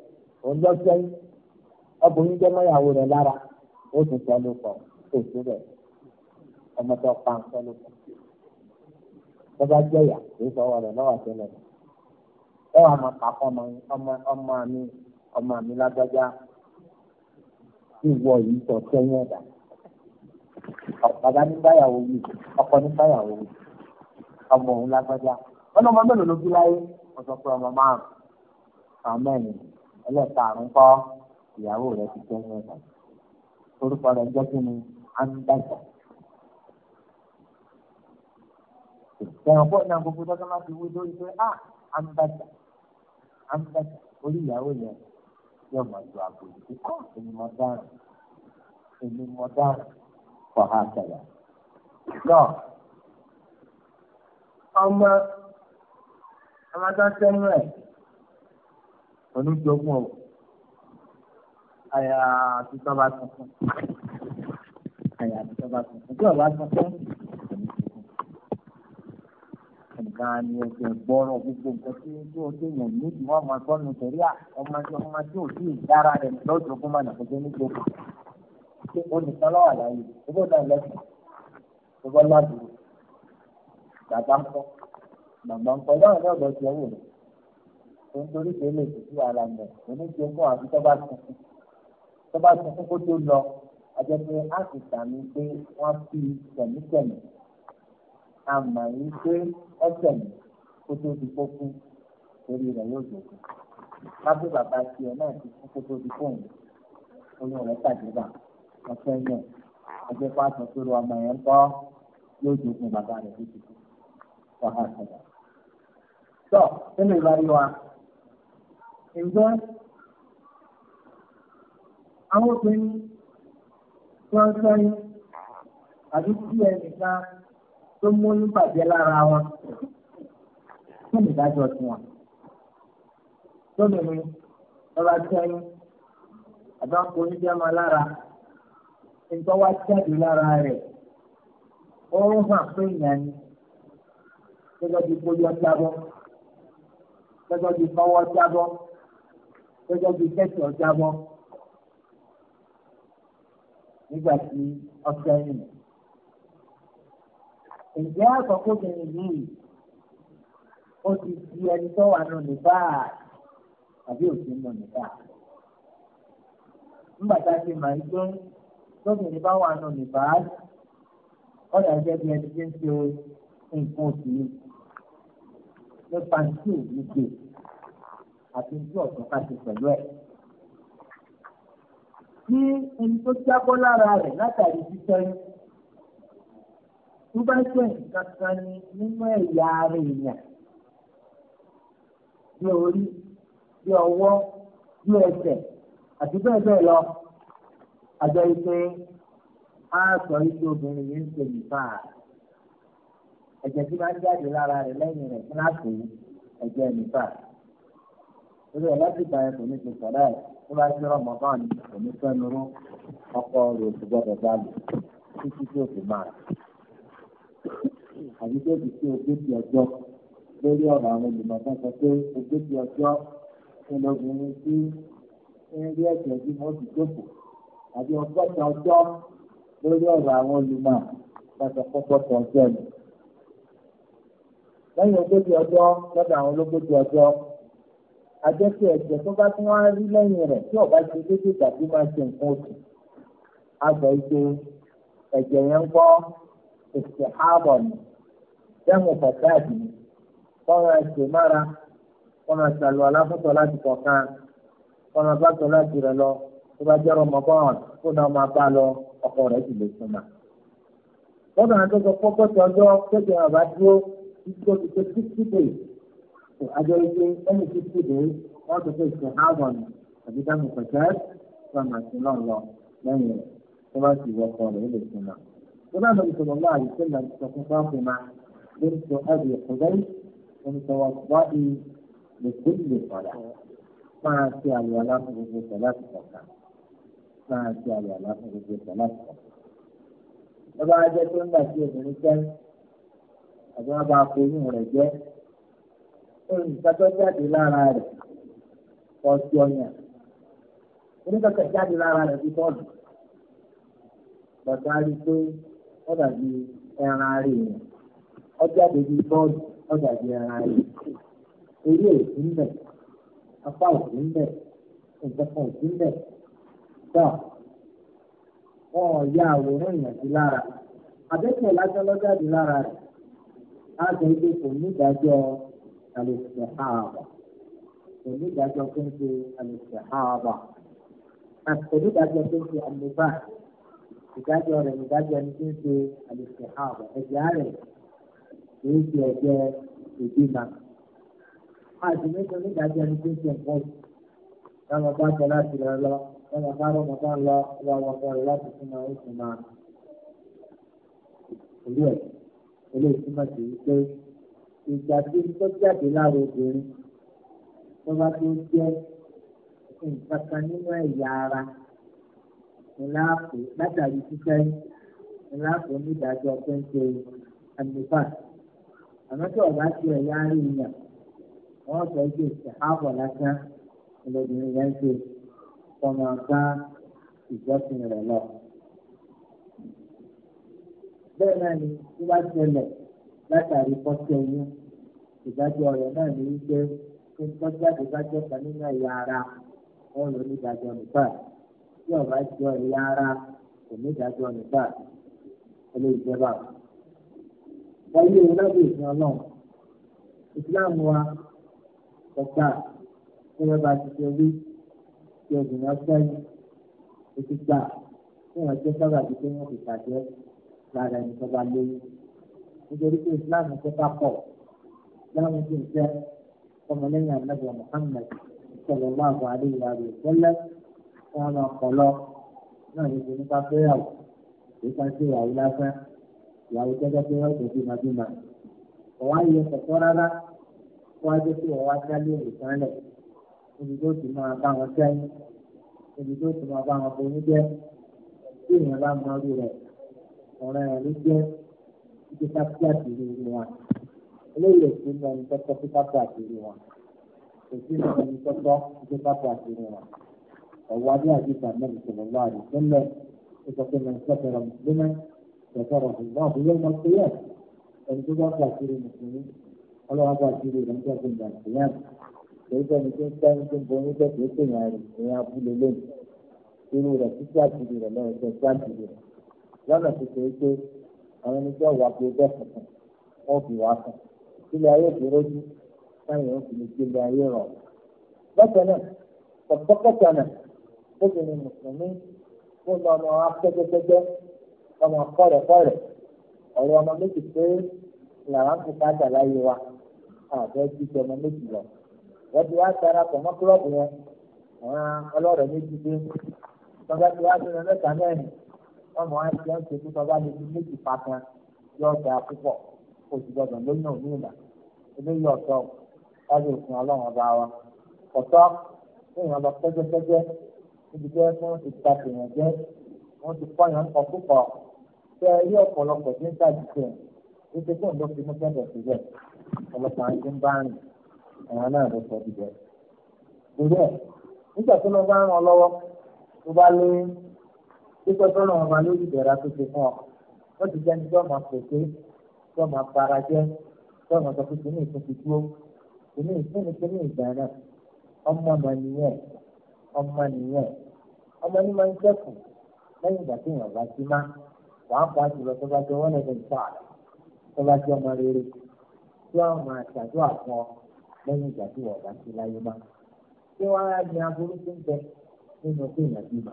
Speaker 1: òun lọ sẹ́yìn, ọkùnrin jẹ́ mọ́yàwó rẹ̀ lára, ó sì sọ ló sọ kò sí ọmọ tó pa nǹkan ló kù tó bá jẹ́ ìyá kì í sọ̀rọ̀ lọ́wọ́ àtẹlẹ̀ ẹ wàá máa kà fún ọmọ mi ọmọ mi lágbájá ìwọ yìí sọ sẹ́yìn ẹ̀dá bàbá ní báyàwó yìí ọkọ ní báyàwó yìí ọmọ òun lágbájá ọlọmọ mélòó ló bí láyé wọ́n sọ pé ọmọ márùn àwọn mẹ́rin ẹlẹ́ẹ̀karùn kọ́ ìyàwó rẹ̀ ti sẹ́yìn ẹ̀dá orúkọ rẹ̀ jẹ́ kí ni á ń dàgbà. ẹ̀wọ̀n pọ̀ náà gbogbo tọ́jú máa fi wí lórí pé á á ń dàgbà á ń dàgbà orí ìyàwó yẹn yóò máa ju àgbo yìí kọ́ èmi mọ̀ dáràn èmi mọ̀ dáràn kọ̀ ha kẹlẹ̀. náà ọmọ ọmọ ẹ̀ oníjogún o àyà àti tuntun àyàfi tó bá tuntun tí ọba sọ pé nǹkan ni ẹgbẹ́ gbọ́rọ̀ gbogbo nǹkan tí tí o téèyàn níbi wọn máa gbọ́ nu tẹ̀lé à ọmọ tí ọmọ tí ò sí ìdára rẹ̀ lọ́dún ogún máa nàkójẹ́ nígbòkó ṣé o nìkan lọ́wọ́ àlàyé owó náà lẹ́sìn owó ládùúgbò bàbá ń kọ́ bàbá ń kọ́ lọ́wọ́ náà lọ́ọ́ ti ẹ̀wò rẹ̀ tó ń torí pé lè tètè ara mọ̀ oníṣẹ́ fún àfi tó bá tuntun tó àjẹpẹ́ á sì sàmì pé wọ́n fi tẹ̀mítẹ̀mí a mà pé ọ̀tẹ̀mí kó tó di kókú torí rẹ̀ yóò dòkú. lábú bàbá tiẹ̀ náà ti kú kó tó di fóònù oyún rẹ̀ tàdébà ọ̀fẹ́ yẹn àjẹpẹ́ á sọ yẹn ń kọ́ yóò dòkun bàbá rẹ̀ tó ti kú wàhálà sọ̀rọ̀. tọ́ nínú ìbárí wa ǹjẹ́ àwọn obìnrin wọ́n sọ́yìn àbí tí ẹnìkan tó múyún bàjẹ́ lára wọn fún ìdájọ́ tiwọn. Lómìnir lọ́ba sẹ́yìn àbáko oníjàmá lára nǹkan wá jáde lára rẹ̀ ó hàn pé ìyá ni gẹ́gẹ́ bí bóyá jábọ́ gẹ́gẹ́ bí fọwọ́ jábọ́ gẹ́gẹ́ bí kẹ́sì ọ̀jábọ́ nígbà tí ọ̀sẹ̀ yìí. Ǹjẹ́ àkọ́kọ́ obìnrin yìí ó ti di ẹni tó wà nù nípa àbí òsì nù nípa? Nígbà tá a ti mọ̀ ẹ́ pé tóbìnrin bá wà nù nípa ọ̀dà ẹgbẹ́ bí ẹni tí ń ṣe nǹkan oṣù yìí nípa tí ò ní gbè àti tí ọ̀sán ká ti pẹ̀lú ẹ̀ ní ẹni tó jábọ́ lára rẹ̀ látàrí títẹ́yìn tó bá jẹ́ nǹkan kan ni nínú ẹ̀yà ara èèyàn bí orí bí ọwọ́ bí ẹsẹ̀ àti bẹ́ẹ̀ bẹ́ẹ̀ lọ àjọ ìpè á sọ ìpè obìnrin yìí ń ṣe nìfà ẹ̀jẹ̀ tí máa ń jáde lára rẹ̀ lẹ́yìn rẹ̀ fún àpò ẹ̀jẹ̀ nìfà. Orí ẹ̀ láti bàyẹ̀ kò ní ti sọ̀rọ̀ ẹ̀ tó bá ṣe ni kò ní fẹ́ ọkọ rẹ̀ oṣù gbọ́dọ̀ dálé títí tí oṣù máa àbí tó ti ṣe ogójì ọjọ́ lórí ọ̀rọ̀ àwọn olùmọ̀tán sọ pé ogójì ọjọ́ ńlọbìnrin tí ń rí ẹ̀jẹ̀ bí wọ́n ti jókòó àbí ọgọ́ta ọjọ́ lórí ọ̀rọ̀ àwọn olùmọ̀ láti ọgọ́ta ọjọ́ ni. lẹ́yìn ogójì ọjọ́ lọ́dọ̀ àwọn ológójì ọjọ́ àjẹsẹ̀ ẹ̀jẹ̀ tó bá tún wá rí lẹ́yìn rẹ̀ tí ọba ṣe déédéé tàbí máa ṣe nǹkan oṣù àgbà ìṣe ẹ̀jẹ̀ yẹn ń kọ́ ìṣẹ̀ ààbọ̀ ni dẹ́mu pàtàkì ni kọ́ra ẹ̀ṣẹ̀ mára kọ́ra ṣàlù aláfọ́tọ̀ láti kọ̀ọ̀kan kọ́ra bàtọ̀ láti rẹ̀ lọ tó bá jẹ́ rọmọbọ́n kó náà máa bá lọ ọkọ rẹ̀ sì lè súnmọ́. lọ́dọ̀ àtọ́jọ́ pọ́pọ́tọ̀ ọjọ́ kéde àbádúró àjọ ike ẹni tí kú dé wọ́n tó fèsì hàbọ̀n àbí dáhùn pẹ̀tẹ́ fún àmàtí náà lọ lẹ́yìn rẹ̀ tó bá ti wọ́pọ̀ rẹ̀ ó lè fún wa. tó bá lọ́ọ́ ìṣòro náà yìí tó lọ́ọ́ sọ fún fáfún ma ló ń sọ ẹ̀bì ìkúrẹ́ onítọ̀wọ́ wáyé lè kó lè padà máa ṣe àlùwà láti gbogbo sọ láti kọ̀ọ̀kan máa ṣe àlùwà láti gbogbo sọ láti kọ̀ọ̀kan. lọ́ba ajẹ́ tó ń gbà sí obìnrin jẹ́ àbí wọ́n bá foyún rẹ̀ jẹ́ nǹkan tó jáde lára rẹ̀ ọ̀sẹ̀ ọ̀yàn Onye jáde lára rẹ̀ fi tọ́lù bàbá rí i pé ó dàbí ẹran rẹ̀ yẹn ó jáde bí bọ́ọ̀lù ó dàbí ẹran rẹ̀ orí ń bẹ̀ apá lára àbẹ́tẹ̀ lọ́jáde lára rẹ̀ kò ní ìdájọ́ الاستحاضة ونبدأ تكون في الاستحاضة onídàájọ́ tó ń fi àlùbá ìdájọ́ rẹ̀ ìdájọ́ ẹni tó ń fi àlùfẹ́hàbọ̀ ẹ̀jẹ̀ rẹ̀ kì í fi ẹ̀jẹ̀ ìbímọ. àdìmẹ́sọ onídàájọ́ ẹni tó ń fi ẹ̀kọ́ yìí táwọn bá tọ́ láti rẹ̀ lọ táwọn bá rọ̀ mọ́tọ́ lọ wá wọn fẹ́ láti fún wọn oṣù máa. ìlú ẹ̀ eléyìí túmọ̀ sí wípé ìgbà tí tó jáde lára obìnrin tó bá tó jẹ́ nǹkan kan nínú ẹ̀yà ara ńlá àpò látàrí fífẹ́ ńlá àpò onídàájọ́ tó ń ṣe àmìfà àmọ́ tí ọ̀gá ti ẹ̀yà ara èèyàn wọ́n sọ pé ìṣàkàbọ̀ lásán lóbìnrin yẹn ń ṣe kọ́mọ bá ìjọsìn rẹ̀ lọ. bẹ́ẹ̀ náà ni tí wọ́n ti ṣẹlẹ̀ látàrí kọ́sẹ́ oyún ìdájọ́ rẹ̀ náà ní wípé kí n tọ́jú àdébájọ́ kan nínú ẹ̀yà ara wọn lò ní ìdájọ́ nípa tí ọba jọ ẹ̀yà ara kò ní ìdájọ́ nípa ẹlẹ́ ìjọba. wáyé olábì ìsìn ọlọ́run ìsìláàmù wa ọgbà ẹgbẹ́ bá ti ṣe wí tí obìnrin ọgbẹ́ yìí ó ti gbà fún ọjọ́ sábà bíi pé wọ́n fi pàdé lára ẹni tó bá lóyún nítorí pé islam tó bá pọ̀ islam tó ń jẹ́ ọmọlẹ́yìn anábìyà muhammed sọ̀rọ̀ máa bọ̀ àdéhùwà rẹ̀ tẹ́lẹ̀ fún àwọn ọ̀pọ̀lọ́ náà níbi nípa fẹ́yàwó nípa sí ìyàwó lásán ìyàwó gẹ́gẹ́ bí wọ́n gbẹ̀bí màbímà ọ̀wá yẹ kẹ̀kọ́ rárá wọ́n á jẹ́ kí ọ̀wá dálé ìwòsàn lẹ̀ níbi tó ti máa bá wọn sẹ́yìn níbi tó ti máa bá wọn bomi jẹ́ tí ìyẹn bá mọ orí rẹ̀ ọ̀rẹ́ rẹ̀ ló jẹ́ títí ká sí àṣírí inú wa eléyìí ò sí lọ ní tọ́tọ́ tí ká sí àṣírí wa kò sí lọ ní tọ́tọ́ tí ká sí àṣírí wa ọ̀wọ́ adé àdìsá mẹ́rin sọ̀rọ̀ lọ́wọ́ àdìsọ́lẹ̀ tó sọ pé mẹ́rin sọ̀rọ̀ mùsùlùmí sọ̀rọ̀ ìgbà òbúrò ọmọ tó yẹ ẹni tó bá sí àṣírí mùsùlùmí ọlọ́wọ́ bá àṣírí rẹ̀ ń tọ́ fún ìgbà èyí tó ní kí n sẹ́yìn tó ń borí àwọn ẹni tí wọ́n wà pé bẹ́ẹ̀ kankan wọ́n fi wá kan ilé ayé ti rọ́jú táyà ó fi lè gbé ilé ayé rọ̀. bákan náà kọ̀tọ́kọ̀tà náà obìnrin mùsùlùmí ó lọ ọmọ akẹ́gbẹ́gbẹ́gbẹ́ ọmọ kọ́rẹ̀kọ́rẹ̀ ọ̀rọ̀ ọmọ méjì pé làwọn ń fipá jà láyé wa àbẹ́ jíjẹ ọmọ méjì lọ. wọ́n ti wá sára pọ̀ mọ́ kílọ̀bù yẹn àwọn ọlọ́rọ̀ méjì dé wọ́n bá ti wá dúró mẹ́ta mẹ́rin ọmọ wọn ń ṣe pé tọ́ba méjì pàtàn yóò da púpọ̀ oṣù gbọdọ̀ lóyún òní ìlà eléyìí ọ̀tọ̀ lábẹ́ òfin ọlọ́run ọba wa ọ̀tọ̀ èèyàn lọ pẹ́jẹ́pẹ́jẹ́ níbi jẹ́ fún ìtàkìyàn jẹ́ wọ́n ti kọ́ yàn kọ́ púpọ̀ tẹ ilé ọ̀pọ̀lọpọ̀ tí ń tàbí tẹ̀ ní pé fóun ló fi mú kẹ́kẹ̀ síbẹ̀ ọ̀pọ̀lọpọ̀ àwọn tí ń bá rìn àwọn náà ló sọ bíbẹ̀. ìrẹ́ nígbà tó lọ bá ràn ọ lọ́wọ́ tó bá lóyún pípẹ́ tọ́lọ̀ wọn máa lórí ìdẹ̀ra tó ti fún ọ wọ́n ti jẹ́ni tó máa pèsè tó máa para jẹ́ tó máa sọ pé kìíní ìfún ti dúró kìíní ìfún ni kìíní ìgbàna ọmọ ọmọ nìyẹn ọmọ nìyẹn ọmọ ní máa ń kẹ́kọ̀ọ́ lẹ́yìn ìgbà tí èèyàn bá ti má wàá pa jùlọ tó bá jẹ wọ́n lẹ́nu ìfà tó bá jẹ ọmọ rere tí wọ́n máa ṣàdúrà fún ọ lẹ́yìn ìgbà tí wọ́n bá ti láyé má. Ṣé wọ́n á ní aburú tó ń bẹ nínú kéèyàn bímọ?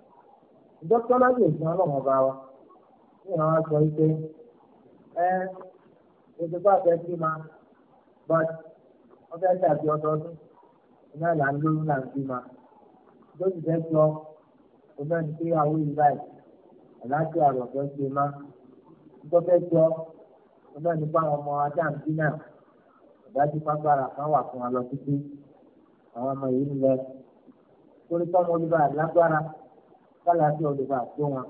Speaker 1: dókítà lábẹ́ òfin ọlọ́run ọba wa ní ìran aṣọ ike ẹ ètò bá fẹ́ ma but wọ́n fẹ́ dàbí ọdọọdún iná là ń lóyún là ń bí ma lóṣù fẹ́ sọ ọmọ ẹni pé àwọn ìlú báyìí àlàáfíà rọ̀ fẹ́ ṣe má dókítà jọ ọmọ ẹni pé àwọn ọmọ adam bí náà ìdájú pàgbára kan wà fún wa lọ títí àwọn ọmọ yìí ń lọ tọ́mọ kálàáfíà olùbá àti wọn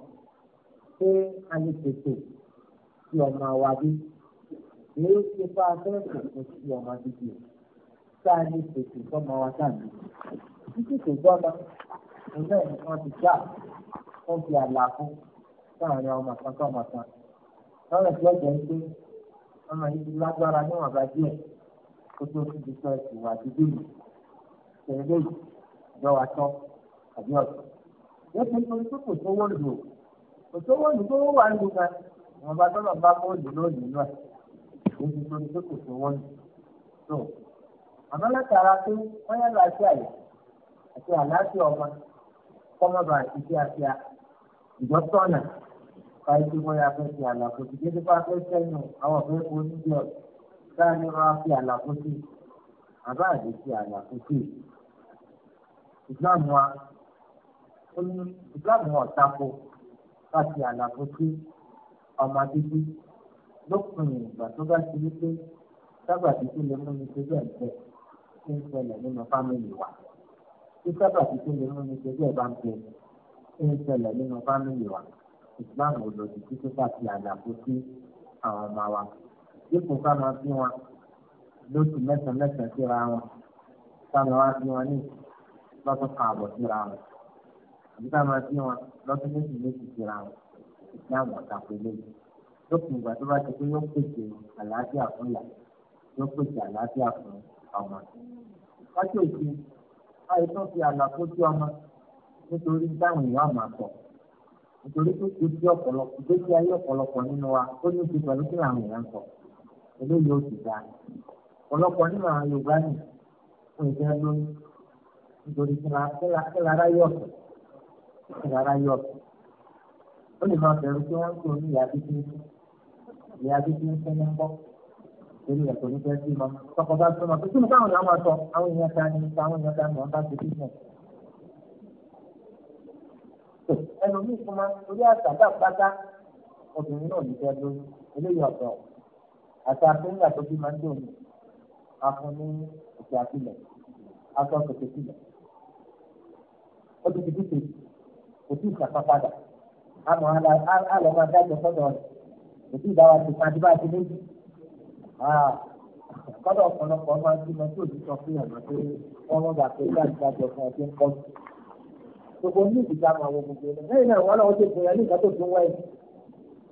Speaker 1: pé a lè tètè sí ọmọ wa bí èyí ti bá a fẹ́ tètè sí ọmọ bíbí o tá a lè tètè sọmọ wa dàbí títí tó gbọ́dọ̀ ìlú ẹ̀ nìkan ti gbà ó fi àlàfo láàrin ọmọ kan tó ọmọ kan lọ́rọ̀ tí ó jẹ́ pé ọmọ yìí ti lágbára níwọ̀n bá díẹ̀ kó tó fi di sọ ẹ̀sìn wà dídì yìí tẹ̀lé ìjọ wa tán àbí ọ̀sán wọ́n ti sọ pé kò sówó lò kò sówó lò tó wà ń lò ká àwọn bá tọ́lọ̀ bá bọ́ọ̀lù lónìí náà wọ́n ti sọ pé kò sówó lò tó àmọ́ látara pé wọ́n yá láti àyè àti àlàáfíà ọmọ kọ́mọba àti kíákíá ìgbọ́tọ̀nà káyọ̀tì wọ́n yà fẹ́ fi àlàfo sí dédé bá fẹ́ sẹ́yìn àwọn ọ̀fẹ́ oníjọ sáyẹn wọn fi àlàfo sí àbá àdé àlàfo sí ìsìláàmù wa ó ní ìsìláàmù ọ̀tako láti àlàfo sí ọmọ bíbí lópin ìgbà tó bá ti wípé sábàbí tó lè mú mi ṣe bẹ́ẹ̀ bẹ́ẹ̀ tí ń ṣẹlẹ̀ nínú fámìlì wa tí sábàbí tó lè mú mi ṣe bẹ́ẹ̀ bá ń bẹ tí ń ṣẹlẹ̀ nínú fámìlì wa ìsìláàmù òlòdì títí láti àlàfo sí àwọn ọmọ wa dípò ká máa bí wọn lóṣù mẹ́sàn-án mẹ́sàn-án síra wọn ká máa bí wọn ní lọ́dún kan àbọ̀ síra wọn àbí ká máa bí wọn lọ́dún méjì méjì síra wọn ìdí àwọn ọ̀tàkùn eléyìí lópin ìgbà tó bá ti pé yóò pèsè àlàáfíà fún ìyá yóò pèsè àlàáfíà fún ọmọ. wájú òsì báyìí tó fi àlàfo sí ọmọ nítorí dáhùn ìyá ọmọ àtọ̀ nítorí tó ti di ọ̀pọ̀lọpọ̀ ìgbésí ayé ọ̀pọ̀lọpọ̀ nínú wa ó ní ti pẹ̀lú kí àwọn èèyàn sọ eléyìí ó sì dáa ọ̀pọ̀lọpọ̀ nínú àwọn Yorùbá nì fún ìfẹ́ lóyún nítorí kí lára yọ̀ ọ̀sẹ̀ rárá yọ ó lè máa bẹ̀rù pé wọ́n ń kúrò ní ìyá bíbí ìyá bíbí ń fẹ́ ní ń bọ́ torí ẹ̀kọ́ ní fẹ́ sí ma tọkọ bá sọ ma pé kíni káwọn èèyàn máa sọ àwọn èèyàn ta ni àwọn èèyàn ta ni wọ́n bá ti bí mọ̀. ẹlòmíì fún ma torí àtàkà pátá obìnrin náà ní fẹ́ lóyún eléyìí ọ̀dọ́ àti àfẹ́ńgà tó bí máa ń dòun afun ní òkè àpilẹ̀ afọ́ kòtò sílẹ̀ ó ti fi dúpẹ́ kò tí ì kàkà padà àmọ́ àlọ́ máa dájọ́ sọ́dọ̀ rẹ̀ kò tí ì dá wa ti kan àdúrà ti méjì kọ́dọ̀ ọ̀pọ̀lọpọ̀ máa ń bímọ tí òbí sọ fún ọ̀nà pé wọ́n mọ̀ gbà pé ká ìdájọ́ fún ọdún kọ́ sí. gbogbo ní ìdíjà máa wo gbogbo ẹni lẹ́yìn náà wọ́n lọ́wọ́ tó fún yẹn ní ìgbà tó tún wẹ̀yìn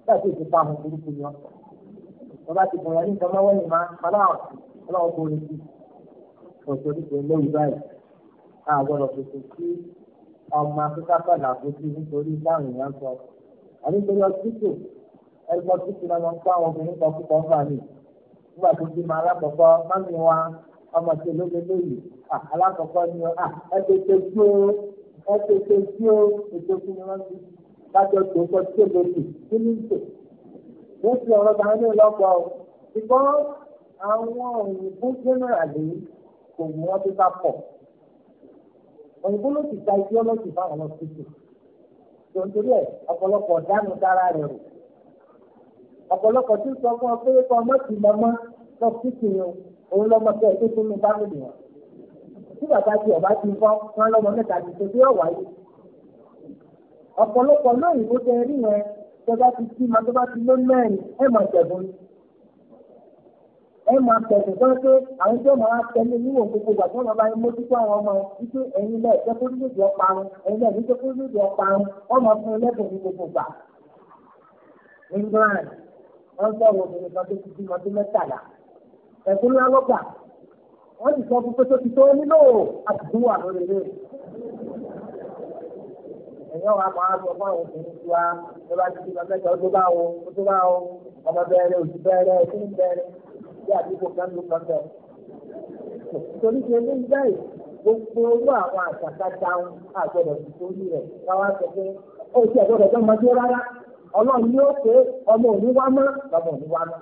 Speaker 1: láti ètò pa àwọn burúkú yẹn. wọ́n bá ti fún yẹn ní ìgbà máa wẹ̀yìn máa padà ọlọ́wọ́ tó retí. òṣèlú pé lóyún báyìí ọmọ akíkápá làbójú nítorí báwọn èèyàn sọ ànítorí ọsítò ẹgbẹ́ ọsítò náà lọ ń pa àwọn obìnrin kan púpọ̀ ńgbà mí nígbà tó bímọ alákọ̀ọ́kọ́ mami wa ọmọ tó lóde lóyè alákọ̀ọ́kọ́ ni ọ ẹgbẹ́tẹ̀ tí ó ẹgbẹ́tẹ̀ tí ó ètò fún mi wọ́n ti lájọ tó sọ tí ó lè tù kí ní tò wọ́n fi ọ̀rọ̀ kan ní ìlọ́pọ̀ ṣùgbọ́n àwọn òyìnbó generally kò mú wọn tó pọ̀ òyìnbó ló ti ta ideology fáwọn ọ̀sìtì tòǹtòrí ẹ̀ ọ̀pọ̀lọpọ̀ dánù dára rẹ̀ rò ọ̀pọ̀lọpọ̀ tí ń sọ fún ọ pé kọ́ ọmọ ti lọ mọ́ lọ́sìtì yẹn òun lọ́mọ tẹ́ ẹ tó tó nu fámìlì wọn tí bàbá ti ọ̀bá ti kọ́ wọn lọ́mọ mẹ́ta ti ṣe bí ọ̀wá yìí ọ̀pọ̀lọpọ̀ náà òyìnbó tẹ rí yẹn tó bá ti kí ma tó bá ti ló mẹ́rin ẹ̀ mọ̀ ṣẹ̀bùn ẹ máa tẹ̀sán sọ pé àwọn tí wọ́n máa tẹ̀lé níwọ̀n gbogbo ìgbà tí wọ́n máa ń mójútó àwọn ọmọ wípé ẹ̀yin lẹ́ẹ̀ jẹ́ kó ẹ̀yin jẹ́ kó wọ́n máa fún ní gbogbo ìgbà. England wọ́n sọ̀rọ̀ obìnrin kan tó ti bímọ mẹ́tàlá ẹ̀kún ńlá lọ́gbà wọ́n sì sọ fún pé tó ti tó nílò wà lórí sí àdúgbò kánú kánú. torí pé ní báyìí gbogbo owó àwọn àṣàkájà ń àgbọ̀dọ̀ sí sórí rẹ̀ káwá sọ pé ó ti àgbọ̀dọ̀ tó máa dé rárá ọlọ́run yóò pé ọmọ òní wá mọ́ lọ́mọ òní wá mọ́.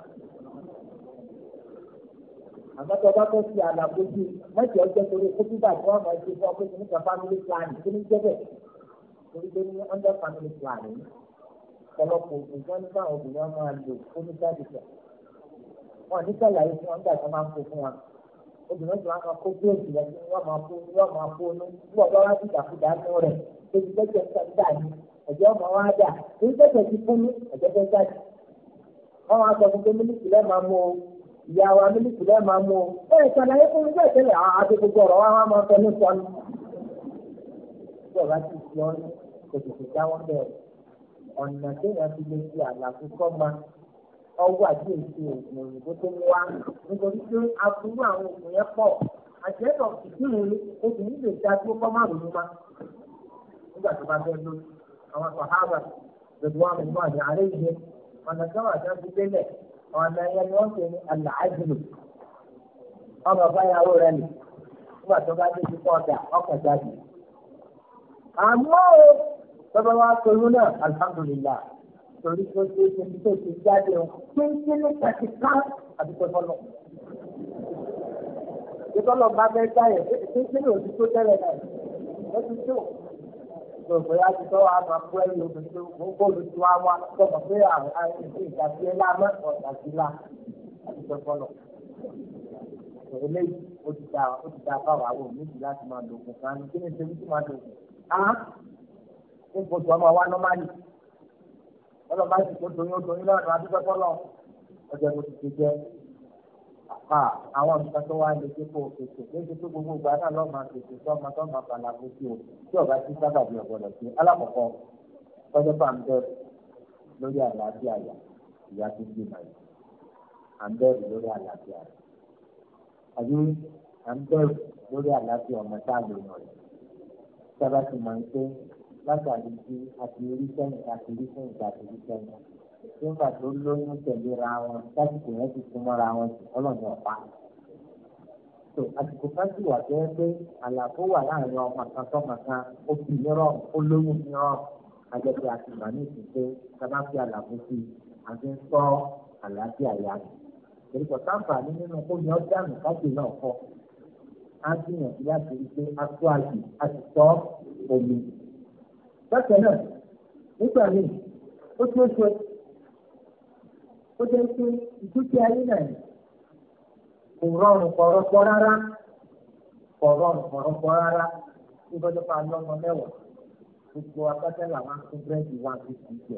Speaker 1: àgbàtọ̀ bá tó fi àlàbò sí i mọ́tì ọjọ́ torí kó bíbà tí wọ́n máa ṣe fún ọ pé kí nípa family planning kí ní jẹ́bẹ̀ torí pé ní under family planning ọ̀pọ̀lọpọ̀ òògùn wọn wọn máa lò fún ní sáàdìsẹ̀. wọn ní sàlàyé fún wọn nígbà tí wọn máa ń kó fún wọn obìnrin tí wọn kan kó bíréèkì rẹ sí wọn máa fún wọn máa fún rẹ ebi tẹsẹ ń sọdá ni ọmọ wa dà ebi tẹsẹ ti kú ní wọn sọ fún pé mílíkì lẹ máa o ìyá wa mílíkì lẹ máa mú o àwọn wa máa fẹ ní ní ọwọ́ àti èsì oògùn òyìnbó tó ń wá nítorí pé aburú àwọn oògùn yẹn pọ̀ àjẹ́tọ̀ ìdílé obìnrin lè dá tó kọ́ márùn ún ma nígbà tó bá fẹ́ lórí àwọn sàhábà lọ́dún wa mọ̀ ní àárẹ̀ ìyẹn ọ̀nà sábà tó ń fi délẹ̀ ọ̀nà ẹ̀yẹ ni wọ́n ń pè ní àlàájìlò ọmọ báyàwó rẹ nì nígbà tó bá dé ti kọ́ ọkọ̀ jáde àmọ́ tọ́ba wa pẹ̀lú náà alihamudulilayi torí pé ṣé ẹni tó ti jáde o pé ṣé ló tẹ̀sí ká àdúgbò bọ́lọ̀. ìtọ́lọ̀ bá bẹ́ẹ̀ jáyẹ̀ pé ṣé ló ti tó tẹ́lẹ̀ náà ó ti tó. Gbogbo ya ti tọ́ àmọ́ akú ẹ̀yìn obìnrin tó ń bọ́ọ̀lù tí wọ́n á wá sọ̀rọ̀ pé àwọn àìsí ìdásí ẹ̀ lámọ́ ọ̀dà sí la àdúgbò bọ́lọ̀. Eléyìí ó ti da ó ti da báwa wò níbi láti máa lo bọ́lá bá sì tó doyún doyún lọ́rùn adúgbò bọ́lọ̀ ọjọ́ mo ti ti jẹ́ àpá àwọn nǹkan tó wá lè dípò òkèkè léṣe tó gbogbo ìgbà náà lọ́ọ́ máa tètè tó ọmọ tó máa fàlà fojú o tí ọ̀gá ti sábà bí ọ̀gbọ́dọ̀ sí alákọ̀ọ́kọ́ tọ́jọ́ bá ń bẹ̀rù lórí àlàáfíà yà ìyá tó gbé màá yìí à ń bẹ̀rù lórí àlàáfíà rẹ̀ àbí à ń bẹ̀rù lórí àlàáfíà ọmọ tá a lè yàn rẹ̀ sábà ti máa ń pé látàrí pé àti orí sẹ́yìn àti orí sẹ́yìn àti orí sẹ́yìn nígbà tó lóyún tẹ̀léra wọn lásìkò yẹn ti súnmọ́ ra wọn ọlọ́run ọ̀pá. tó àsìkò kan sì wà bẹ́ẹ̀ pé àlàfo wà láàrin ọmọ kan sọ́mọ kan ó fi nírọ̀ ó lóyún nírọ̀ àjẹpẹ́ àti màmí ìsìn pé sábà fi àlàfo sí i àti ń sọ àlàáfíà ya nù. èyíkọ̀ sáǹfà ní nínú kó ní ọjà nù káàkiri náà kọ́ á gbìyànjú láti rí i pé a tó àyè a ti sọ omi bákan náà nígbà míì ó tún ṣe ó jẹ́ pé ìdúkìá ayé náà kò rọrùn pọ̀rọ̀pọ̀ rárá kò rọrùn pọ̀rọ̀pọ̀ rárá tí bọ́dọ̀ máa lọ́mọ mẹ́wàá gbogbo abájá làwọn fún búrẹ́dì wà ní ìjẹ.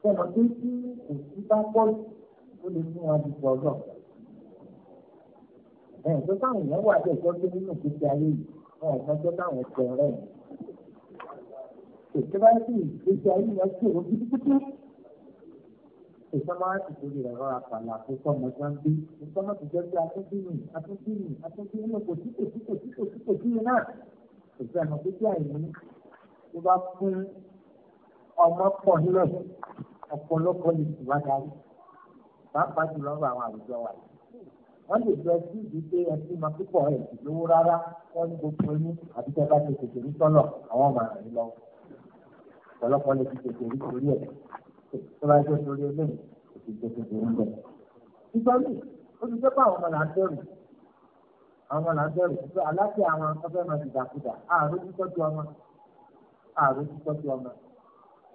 Speaker 1: Sọ̀rọ̀ pé tí òsì bá pọ̀ ó lè fún wa dùpọ̀ náà. Ẹ̀ tó táwọn èèyàn wà tó nínú ìgbésí ayé yìí, wọn ò mọ́jọ́ táwọn ẹ̀jẹ̀ rẹ̀ yìí ìjọba sì ìgbésí ayé wọn ṣòro kíkíkíkí. ìjọba ti torí ẹ̀rọ àpàlà tó sọmọ sáńbí ìjọba ti jẹ́ pé atúndínì atúndínì atúndínì kò sí kò sí kò sí kò sí kò sí náà ìjọba àmọ́ gbígbé àìní tó bá fún ọmọ pọ̀ nílẹ̀ ọ̀pọ̀lọpọ̀ lè tù wá darí pàápàá jùlọ ọ̀rọ̀ àwọn àwùjọ wa yìí wọ́n lè jọ sí ìdíje ẹtí ma púpọ̀ ẹ̀ lówó rárá wọ́n ní gbogbo ẹni àbíkẹ́ bá ti tètè ní tọ́lọ̀ àwọn ọmọ àrùn lọ́wọ́ ọ̀pọ̀lọpọ̀ lè ti tètè rí torí ẹ̀ tó bá jẹ́ torí eléyìí kò sì tètè rí bẹ̀. nítorí ó ti jẹ́ pé àwọn ọmọ là ń bẹ̀rù àwọn ọmọ là ń bẹ̀rù pé aláfẹ́ àwọn ọfẹ́ máa ti dàkúdà ààrùn títọ́jú ọmọ ààrùn títọ́jú ọmọ.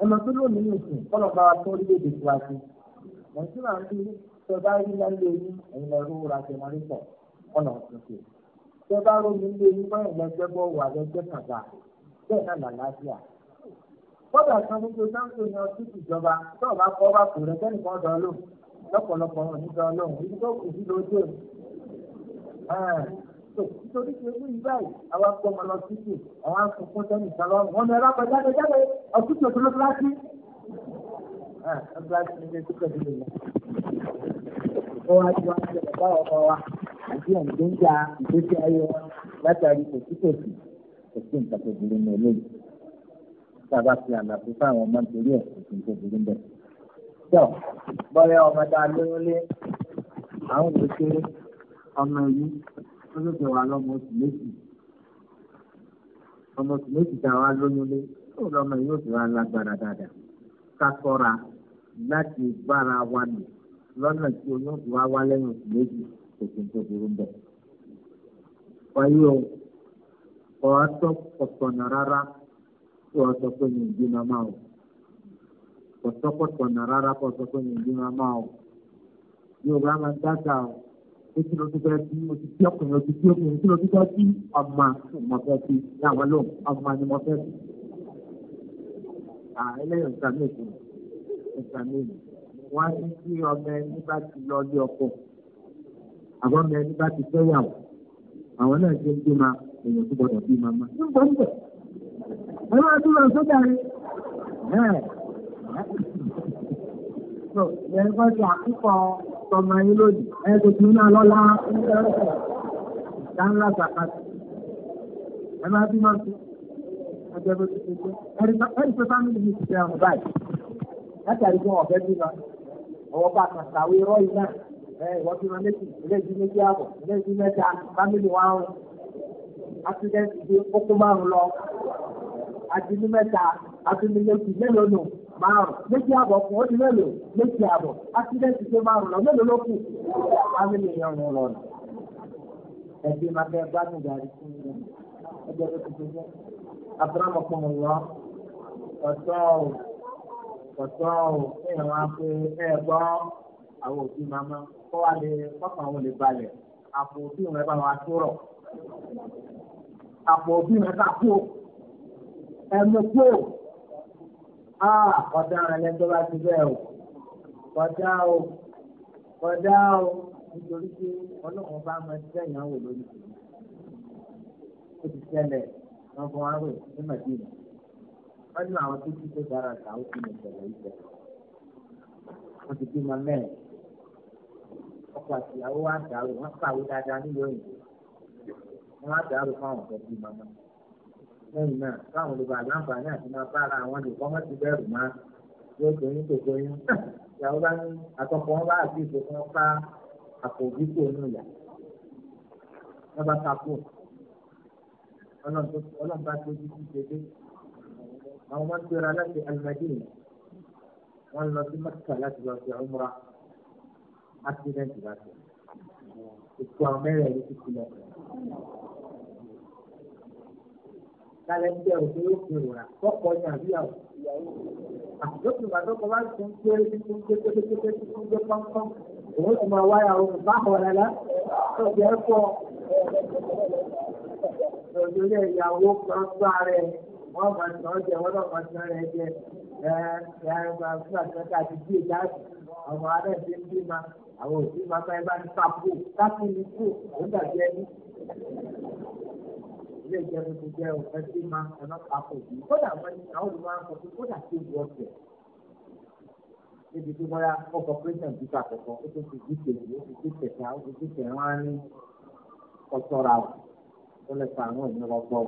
Speaker 1: ẹ mọ̀ tó lónìí nìsín kọ́lọ̀ bá wa tó orílẹ̀-èdè tiwa sí nàìjíríà ń bí tó bá rí lálé yín ẹ̀yin lọ rú ra jẹnẹrétọ̀ kọ́lọ̀ tuntun tó bá rómi lé yín kọ́dà kan gbogbo sáńtò ní ọdún ìjọba tó o bá kọ́ ọ bá kò rẹ kẹ́nìkan dán lò lọ́pọ̀lọpọ̀ wọn ní dán lóhùn ibi tó kù sí lójú ẹ̀ nítorí pé wí báyìí àwọn akọ ọmọ lọ títì àwọn akọkọ tẹnì kan lọrùn wọn ni ẹ bá kọjá lọ jáde ọtútù òtún ló kíláàsì. ọgbà tí ilé tó kẹ̀lé lè lọ. ó wá ju wọn ṣe bàbá ọkọ wa àti ẹ̀ǹdẹ́ńjà ìgbésí ayé wọn látàrí kòsíkòsí kò sí nǹkan tó burú tàbá fi àlàfo fáwọn ọmọ nítorí ẹ̀ òfin tó burú bẹ̀. tó bọ́yá ọmọ tá a àwọn òbí kéré ọmọ yìí ó lóde wà lọ́mọ oṣù méjì ọmọ oṣù méjì tá a ó lọ́mọ yìí ó sì wá lágbára dáadáa ká sọ́ra láti bára wa lò lọ́nà tí oyún ti wá wá lẹ́yìn oṣù méjì òfin tó burú bẹ̀. wáyé o kò á tọ́ ọ̀sọ̀nà rárá kó o sọ pé mi ò bí màmá o kò sọ́kọ̀tọ̀ nà rárá kó o sọ pé mi bí màmá o ní o bá máa dáta o ó ti lọ bí o ti bí ọkùnrin o ti bí ọkùnrin o ti lọ sí fẹ́ bí ọmọ ọmọ fẹ́ bí láwọn lóun ọmọ ni mo fẹ́ bí. ẹlẹ́yìn ìgbà mi kù ìgbà mi nù wọ́n á ní kí ọmọ ẹni bá ti lọ ilé ọkọ àbọ̀mọ ẹni bá ti fẹ́ yàwó àwọn náà ṣe ń bí ma èèyàn tó gbọdọ̀ bí ma ẹ máa tún lọ sójà rí. so yẹn kọ́ ti àkókò tọmọ yín lónìí ẹ kò tún náà lọ́la dáńlá sàkàtì ẹ máa bí máa tún ọjọ́ bó ti ṣe jẹ́ ẹni pé fámìlì mi ti jẹ́ ọ̀hún báyìí látàrí fún ọ̀fẹ́ bí wọn ọwọ́ bá kan kàwé rọ́ọ̀yì náà ìwọ́n ti máa méjì ilé ìdí méjì àbọ̀ ilé ìdí mẹ́ta fámìlì wa ń accident àti ní mẹ́ta àti ní méjì mélòó nù márùn méjì àbọ̀ kù ó di mélòó méjì àbọ̀ ásídẹ́ǹtì tó márùn lọ mélòó ló kù ámìlì yẹn rùn lọ nù. ẹbí máa fẹ́ gbádùn gàrí fún mi ẹgbẹ́ tó ti jẹ́ abúrámọ̀ kọ́ mọ̀ lọ ọ̀tọ́ ò ọ̀tọ́ ò ẹ̀yàn wá pé ẹ gbọ́ àwọn òbí màmá kọ́ wa lè kọ́kàn àwọn lè balẹ̀ àpò òbí rẹ̀ bá wa tó àpò òbí rẹ̀ bá kú ẹ̀mú kú à kọjá alẹ́ tó bá ti bẹ́ẹ̀ o kọjá o kọjá o nítorí pé ọlọ́run bá máa ṣiṣẹ́ ìyàwó lórí ìṣẹ̀lẹ̀ ó ti ṣẹlẹ̀ wọn fún wa rò ní màdínà wọn ní àwọn tó ti tó dára kà ó ti lè ṣẹlẹ̀ ìṣẹ̀ wọn ti bímọ mẹ́rin ọkọ àti ìyàwó wa dàrú wọn pàwé dáadáa nílùú òyìnbó wọn á dàrú fún àwọn bímọ náà lẹ́yìn náà káwọn olùkọ́ àgbàǹfààní àti máa bá ara àwọn olùkọ́ mọ́ ti bẹ̀rù má yóò tó yín kòkó yín ìyàwó bá ní àtọkọ wọn bá àti ìfowópamọ́ wọn ká àpò òbí kò nù yà wọn bá ká kó ọlọ́run bá tó yín dédé àwọn máa ń tóra láti alimadina wọn lọ sí mẹ́ta láti lọ sí ọmọra accident bá ètò àwọn mẹ́rẹ̀ẹ́rin ti kulẹ̀ lálẹ́ ń bẹ̀rù pé ó fi rò rà kọ́kọ ní àbíyàwó. àtúntò ìbàdàn kan máa ń tún pé títún pé pépépépé títún pé pọ́npọ́n òun ti máa wáyà òun bá ọ̀ rẹ̀ lá ọ̀dẹ̀ ẹ̀ pọ̀ òṣèré ìyàwó kan gbá rẹ̀ wọ́n máa tàn án jẹ wọ́n náà máa tàn rẹ̀ jẹ ẹ̀ ẹ̀ máa fún àtúntò àti bí ìdáàbò ọmọ adé ti ń bímọ àwọn òbí máa bá ẹ bá ní sápò sápò ní kú òun dàbí ẹni ilé ìjẹun tuntun jẹ́ òfin tí máa ń kaná papọ̀ yìí kódà wọn ni àwọn olùmọ̀ àwọn ọkọ̀ kódà tí ó wọ ọ̀sẹ̀ níbi tí wọ́n yá ọkọ̀ pírẹ́sìdẹ̀ǹt ti fà kọ̀kọ́ ó tó ti di kejì ó ti di kẹta ó ti di kẹrin á ní ọ̀tọ̀ra ò tó lè fa àwọn ìnira ọgbọ́ ò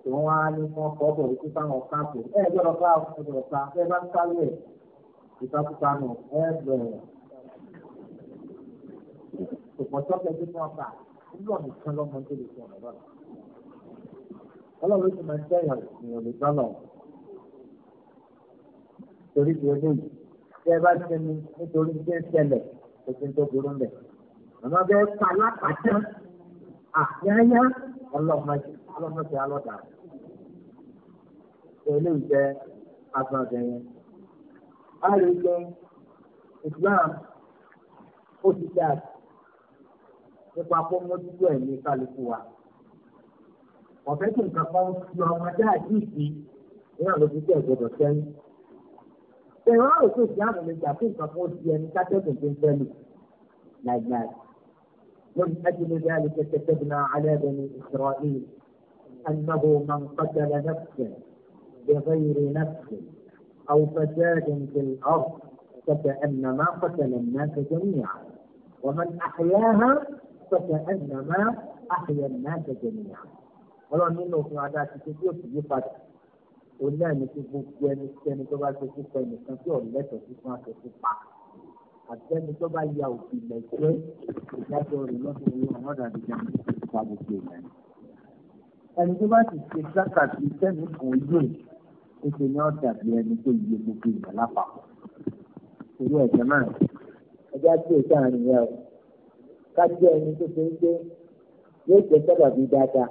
Speaker 1: tí wọ́n á ní wọ́n kọ́ bọ̀ wípé fáwọn káàpù ẹ gbọ́dọ̀ bá ọ̀dọ̀ pa ẹ bá sáré ẹ̀ ìfakúpa nù ẹ bẹ̀rẹ̀ kò pọ̀ sọ́kẹ́ tí wọ́n fà nígbà nìkan lọ́mọdé lè sọ̀rọ̀ lọ́la ọlọ́run ti máa ń tẹ̀yàn èèyàn lè sọ́nà torí ti ọdún yìí tí ẹ bá sinmi nítorí tí ń ṣẹlẹ̀ kò sí tó burú mbẹ̀ àmọ́ bẹ́ẹ̀ pa lápàtà àyáyá ọlọ́mọdé alọ́dà pẹ̀lú ìjẹ́ agbọ̀ngàn yẹn. a lè lo Islam ó ti dáa nípa kó mójútó ẹ̀mí kálukú wa. 我们正在帮我们家的弟弟，让他们去教这个生。在俺们做家里面，家正在帮别人家教这个生呢，奶奶。من أجل ذلك كتبنا على بني إسرائيل أنه من قتل نفسا بغير نفس أو فساد في الأرض فكأنما قتل الناس جميعا ومن أحياها فكأنما أحيا الناس جميعا ọlọ́run nínú òfin adá ti ṣe tí yóò sì yí padà òun náà ní kí gbogbo ẹnikẹ́ni tó bá ṣe púpọ̀ ẹnìkan tí ọ̀lẹ́tọ̀ sí fún aṣojú pa àtẹni tó bá ya òfin lẹ́jẹ́ ìdájọ́ rẹ̀ lọ́sọ̀rọ̀ yóò wọ́n dàbí jẹun nípa gbogbo ìlànà. ẹni tó bá sì ṣe sákàtì sẹ́mi kan yé ètò ni ó dàbí ẹni tó yẹ gbogbo ìlànà lápapọ̀. torí ẹ̀jẹ̀ náà ẹjẹ́ àti ètò àárín rẹ̀ ká jẹ́ ẹni tó ṣe ń gbé yóò jẹ́ sábàbí dáadáa.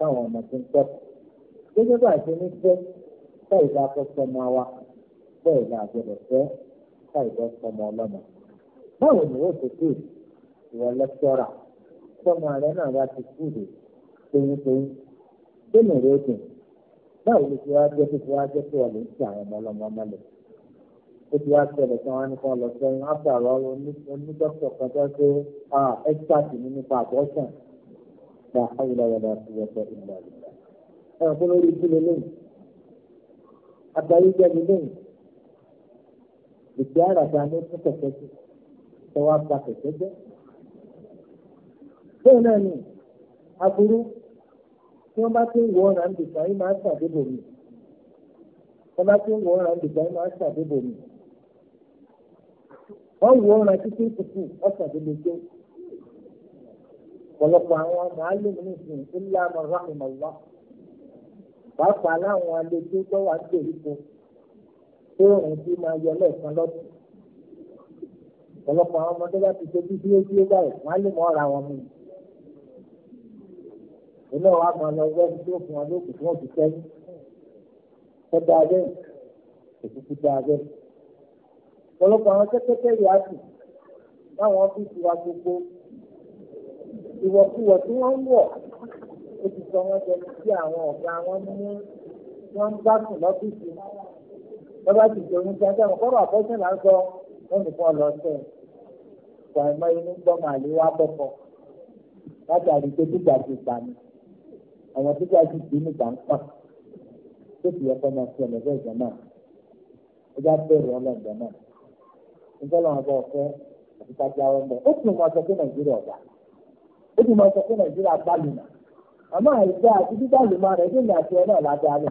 Speaker 1: fáwọn ọmọ tó ń kẹ́kọ̀ọ́ gẹ́gẹ́ bá ṣe ní fẹ́ káìdá fẹ́fẹ́ máa wá bẹ́ẹ̀ ni àgbẹ̀dẹ̀ fẹ́ káìdá fọmọ ọlọ́mọ. báwo ni yóò ṣe kú ìwọ lẹ́kítọ́rà fọmọ rẹ náà bá ti kú rè péyínpéyín sínú rẹ dùn báwo ni ti wá jẹ́ kí ti wá jẹ́ kí wọ́n lè ń ṣe àwọn ọmọ ọlọ́mọ mọ́lẹ̀ ó ti wá ṣẹlẹ̀ tí wọ́n á ní kí lọ sẹ́yìn áfíà rọ onídọ́kítọ̀ kan tó ṣe ẹ́kítàtì nínú pa àbọ̀ṣàn na hawla wala quwwata illa billah ẹ̀ fún lórí ìdílé lónìí àtàyè jẹ́bi lónìí ìgbé àràdà ló tún kẹ̀kẹ́ sí tọwọ́ apá kẹ̀kẹ́ jẹ́ bẹ́ẹ̀ náà ni aburú tí wọ́n bá ti ń mi wọ́n bá ọ̀pọ̀lọpọ̀ àwọn màálù nìsín ńlá mọ̀rànmọ̀lá pàápàá láwọn àlejò tó wà gbèríko tó rìn sí máa yọ lẹ́ẹ̀kan lọ́dún ọ̀pọ̀lọpọ̀ àwọn ọmọdé bá ti ṣe bí díẹ̀ díẹ̀ báyìí màálù mọ́ ra wọn mú iná wa máa lọ wẹ́ẹ́ tó fún wọn lókùn tí wọ́n ti sẹ́yìn tó dáa bẹ́ẹ̀ òkùnkùn dáa bẹ́ẹ̀ ọ̀pọ̀lọpọ̀ àwọn kẹ́kẹ́kẹ́ yìí á ìwọ̀kuwọ̀ tí wọ́n ń wọ̀ ó ti sọ wọ́n jẹ tí àwọn ọ̀gá wọn mú wọ́n ń bá sùn lọ́fíìsì lọ́ba ti nke oníṣẹ́ ẹgbẹ́ wọn sọ wọ́n nìkan lọ sẹ́ ìgbà ìmọ̀ inú gbọ́mọ àléwá bọ́kọ̀ látàrí pé ti gbà mí àwọn ti dì tó fi ẹ̀kọ́ ìjọ náà ó bẹ̀rù ọlọ́ọ̀dọ́ náà nígbà lọ́wọ́ bá ó ti máa sọ pé nàìjíríà gbàlùmọ̀ àmọ́ àìsàn àti gbígbàlùmọ̀ rẹ̀ ní àti ẹ̀ náà lájà ni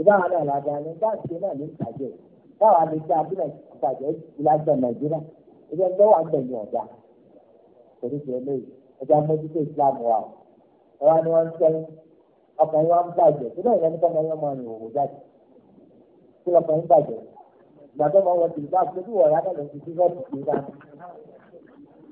Speaker 1: ìbára náà lájà ni dáàbò náà ní ìtàjẹ́ báwa lè dá abúlé ìtàjẹ́ ìlàjà nàìjíríà ìjọba ìjọba wà gbẹ̀yìn ọ̀dà torí ti eléyìí ẹja mójútó islam wa o ẹwà ni wọ́n ń ọkùnrin wa ń bàjẹ́ tó bẹ́ẹ̀ lẹ́nu kọ́mọ máa rìn òwò jáde kí lọkùnrin bàjẹ́ ìgbà máa wọ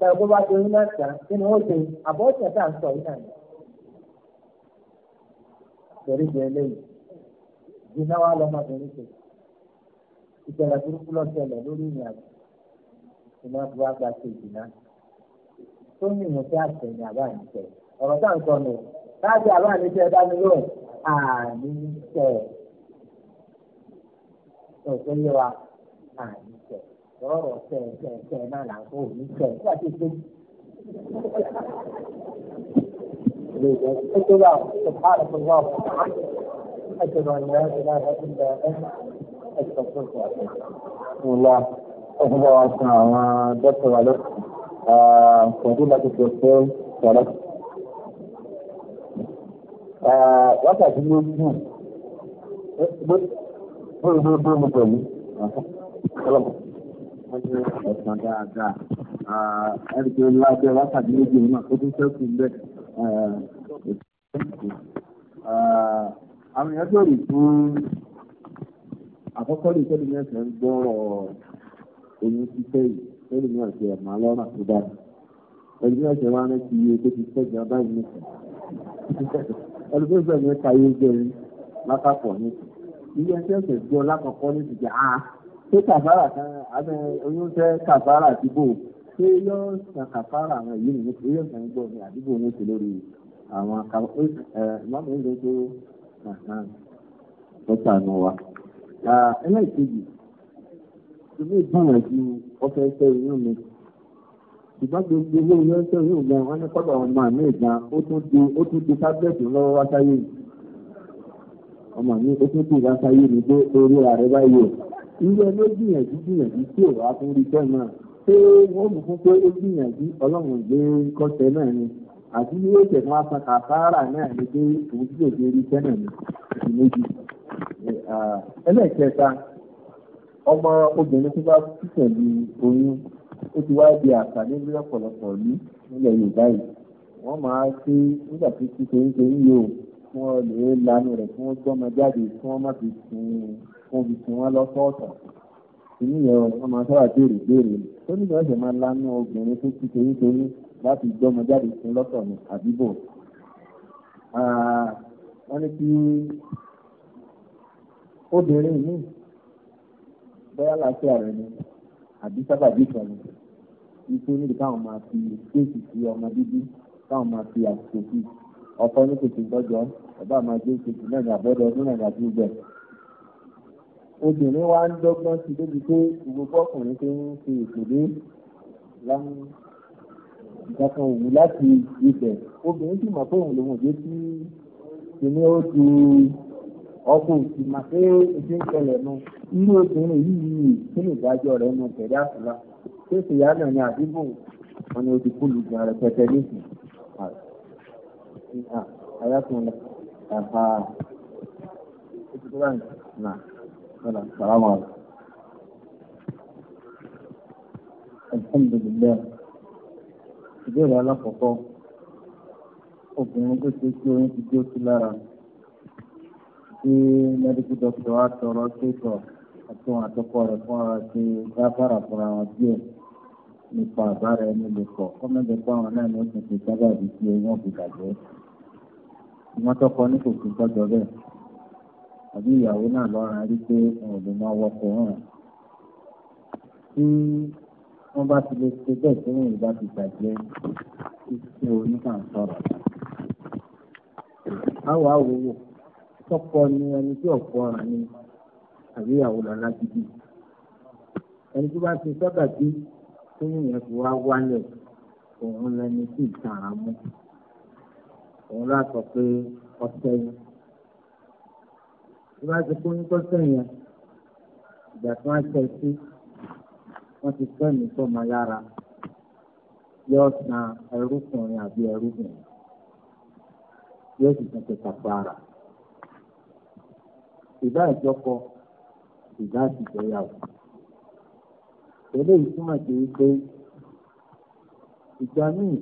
Speaker 1: báyọ̀ bó bá ti oyún náà tán nínú ó ṣe àbọ̀ ọ̀sẹ̀ tá à ń sọ yìí náà ni. torí di eléyìí jìnnà wa lọ́mọbìnrin ṣe ìṣẹ̀lẹ̀ burúkú lọ́sẹ̀lẹ̀ lórí ìrìn àjò ìmọ̀ tí wàá gba ṣe ìjìnnà tó ní ìmọ̀ sí àtẹ̀yìn àbá àníṣẹ́ ọ̀rọ̀ tá à ń sọ nù láti àbá àníṣẹ́ dání lóò àníṣẹ́ ọ̀sẹ̀ yẹ wa àní rọrọ tẹ tẹ tẹ náà là ń kó òní tẹ kí wàá ti tó. Ẹjọ́ bá sọ̀rọ̀ fún wa fún wa. Ẹjọ́ bá ní wọ́n ti náà lọ́dún bẹ̀ ẹ́ ẹ̀sọ̀ fún wa. Ìlà ọ̀hún ọ̀sán dáadáa ẹni tó lábẹ́ wákàtí méjì náà ó tún fẹ́ kú bẹ́ẹ̀ àwọn èèyàn bèrè fún àkọ́kọ́ ní ìṣẹ́lẹ̀ mẹ́sàn ń gbọ́rọ̀ oyún ṣiṣẹ́ yìí lórí mi ọ̀sẹ̀ ẹ̀mà lọ́rùn tó dára ẹni ní ọ̀sẹ̀ wọn ti yẹ tó ti tẹ̀jọ́ báyìí nìkan ẹlòmíràn ní ká yé jẹrin lápapọ̀ nìkan ilé ẹsẹ̀ ẹsẹ̀ gbọ́ lákọ̀ọ́kọ́ ní ti jẹ́ àá. ṣé kàfàrà kan abẹ oyún fẹ́ kàfàrà àdúgbò ṣé yóò san kàfàrà àwọn èyí nìyí pé yóò san ní àdúgbò ní lórí àwọn mọ́mí tó wa. ẹlẹ́ẹ̀kejì ju ọ̀fẹ́ oyún mi gbogbo owó yóò wọn ní ọmọ ó tún di ó tún di wáṣáyé ọmọ mi ó tún di wáṣáyé mi dé orí irú ẹ ló gbìyànjú gbìyànjú tí ò wá fún rí tẹ́ẹ̀ náà pé wọ́n mú fún pé ó gbìyànjú ọlọ́run gbé kọ́tẹ náà ni àti yóò tẹ̀ fún asan kàfàrà náà ni pé òun tí òde rí tẹ́ẹ̀ náà ni èsì méjì. ẹlẹ́ẹ̀kẹta ọmọ obìnrin tó bá kú pẹ̀lú oyún ó ti wá di àṣà nílé ọ̀pọ̀lọpọ̀ ní nílẹ̀ Yorùbá yìí wọ́n máa ṣe nígbà tó ti ń ṣe ń yò kí wọ́n lè lanu rẹ̀ kí wọ́n gbọ́mọ jáde kí wọ́n má fi sin fún ibi tí wọ́n lọ́sọ̀ọ̀tọ̀ inú yẹn wọ́n máa sábà béèrè béèrè tó nígbà ẹ̀sẹ̀ máa lánú obìnrin tó ti torí torí láti gbọ́mọ jáde fún lọ́tọ̀ ní àdúgbò wọ́n ní kí obìnrin míì bóyá làásìá rẹ̀ ni àbí sábàbí kan ni ipò níbi káwọn máa fi déètì sí ọmọ bíbí káwọn máa fi àsìkò sí ọkọ ní kòtò ìgbọ́jọ ọba máa gbé kòtò náà ní àbọ̀dọ̀ ọdún náà ní àdúgbò bẹ́ẹ̀ obìnrin wa ń dọ́gbọ́n ti débi pé gbogbo ọkùnrin tó ń ṣe ìpèlè lánàá ìkankan òwú láti ibẹ̀ obìnrin sì mọ̀ pé òun lòun òde tí kìíní ó ju ọkọ̀ òsì mà pé ojú ń ṣẹlẹ̀ nu irú obìnrin yìí kí ni ìdájọ́ rẹ̀ nu tẹ̀lé àfúrá ṣé ìyá náà ní àdúgbò wọn ni ó ti kú lùgbọ̀n rẹpẹtẹ nísìn arákùnrin àhà ó ti tó báyìí náà. السلام عليكم الحمد لله ìbéèrè alákọ̀ọ́kọ́ obìnrin tó ṣe kí oyún ti dé sí lára tí medical doctor wa tọrọ ṣètò àti òun àtọkọ rẹ̀ fún ara ṣe dábàrà fúnra wọn díẹ̀ nípa àbá rẹ̀ nílò pọ̀ kọ́mẹ́jẹ pé àwọn náà ní ó ti ṣe sábàbí tí oyún ọ̀gbìn bàjẹ́ ìmọ̀tọ́kọ ní kò sí tọ́jọ́ àbí ìyàwó náà lọ́ra rí pé wọn ò lè máa wọkọ̀ hàn. tí wọ́n bá ti lè ṣe bẹ́ẹ̀ tí wọ́n bá ti gbàgbẹ́ iṣẹ́ oníkàǹsọ̀rọ̀. báwo á wò wò tọkọ ni ẹni tí ọ̀pọ̀ ọ̀ràn ni àbí ìyàwó lọ́la gidi. ẹni tó bá ti sọ́dà bí tó yìnyín fi wá wálẹ̀ òun lẹni tí ìtara mú. òun láti sọ pé ọ̀sẹ̀ yìí. tí wọ́n ti kó ní kọ́sẹ̀ yẹn ìgbà tí wọ́n ṣe sí wọ́n ti fẹ́ mi fọ́ ma lára yóò san ẹrúkùnrin àbí ẹrúbìnrin yóò sì tún ti kàfàrà ìbá ìjọkọ ìbá ìjọyàwó eléyìí túmọ̀ sí wípé ìjọ míì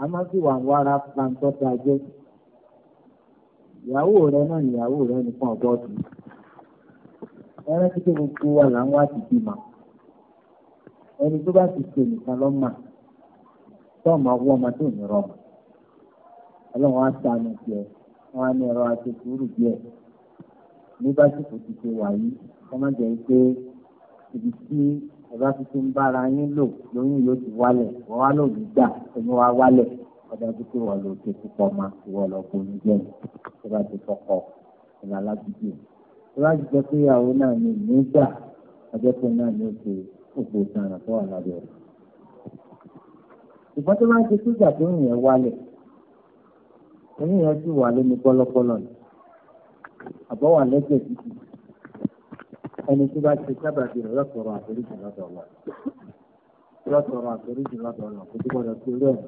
Speaker 1: a máa fi wà wára sí. ìyàwó rẹ náà ìyàwó rẹ nìkan ọ̀bọ̀ọ̀tù ẹran tí gbogbo wa là ń wá ti bímọ ẹni tó bá ti ṣe nìkan lọ́ mà tó ọmọ ọwọ́ ọmọ tó ní rọmọ ọlọ́run á sànù jẹ wọn á ní ẹ̀rọ àti sùúrù díẹ̀ ní básìkò ti ṣe wà yìí wọn má jẹ́ pé ibi tí ẹ̀rọ àti ti ń bára yín lò lóyún yóò ti wálẹ̀ wọ́n wá lòun gbà ẹni wá wálẹ̀ ọdájú pé wọ́n lò ó ké púpọ̀ máa wọ́n lọ bóyún jẹ́ tó bá ti fọ́kọ̀ ìlà alágídí tó bá ti jẹ́ pé ìyàwó náà ní nígbà ajẹ́pọ̀ náà ní oṣù òpó ìtàn tó wà lábẹ́ rẹ̀. ìgbọ́n tó bá ń ṣe sígbà tó ń yẹn wálẹ̀ ẹni yẹn sì wà lómi pọ́lọ́pọ́lọ́ ni àbọ̀ wà lẹ́sẹ̀ títì ẹni tó bá ti sábàbí rẹ̀ lọ́sọ̀rọ̀ àforíjì lọ́dọ̀ ọ̀la lọ́sọ̀rọ̀ àforíjì lọ́dọ̀ ọ̀la kò tó gbọ́dọ̀ sí orí ẹ̀rọ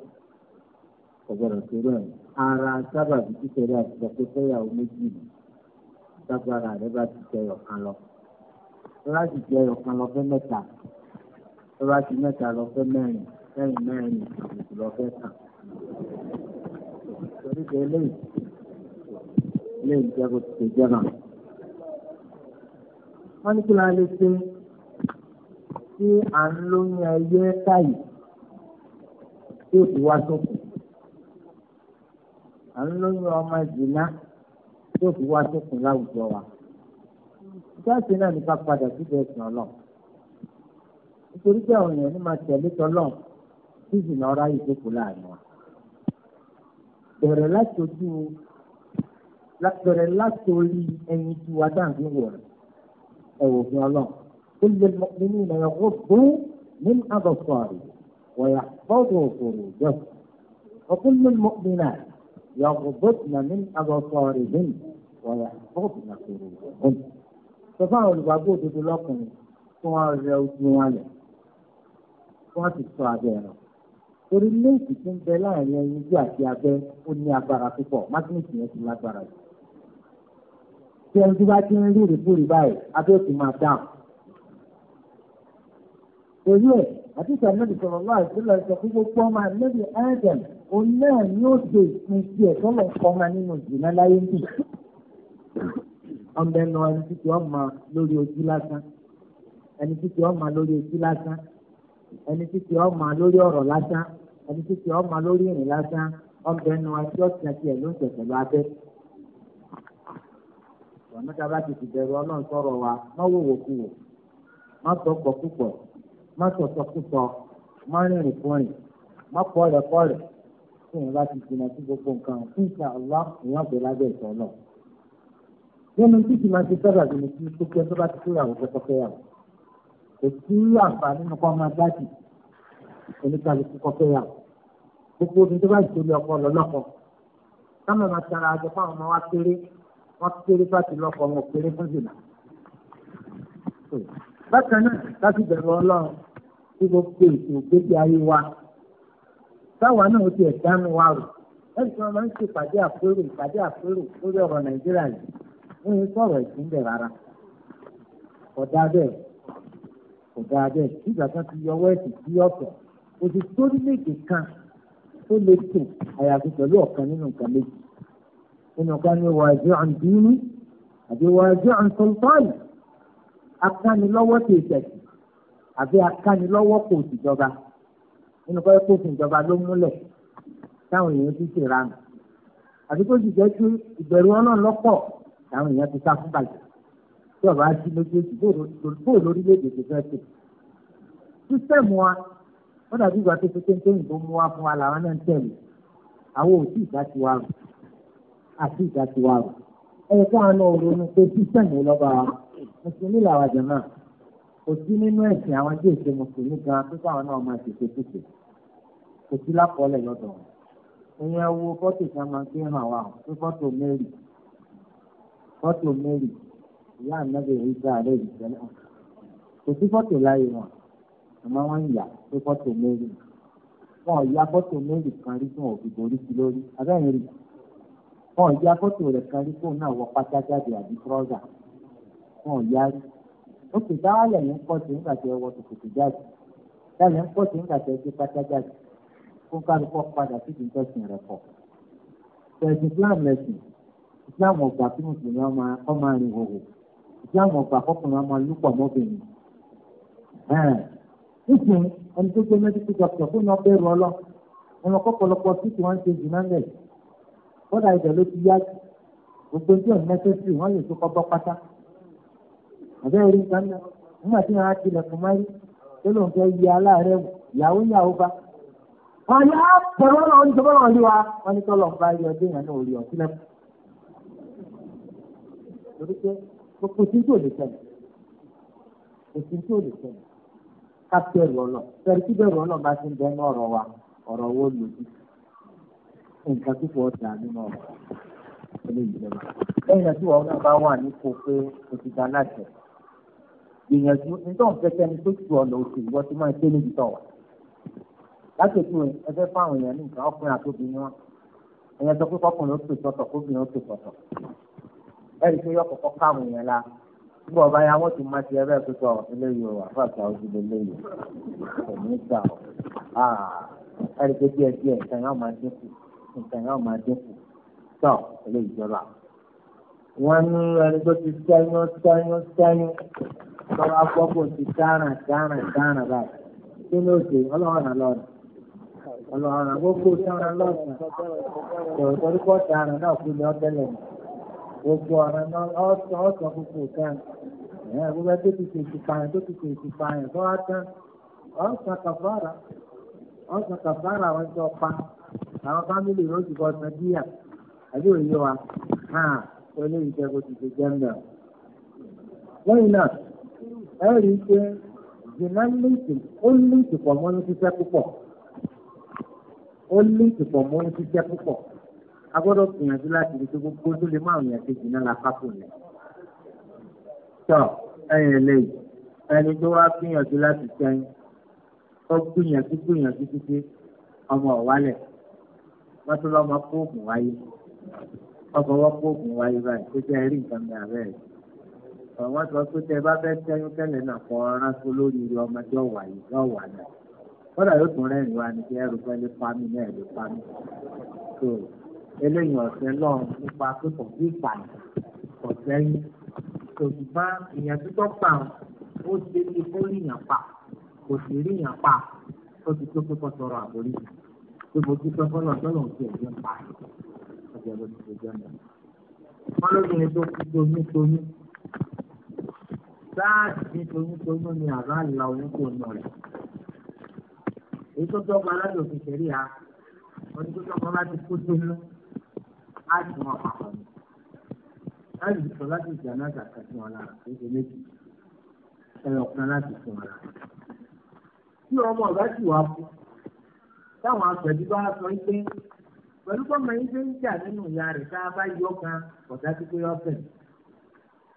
Speaker 1: ọ̀gbọ́dọ̀ tó rẹ̀ ara sábà fi títẹ̀ rẹ̀ àtijọ́ pé fẹ́yàwó méjì ni lágbára rẹ̀ bá ti jẹ́ ọ̀kan lọ. tó bá ti jẹ́ ọ̀kan lọ fẹ́ mẹ́ta tó bá ti mẹ́ta lọ fẹ́ mẹ́rin lẹ́yìn mẹ́rin ìsìnkú lọ fẹ́ kàn. torí pé eléyìí eléyìí jẹ́ ti ṣe jẹ́ wọ́n ní kí la lè ṣe tí à ń lóyún ẹyẹ táyì tí ò ti wá sókè à ń lóyún ọmọ ìdìnnà yóò fi wá sókun láwùjọ wa ìjáàsì náà nípa padà síbẹ̀ ẹ̀sìn ọlọ́run nítorí pé àwọn èèyàn ní máa tẹ̀lé tọlọ́run tí ìsìn ọ̀rá yìí sókun láàrin wa bẹ̀rẹ̀ láti ojú bẹ̀rẹ̀ láti orí ẹyin tí wa wọ̀ rẹ̀ ẹ̀wò fún ọlọ́run ó lè mọ nínú ìnáyà ó bú ní àbọ̀sọ̀ rẹ̀ wọ̀yà bọ́ọ̀dù òfòrò jẹ́ ọkùnrin mọ́kùnrin náà. يغضضن من أبصارهن ويحفظن فروجهن sọfáwọn olùgbàgbọ́ òdodo lọ́kùnrin tí wọ́n rẹ ojú wọn lẹ̀ tí wọ́n ti sọ abẹ́ ẹ̀rọ. torí léèkì tí ń bẹ láàrin ẹyin ojú àti abẹ́ ó ní agbára púpọ̀ mágínítì yẹn ti lágbára jù. tí ẹni tí bá ti ń rí ìrìbúrì báyìí abẹ́ òkú máa dáhùn. torí ẹ̀ àtúntò ànábì sọ̀rọ̀ lọ́wọ́ àìsílẹ̀ sọ pé gbogbo ọmọ ànábì Adam òun náà ni ó ṣe ìpín sí ẹ̀ tọ́lọ̀ kọ́mọ nínú ìdìnnà láyé bì. ọmọ ẹnu ẹni títí ọmọ lórí ojú lásán ẹni títí ọmọ lórí ojú lásán ẹni títí ọmọ lórí ọ̀rọ̀ lásán ẹni títí ọmọ lórí ìrìn lásán ọmọ ẹnu àti ọ̀sìn àti ẹ̀ ló ń tẹ̀ pẹ̀lú abẹ́. ọ̀nà tí a bá ti ti bẹ̀rù ọlọ́run sọ̀rọ̀ wa sọ má sọ̀sọ̀kúsọ má rìnrìn kọrin má kọ́rẹ̀kọ́rẹ̀ tí wọ́n bá ti jìnnà sí gbogbo nǹkan insha Allah ìyá ọ̀gbẹ́ lábẹ́ ìtọ́ náà. nínú títí máa ti sábà gbìyànjú tí gbogbo ẹjọ́ bá ti tó ìyàwó kọ́kọ́ fẹ́ yàwó kò sí àǹfààní nǹkan máa dájì oníkàlùkù kọ́kọ́ yàwó gbogbo obìnrin tó bá ti tóbi ọkọ lọ lọ́kọ sábà máa tara àjọ fáwọn ọmọ wa kéré wọ́n kéré fáti lọ́kọ wọn kéré fún jìnnà bákan náà láti bẹ̀rù ọlọ́run tí gbogbo ètò ògbésí ayé wa táwa náà ti ẹ̀dánù wa rò lẹ́yìn tí wọ́n máa ń ṣe ìpàdé àpérò ìpàdé àpérò lórí ọ̀rọ̀ nàìjíríà yìí wọ́n yẹn sọ̀rọ̀ ìpínlẹ̀ rárá kò dáa bẹ́ẹ̀ kò dáa bẹ́ẹ̀ nígbà kan ti yọwọ́ ẹ̀sìn sí ọ̀tọ̀ kò sì sórílẹ̀-èdè kan tó lè tò àyàfi pẹ̀lú ọ̀kan nínú nǹkan méjì nínú kan ní wàá jẹ́ àǹdínú àbí wàá jẹ́ àǹtọ̀ntọ́yì akánilọ́wọ́ ti ìṣẹ̀sì àbí akánilọ́wọ́ kò tìjọba nínú kọ́ kó fún ìjọba ló múlẹ̀ táwọn èèyàn ti ṣe ranù àti tó ti jẹ́ pé ìbẹ̀rù ọlọ́run lọ́pọ̀ táwọn èèyàn ti sá fún bàjẹ́ tí ọba ti lójoojú bóò lórílẹ̀‐èdè ti fẹ́ ṣe. sísẹ́ẹ̀mù wa wọ́n dàbí ìgbà tó fi kéńté òyìnbó mú wa fún wa làwọn náà ń tẹ̀lé àwọn òsì ìdá ti wà rò àti ìdá ti wà rò ẹ̀yẹ fún àwọn ọ̀rọ̀ ní pé sísẹ́ẹ̀mù lọ́ba wa mùsùlùmí làwọn jàmáà kò sí nínú ẹ̀sìn àwọn tí èsè mùsùlùmí gan tó fáwọn náà máa tètè tètè kò sí lápọ̀ọ́lẹ̀ lọ́dọ̀ wọn ìyẹn wo fọ́tò tí a máa gbé hàn wá pé fọ́tò mary fọ́tò mary ìyá ànágbè ìgbà rẹ̀ ìṣẹ̀lẹ̀ kò sí fọ́tò láyé wọn àmọ́ wọ́n ń yà pé fọ́tò mary wọn ò ya fọ́tò mary kan rí fún òbí borí sí lórí abẹ́rẹ́ rí wọn ò ya fọ́tò rẹ̀ kan rí fún náà wọ pátá jáde àbí trọ́zà wọn ò yá rí ó kì í táwa lẹ́yìn ń pọ̀ sí nígbà tí ẹ wọ tòkòtò jáde lẹ́yìn ń pọ̀ sí nígbà tí ẹ gbé pátá jáde kó kálukọ́ padà sí ìdíjọ́sìn rẹ̀ pọ̀ tẹ̀sí Islam lẹ́sìn Islam ọgbà tí mùsùlùmí ọmọ rìn hòhò Islam ọgbà kọkùnrin ọmọ lúpọ̀ mọ́bìnrin nísìn ẹni tó jẹ́ mẹ́tíkì dọ́kítọ̀ fún ọbẹ̀ rọ lọ ọmọ kọ́kọ́lọpọ̀ sí tí wọ́n ń ṣe jùlọ kọ́dà àbẹ́rẹ́ rí nǹkan náà nígbà tí wọ́n á tilẹ̀ fún máyé tó lóun fẹ́ yí aláàárẹ̀ wò ìyàwó ìyàwó bá. wọ́n yá tẹ̀wọ́n náà ń tẹ̀wọ́n náà lé wa wọ́n ní tọ́lọ̀ bá yọ ọdún yẹn náà rí ọ sílẹ̀. torí pé kò sí tí ò lè tẹ̀lé kò sí tí ò lè tẹ̀lé ká bẹ̀rù ọlọ bẹ̀rù tí bẹ̀rù ọlọ bá ti ń bẹ ní ọ̀rọ̀ wa ọ̀rọ̀ wo lòdì nǹkan tó fọ ọjà nínú ọ̀rọ̀ eléyìí tí wọ́n bá wà nípò pé kò ti dá gbìyànjú nítorí wọn kẹ́ni tó tu ọ̀nà òsì ìwọ tí máa ń ṣe níbi tọ̀wọ̀. láti ètò ẹgbẹ́ fáwọn èèyàn ní nǹkan ọkùnrin àtòbìnrin wọn èèyàn sọ pé kọkùnrin ó tò sọ́tọ̀ kóbìnrin ó tò sọ́tọ̀ ẹ̀rí pé yọkọ̀ kọ́ káwọn èèyàn la gbogbo ọba ya wọn ti máa ti ẹbẹ tó eléyìí o àfàtà ojú eléyìí kò ní gbà ah, ẹ̀rí pé díẹ̀ lọ́wọ́ afọ́pọ̀ ti dáràn dáràn dáràn báyìí kí ló dé ọlọ́run lọ́nà ọlọ́run gbogbo dáràn
Speaker 2: lọ́nà ìròtọ́rúkọ
Speaker 1: dáràn náà kú lọ tẹ́lẹ̀ gbogbo ọ̀ràn náà ọ̀sán ọ̀sán gbogbo dáràn ẹ̀yìn gbogbo ẹ̀ tó ti ṣe ìṣìpààyàn tó ti ṣe ìṣìpààyàn tó wá tán ọ̀sán kàfàrà ọ̀sán kàfàrà wọn jọ pa àwọn fámìlì rẹ̀ ó ti bọ̀ ọ̀sán díyà àbí òye wa hàn olóyìnbó ti ṣe jẹ́ mẹ́rin lẹ́yìn náà ẹ rí i pé jìnnà lìtì ó lìtì pọ̀ mọ́ ní ṣiṣẹ́ púpọ̀ ó lìtì pọ̀ mọ́ ṣiṣẹ́ púpọ̀ a gbọ́dọ̀ gbìyànjú láti rí i pé gbogbo tó lè máa yàn ṣe jìnnà la kápò yẹn. tọ́ ẹ̀yìn eléyìí ẹni tó wá gbìyànjú láti sẹ́yìn ó gbìyànjú gbìyànjú títí ọmọ ọ̀wálẹ̀ wọ́n tún lọ́mọ kóògùn wáyé ọkọ̀ wọ́n kóògùn wáyé báyìí tó jẹ́ rí nǹkan mi àbẹ́rẹ́ àwọn sọ pé tẹ bá fẹ́ tẹ́yún tẹ́lẹ̀ náà kọ́ ọ́rán lórí ọmọdé ọ̀wà yìí lọ́wọ́ àná kódà yóò tún rẹ́rìn wá ní kí ẹrù fẹ́ lé náà lè pa tó eléyìí ọ̀sẹ̀ lọ́ọ̀ nípa pé kò sí ìpàdé kò sẹ́yìn tó ṣùgbọ́n èèyàn tó tọ́pa ó ṣe é kó ríyàn pa kò sì ríyàn pa ó ti tó pípọ̀ sọ̀rọ̀ àbórí pé mo ti pẹ́ fọ́lọ́ tọ́lọ̀ ti ẹ̀jẹ̀ pa ọjọ́ ló ti ṣe jẹ́ mi sáàtì toyúntoyún ni àbá la òun kò nà rẹ̀. èyí tó dọ́gba aládùn òfin ṣẹ̀rí ha wọ́n ti tó tọ́kọ láti kó tó mú láti wọn papọ̀ ni. láti sọ láti ìjà náà kàkàtì wọn lára kó ṣe méjì ẹ̀rọ kan láti fún wọn lára. tí ọmọ ọ̀gá sì wá kú táwọn aṣọ̀jú bá sọ pé pẹ̀lú bọ́mọ yín ṣe ń jà nínú ìyá rẹ̀ tá bá yọ kan ọ̀dà tó pé ọ̀fẹ́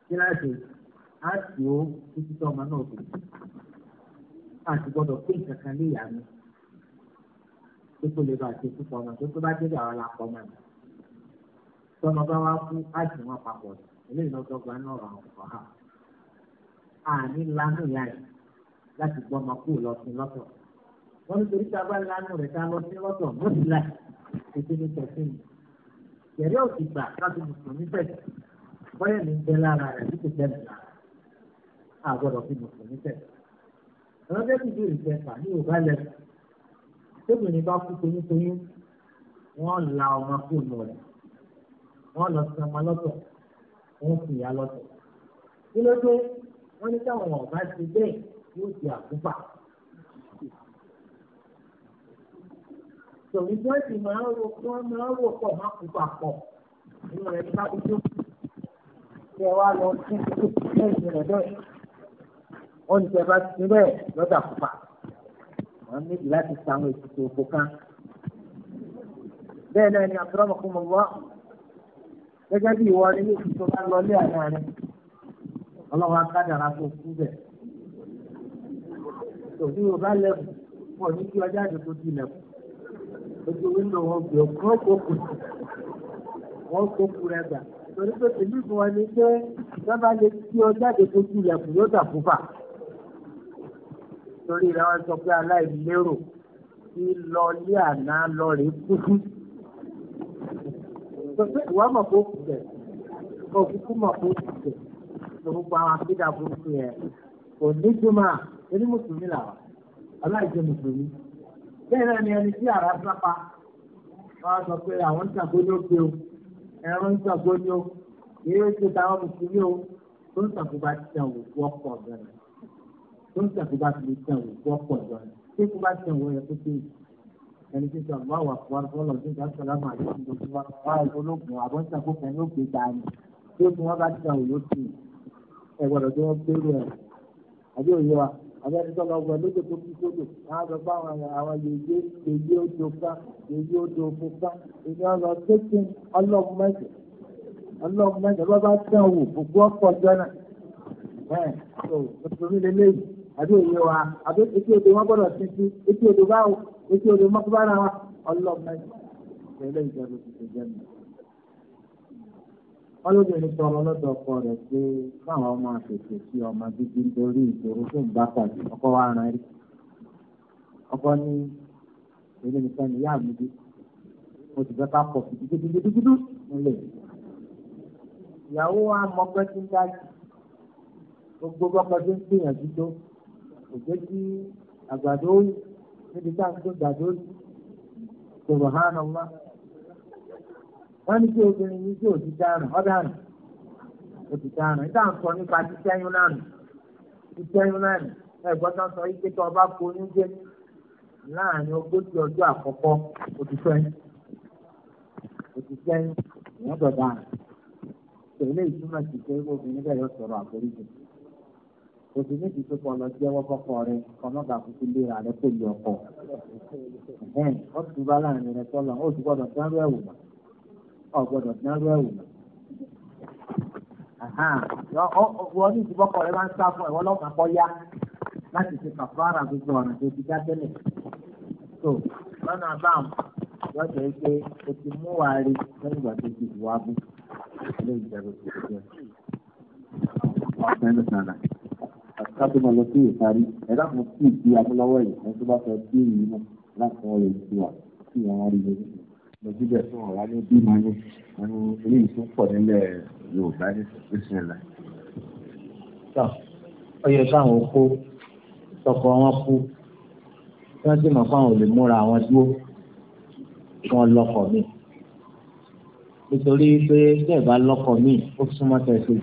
Speaker 1: kí láti á sì ó títí tí ọmọ náà dùn á sì gbọ́dọ̀ pé ìkankan lè yá mi tó tó lè bá àti ìfúnpọ̀ ọmọ tó tó bá dé àwọn alápọ̀ náà tọ́mọ bá wá fún á sì wọn papọ̀ eléyìí lọ́jọ́ gba náà rà wọn fọ́ ha àní lánàá ìyá yìí láti gbọ́ ọmọ kúrò lọ́sìn lọ́tọ̀ wọ́n ní torí tá bá lánàá rẹ̀ tá a lọ́sìn lọ́tọ̀ láì tètè ní tẹ̀sí mi yẹ̀rí òsì gbà láti mùsùlùmí bẹ̀rẹ̀ bọ́yẹ̀ ní bẹ́ lára rẹ̀ ní kò bẹ́ẹ̀ lára àgbọ̀dọ̀ fi mùsùlùmí tẹ̀. ọlọ́jọ́ ti di ìkẹfà ní yorùbá lẹ́nu tóbìnrin bá kú toyúntoyún wọ́n la ọmọ fóònù rẹ̀ wọ́n lọ sí ọmọ lọ́tọ̀ wọ́n fi ìyá lọ́tọ̀. kí ló dé wọ́n ní táwọn ọ̀gá ti bẹ́ẹ̀ yóò di àkúfà. tòun tí wọ́n máa ń rò máa ń rò pọ̀ máa kú papọ̀ nínú rẹ̀ ní bá kú tó. kí lọ sí ẹ̀sìn bẹ́ẹ̀ wọ́n ní tẹ́ bá ti bẹ́ẹ̀ lọ́dà pupa wọ́n ní láti sa àwọn ètùtù òkú kan bẹ́ẹ̀ náà ni àbúrọ̀mọ̀ kún mọ̀ wá gẹ́gẹ́ bí ìwọ ni yóò fi tó bá lọlé àná rẹ ọlọ́run akádàrà tó kú bẹ̀ tòbí o bá lẹ́bù pọ̀ ní kí ọjà àdìgbò ti lẹ̀kù ojú wíńdò wọn gbé ọkọ̀ kókò wọn kókò rẹ gbà torí pé ìlú ìfún wọn ni pé sábà lè kí ọjà àdìgbò ti lẹ̀kù yóò dà fúfà torí rẹ̀ wọ́n sọ pé aláìlérò tí lọ lé àná lọ rè kú fún. ìwà mọ̀ kó kù bẹ̀ òkùnkùn mọ̀ kó kù bẹ̀ gbogbo àwọn akéde àbúrúkú yẹn kò ní ẹni mùsùlùmí làwà aláìjẹ mùsùlùmí. bẹ́ẹ̀ náà ni ẹni tí àrà sápa wọ́n sọ pé àwọn ń tàgbó ní òkè o ẹ̀rọ ń tàgbó ní o kì í ṣe táwọn mùsùlùmí o tó ń tàgbó bá ti tẹ̀ ọkọ̀ ọ̀gbẹ̀rẹ̀ tó ń tẹ̀sí bá ti lè tẹ̀ wò gbọ́ pọ̀ jọ ni tí bá tẹ̀ wò yẹ kó tẹ̀ ẹni tí sọ àbúrò àwọn àfọwọ́ àfọwọ́ tí ìjà sọ̀rọ̀ àmọ́ àti ìjọ tí wọ́n wá ológun àbọ̀ kan yóò gbé ta ni tí ó ti wọ́n bá tẹ̀ wò lókè ẹ gbọ́dọ̀ tí wọ́n gbérù ẹ̀ àbí òye wa àbẹ́ni tó lọ wọ lóde tó kú sódò wọ́n sọ pé àwọn àwọn yèyé yèyé ó do ká yèyé ó do fún ká wọn lọ tẹ́tẹ́ ọlọ́run mẹ́jọ ọlọ́run mẹ́jọ tẹ̀ wò gbogbo ọ̀pọ̀ jọ náà ẹ̀ ọ̀ àbí òye wa àbí etí odò wọn gbọ́dọ̀ títí etí odò báwo etí odò mọkúbára wa ọlọmọ ìṣẹ̀lẹ̀ ìjọba ti ṣe jẹ mi. wọn lóbìnrin tọrọ lọ́dọ̀ ọkọ rẹ̀ pé káwọn ọmọ àtẹtẹ sí ọmọ bíbí nítorí ìṣòro fún ìbápàdé ọkọ wa rán rí ọkọ ní èmi nìkan ní ìyá mi bí mo sì fẹ́ ká pọ̀ gidigidigidigidu nílẹ̀ ìyàwó wa mọ pẹ́ tí ń dájú gbogbo bọ́kọ tó ń gbìyànjú tó. kò jẹ́ àgbàdo níbi tá a tó gbàdo sọ̀rọ̀ hàn wá. wọ́n ní kí obìnrin yìí tí ò ti dáràn ọ́ dáràn ò ti dáràn nígbà ń sọ nípa títẹ́yún náà nù títẹ́yún náà nù ẹ̀gbọ́n tán sọ yìí ọba jẹ́ láàrin ogójì ọjọ́ àkọ́kọ́ tẹ̀lé ìtumọ̀ obìnrin òsì méjì tó kọ lọ jẹ́wọ́ kọ́kọ́ rẹ kọ́mọ́gà kúkú léra rẹ kò lè ọkọ̀ ó ti bá láàrin rẹ ó gbọ́dọ̀ dánrú ọ gbọ́dọ̀ dánrú wọ́n ní rẹ máa ń sá fún lọ́kàn kọ́ yá láti ṣe ara gbogbo ọ̀nà tó ti dá tẹ́lẹ̀. tó lọ́nà lọ́jọ́ o ti mú wa rí lẹ́yìn ìgbà tó ti wá bú àti ká tó máa lọ sí ìparí ẹ láwọn kú ìdí amúláwọ yìí ẹ tó bá fẹ́ bí èyí náà láti wọn lè ti wà sí àwọn ariwo lọ síbẹ̀ fún ọ̀rá ní bí máa ní àwọn eléyìí tó pọ̀ nílẹ̀ Yorùbá ní ìsinmi. tó ó yẹ káwọn okó tọkọ wọn kú kí wọ́n sì mọ̀ fáwọn olè múra àwọn dúró kí wọ́n lọ́kọ mi nítorí pé tẹ́ẹ̀ bá lọ́kọ mi ó súnmọ́ tẹ̀ ṣe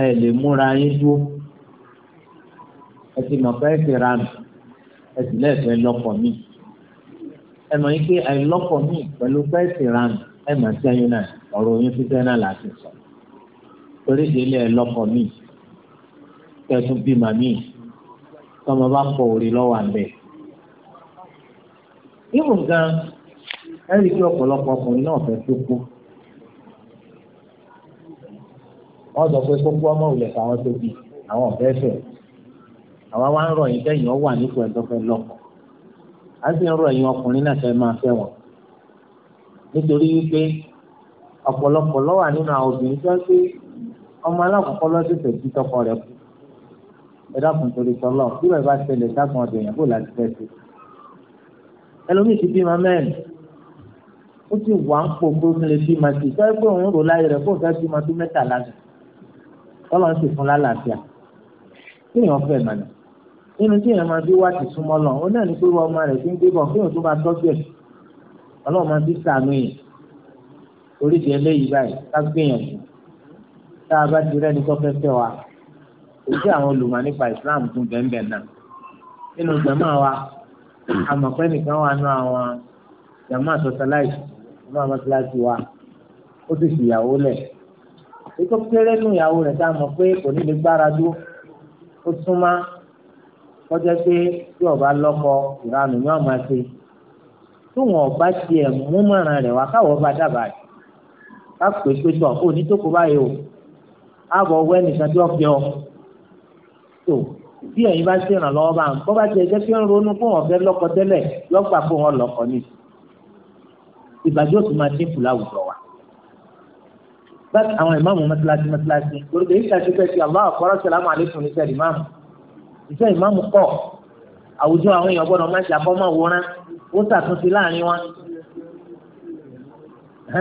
Speaker 1: ẹ lè múra yín dúró ẹ ti mọ̀ pé ẹ ti ra nù ẹ sì lẹ́ẹ̀fẹ́ lọ́kọ̀ mi ẹ mọ̀ yín pé àìlọ́kọ̀ mi pẹ̀lú pé ẹ ti ra nù ẹ mọ̀ sí ẹyin náà ọ̀rọ̀ oyún fífẹ́ náà láti sọ torí délé ẹ lọ́kọ̀ mi kẹ́tún bímọ mi tọmọ bá pọ̀ òrì lọ́wọ́ àbẹ̀ ìwọ̀n gan ẹ rí i pé ọ̀pọ̀lọpọ̀ ọkùnrin náà fẹ́ tó kú. wọ́n sọ pé kókó ọmọ òwúlẹ̀ fáwọn tó bì àwọn ọ̀fẹ́ fẹ̀ àwa wá ń rọ̀ yín kẹ́yìn ọ wà nípò ẹ̀dọ́fẹ́ lọ́kọ̀ á sì ń rọ̀ yín ọkùnrin náà fẹ́ máa fẹ́ wọn nítorí wípé ọ̀pọ̀lọpọ̀ lọ́wà nínú àwọn obìnrin tó ń pé ọmọ alákọ̀ọ́kọ́ lọ́sẹ̀sẹ̀ tí tọkọ rẹ̀ kú ẹ dákun torí tọlọ bí wọ́n bá ṣẹlẹ̀ sákan ọ̀dọ̀ èèyàn kò láti fẹ́ sí ẹlòmíì ti bímọ mẹ́rin ó sì wà ń pò pé ó ń lè bímọ sí sọ pé òun rò láyé rẹ̀ kó fẹ́ bímọ tó mẹ́tàlá nù tọ́lọ̀ ń sì fún lálàáfíà kí ni wọ́n fẹ́ mọ̀nà nínú tí èèyàn máa bí wá ti súnmọ́ lọ ó náà ní pé wọ́n ọmọ rẹ̀ ti ń gbé bọ̀ kéèyàn tó bá tọ́jú ẹ̀ ọlọ́run máa bí sàánú yìí oríṣi eléyìí báyìí ká gbìyànjú tá a bá ti rẹ́ni tó fẹ́ fẹ́ wa òjì àwọn olùmọ̀ nípa Islam tún bẹ́ẹ̀ náà nínú jama wa àmọ̀pẹ́ nìkan wà nú àwọn jama sọ̀tàláìsì ní àwọn mọ́tíláṣí wa ó sì fìyàwó lẹ̀ ètò kéré nù ìyàwó rẹ̀ tá a mọ̀ pé kò ní lè gbára dúró ó súnmọ́ kọjá pé tí ọba lọ́kọ ìranù ni wọ́n máa ṣe tí wọn ọba tiẹ̀ mú mọ̀ràn rẹ̀ wá káwọ́ bá dábàá rẹ̀ ká pè pé tọ̀ ó ní tó kó báyìí o ààbọ̀ ọwọ́ ẹnìkan tí ọ̀pẹ ọ tó bí ẹ̀yin bá ṣe ìrànlọ́wọ́ bá ń bọ́ bá tiẹ̀ jẹ́ pé ń ronú pé wọn lọ́kọ tẹ́lẹ̀ lọ́gbà fún wọn lọ́kọ ní ìbàjẹ́ òtún máa dínkù láwùjọ wa bákan àwọn ìmáàmù mọ́tíláṣí mọ́tíláṣí torí pé ìṣàṣẹ fẹ́ ti Allah àkọ́rọ́ sàlámù àlékún ní sẹ́ẹ̀ ìmáàmù iṣẹ́ ìmáàmù pọ̀ àwùjọ àwọn èèyàn gbọ́dọ̀ máa ṣe àkọ́mọ̀ wòran ó ṣàtúnṣe láàrin wọn.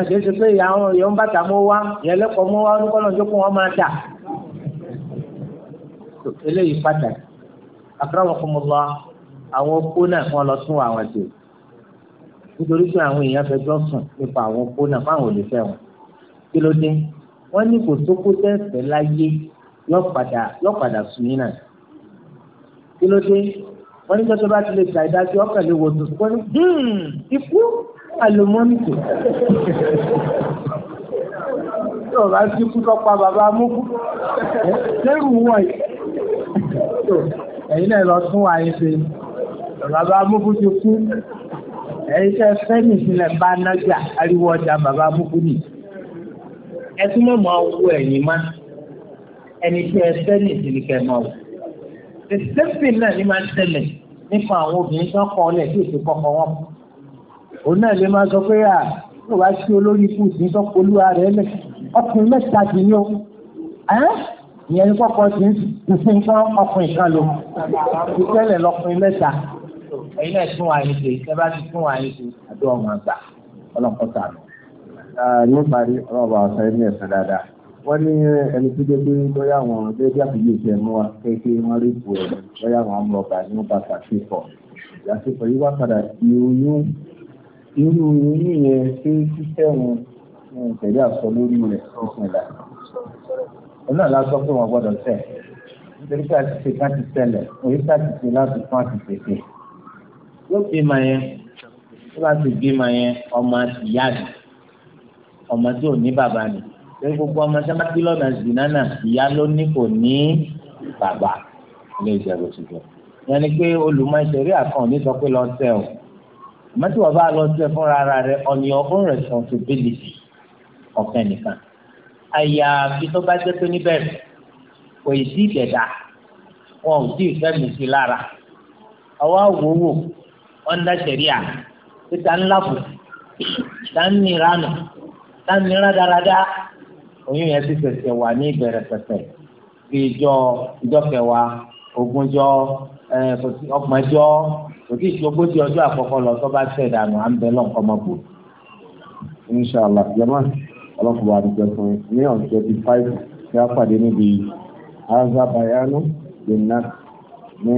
Speaker 1: kì í ṣe pé ìyá àwọn èèyàn ń bàtà mọ́ wá ìyá ẹlẹ́kọ̀ọ́ mọ́ wá oníkọ́ lọ́jọ́ kó wọ́n máa dà. eléyìí pàtàkì akramakumullah àwọn opó náà wọ́n lọ sún àwọn jù nítorí pé àwọn èèyàn fẹjọ́ sùn nípa àwọn opó náà fáwọn olùfẹ́ wọn kí ló dé wọ́n ní kò sóko tẹ́sẹ̀ láyé yọ́padà yọ́padà sùn yín náà kí ló dé wọ́n ní tọ́jú bá ti lè gbà ìdájọ́ ọ̀kẹ́lẹ̀ wò tó wọ́n ní hmm, ikú àlùmọ́nìkì tí o bá ti kú tó pa bàbá amúkú lẹ́rù wọ̀ yìí ẹ̀yin náà lọ tún wáyé ṣe bàbá amúkú ti kú ẹ̀yin tẹ́ fẹ́ nìsinlẹ̀ bá nájà ariwo ọjà bàbá amúkú nìyí ẹ tún mọ̀ máa wo ẹ̀yìn má ẹni tí ẹ sẹ́yìn sí ni kẹ́ máa wò. the same thing náà ni máa ń tẹ̀lẹ̀ nípa àwọn obìnrin tó kọ́ ọ lẹ̀ tí èsì kọ́kọ́ wọn. òun náà lè máa sọ pé à ló wá sí olórí ikú sí tó polúwa rẹ̀ lẹ̀ ọkùnrin mẹ́ta dì ní o. ìyẹn ní kọ́kọ́ ti ń sin kán ọkùnrin kan lò ìtẹ́lẹ̀ lọkùnrin mẹ́ta ẹ̀yin náà tún wà ní ṣe ẹ bá ti tún wà ní ṣe àdó ọmọ àgbà ọlọ́kọ̀ọ́ta lọ níparí ọlọ́ọ̀bà ọ̀sán ẹni ẹ̀sán dáadáa wọ́n ní ẹni tó dé pé lọ́yà wọn déédé àpèjì ìṣẹ̀ mú wa kéèké wọ́n rí ipò ẹ̀ lọ́yà wọn mú ọgbà ní wọn bá sàkíkọ̀ ìyàsíkọ̀ yìí wá padà ìròyìn irú ìròyìn yẹn ṣé sísẹ́wọ̀n tẹ̀lé àṣọ lórí rẹ̀ ọ̀sán ìlà ọ̀nà lásán pé wọ́n gbọ́dọ̀ tẹ̀ nítorí pé àti ṣe ká tẹ̀lẹ̀ òye ká ṣe láti fún àti tètè yóò bímọ yẹn tó bá ti bímọ yẹn ọmọ àti ìyá rẹ̀ ọmọ tí ò ní bàbá ni pé gbogbo ọmọ tí wọ́n ti lọ́nà zina náà ìyá ló ní kò ní bàbá ilé ìjẹ̀bù ti jọ. ìyẹn ni pé olùmọ̀ ìṣeré àkàn ní sọ pé lọ ṣe o ọmọ tí wọ́n bá lọ ṣe fúnra ara rẹ̀ on your own responsibility ọ̀fẹ́ nìkan. àyàfi tó bá jẹ́ pé níbẹ̀rẹ̀ kò ì sí ìdẹ̀dà wọn ò sí ìfẹ́ mi sí lára ọwọ́ àwòwò ọ̀ndà ṣẹ̀ríà tani rádaràda oyún yẹn ti ṣẹ̀ṣẹ̀ wà ní ìbẹ̀rẹ̀ pẹ̀pẹ̀ bí ìjọ ìjọ kẹwàá ogúnjọ́ ọgbọ̀njọ́ òtí ìṣogójì ọjọ́ àkọ́kọ́ lọ tó bá tẹ̀ dànù à ń bẹ lọ́n kọ́ mọ́kù. inshàlá jama ọlọ́kùnrin àdìjọ fún mi ní ọ̀sẹ̀ bíi five tí a pàdé níbi azá bayanu lena ní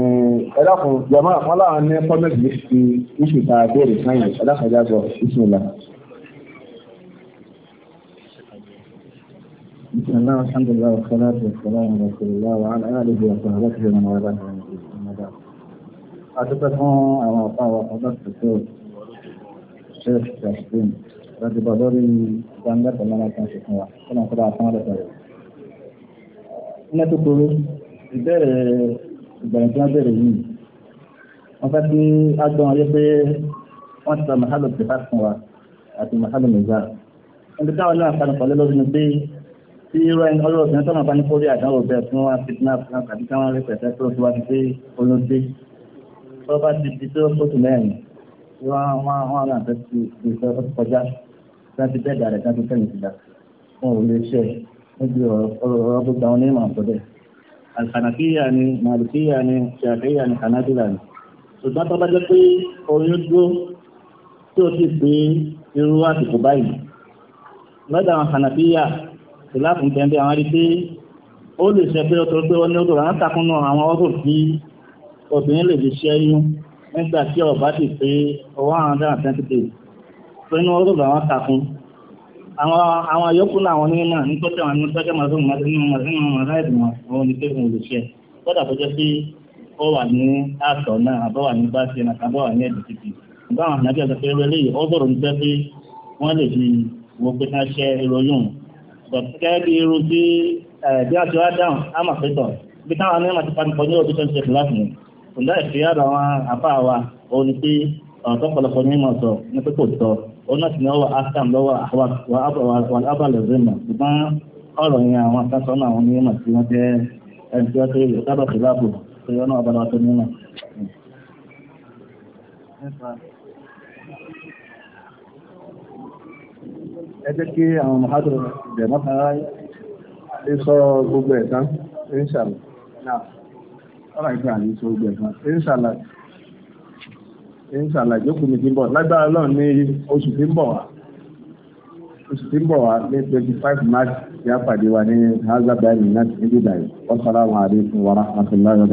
Speaker 1: ẹ̀dàkùn jama wọn làwọn ní kọ́mẹ́tì ní ìṣù tá a béèrè sáyẹn ẹ̀dàkùn jáde ọ̀ ìṣù làwọn. بسم الله والحمد لله والصلاة والسلام على رسول الله وعلى آله وصحبه ومن والاه أعتقد أن أعطى وقضت الدكتور شيخ تشبين رضي بدوري جانجة الله ما كان شيخ واحد كما قد أعطانا لك إن تقولوا ìbéèrè ìbẹ̀rẹ̀ tí wọ́n béèrè yìí wọ́n fẹ́ kí á gbọ́n ọ yé pé wọ́n ti sọ màhálù tìfà fún wa àti màhálù mìíràn. Ẹni táwọn náà fani pọ̀ lé lórí ni pé tí irọ́ ẹni ọlọ́rọ̀ sí ní tọ́nà bá ní kórè àdánwò bẹ́ẹ̀ tí wọ́n wá sí ní àfúrá tàbí káwọn rẹpẹtẹ tó ti wá ti dé olóde tó bá ti di tó sóòtù mẹ́rin tí wọ́n wọ́n wọ́n náà fẹ́ ti ti fẹ́ kọjá tí wọ́n ti bẹ́ẹ̀ dà rẹ̀ tí wọ́n ti fẹ́yìn ìdá wọn ò lè níbi ọ̀rọ̀ gbogbo àwọn onímọ̀ àtọ́bẹ̀ alhanafiya ni malikiya ni shafiya ni kanadila ni ṣùgbọ́n tó bá jẹ́ pé oyún dúró tí o ti pé irú àsìkò báyìí lọ́dọ̀ àwọn hanafiya ìlàkùn tẹ̀lé àwọn rí pé ó lè ṣe pé ọtọ pé ọlẹ́ ọdọ̀ àwọn takùn náà àwọn ọdọ̀ tí obìnrin lè fi ṣe ẹyún nígbà tí ọba ti pé ọwọ́ àwọn dáhà twenty days pé inú ọdọ̀ àwọn takùn àwọn àyọkù náà àwọn onímọ̀ ní tọ́jú àwọn ní tọ́jú màá sọ́kùn màá sínú màá sínú màá láì dùn àwọn oníkẹ́kùn lè ṣe kọ́dà tó jẹ́ pé ó wà ní àtọ̀ náà àbọ̀wà ní bá ṣe náà àbọ̀wà ní ẹ̀dùn títì ìbáwọn àmì àti ẹgbẹ́ lè ọgọ́rùn-ún jẹ́ pé wọ́n lè fi wo pé ká ṣe ìròyìn gẹ́gẹ́ bí irú sí eh, bí a ti wá dáhùn àmà pẹ̀tọ̀ bí táwọn ní màtí panupọ̀ ní ọdún twenty láti mú ǹdá ìfìyà àwọn àbá wa òun ni pé ọ̀tọ́ pọ̀lọpọ̀ ní mọ̀ sọ ní pé kò tọ́ òun náà sì ní ọwọ́ ascam lọ́wọ́ àwọn abàlẹ̀ zema ṣùgbọ́n ọ̀rọ̀ yẹn àwọn akásọ́ náà wọn ní mọ̀ sí wọn jẹ́ ẹni tí wọ́n ti rí sábà ẹ jẹ́ kí àwọn mahadum ìdẹ̀mọ́ ara lè sọ gbogbo ẹ̀ tán inshallah náà ọ̀rọ̀ ìgbà àní sọ gbogbo ẹ̀ tán inshallah inshallah ìjókòó mi ti ń bọ̀ lágbára náà ní oṣù tí ń bọ̀ wá oṣù tí ń bọ̀ wá ní twenty five march yá pàdé wa ní hazard diamond náà níbi ìdáyé wassalamu alaikum warahmatullahi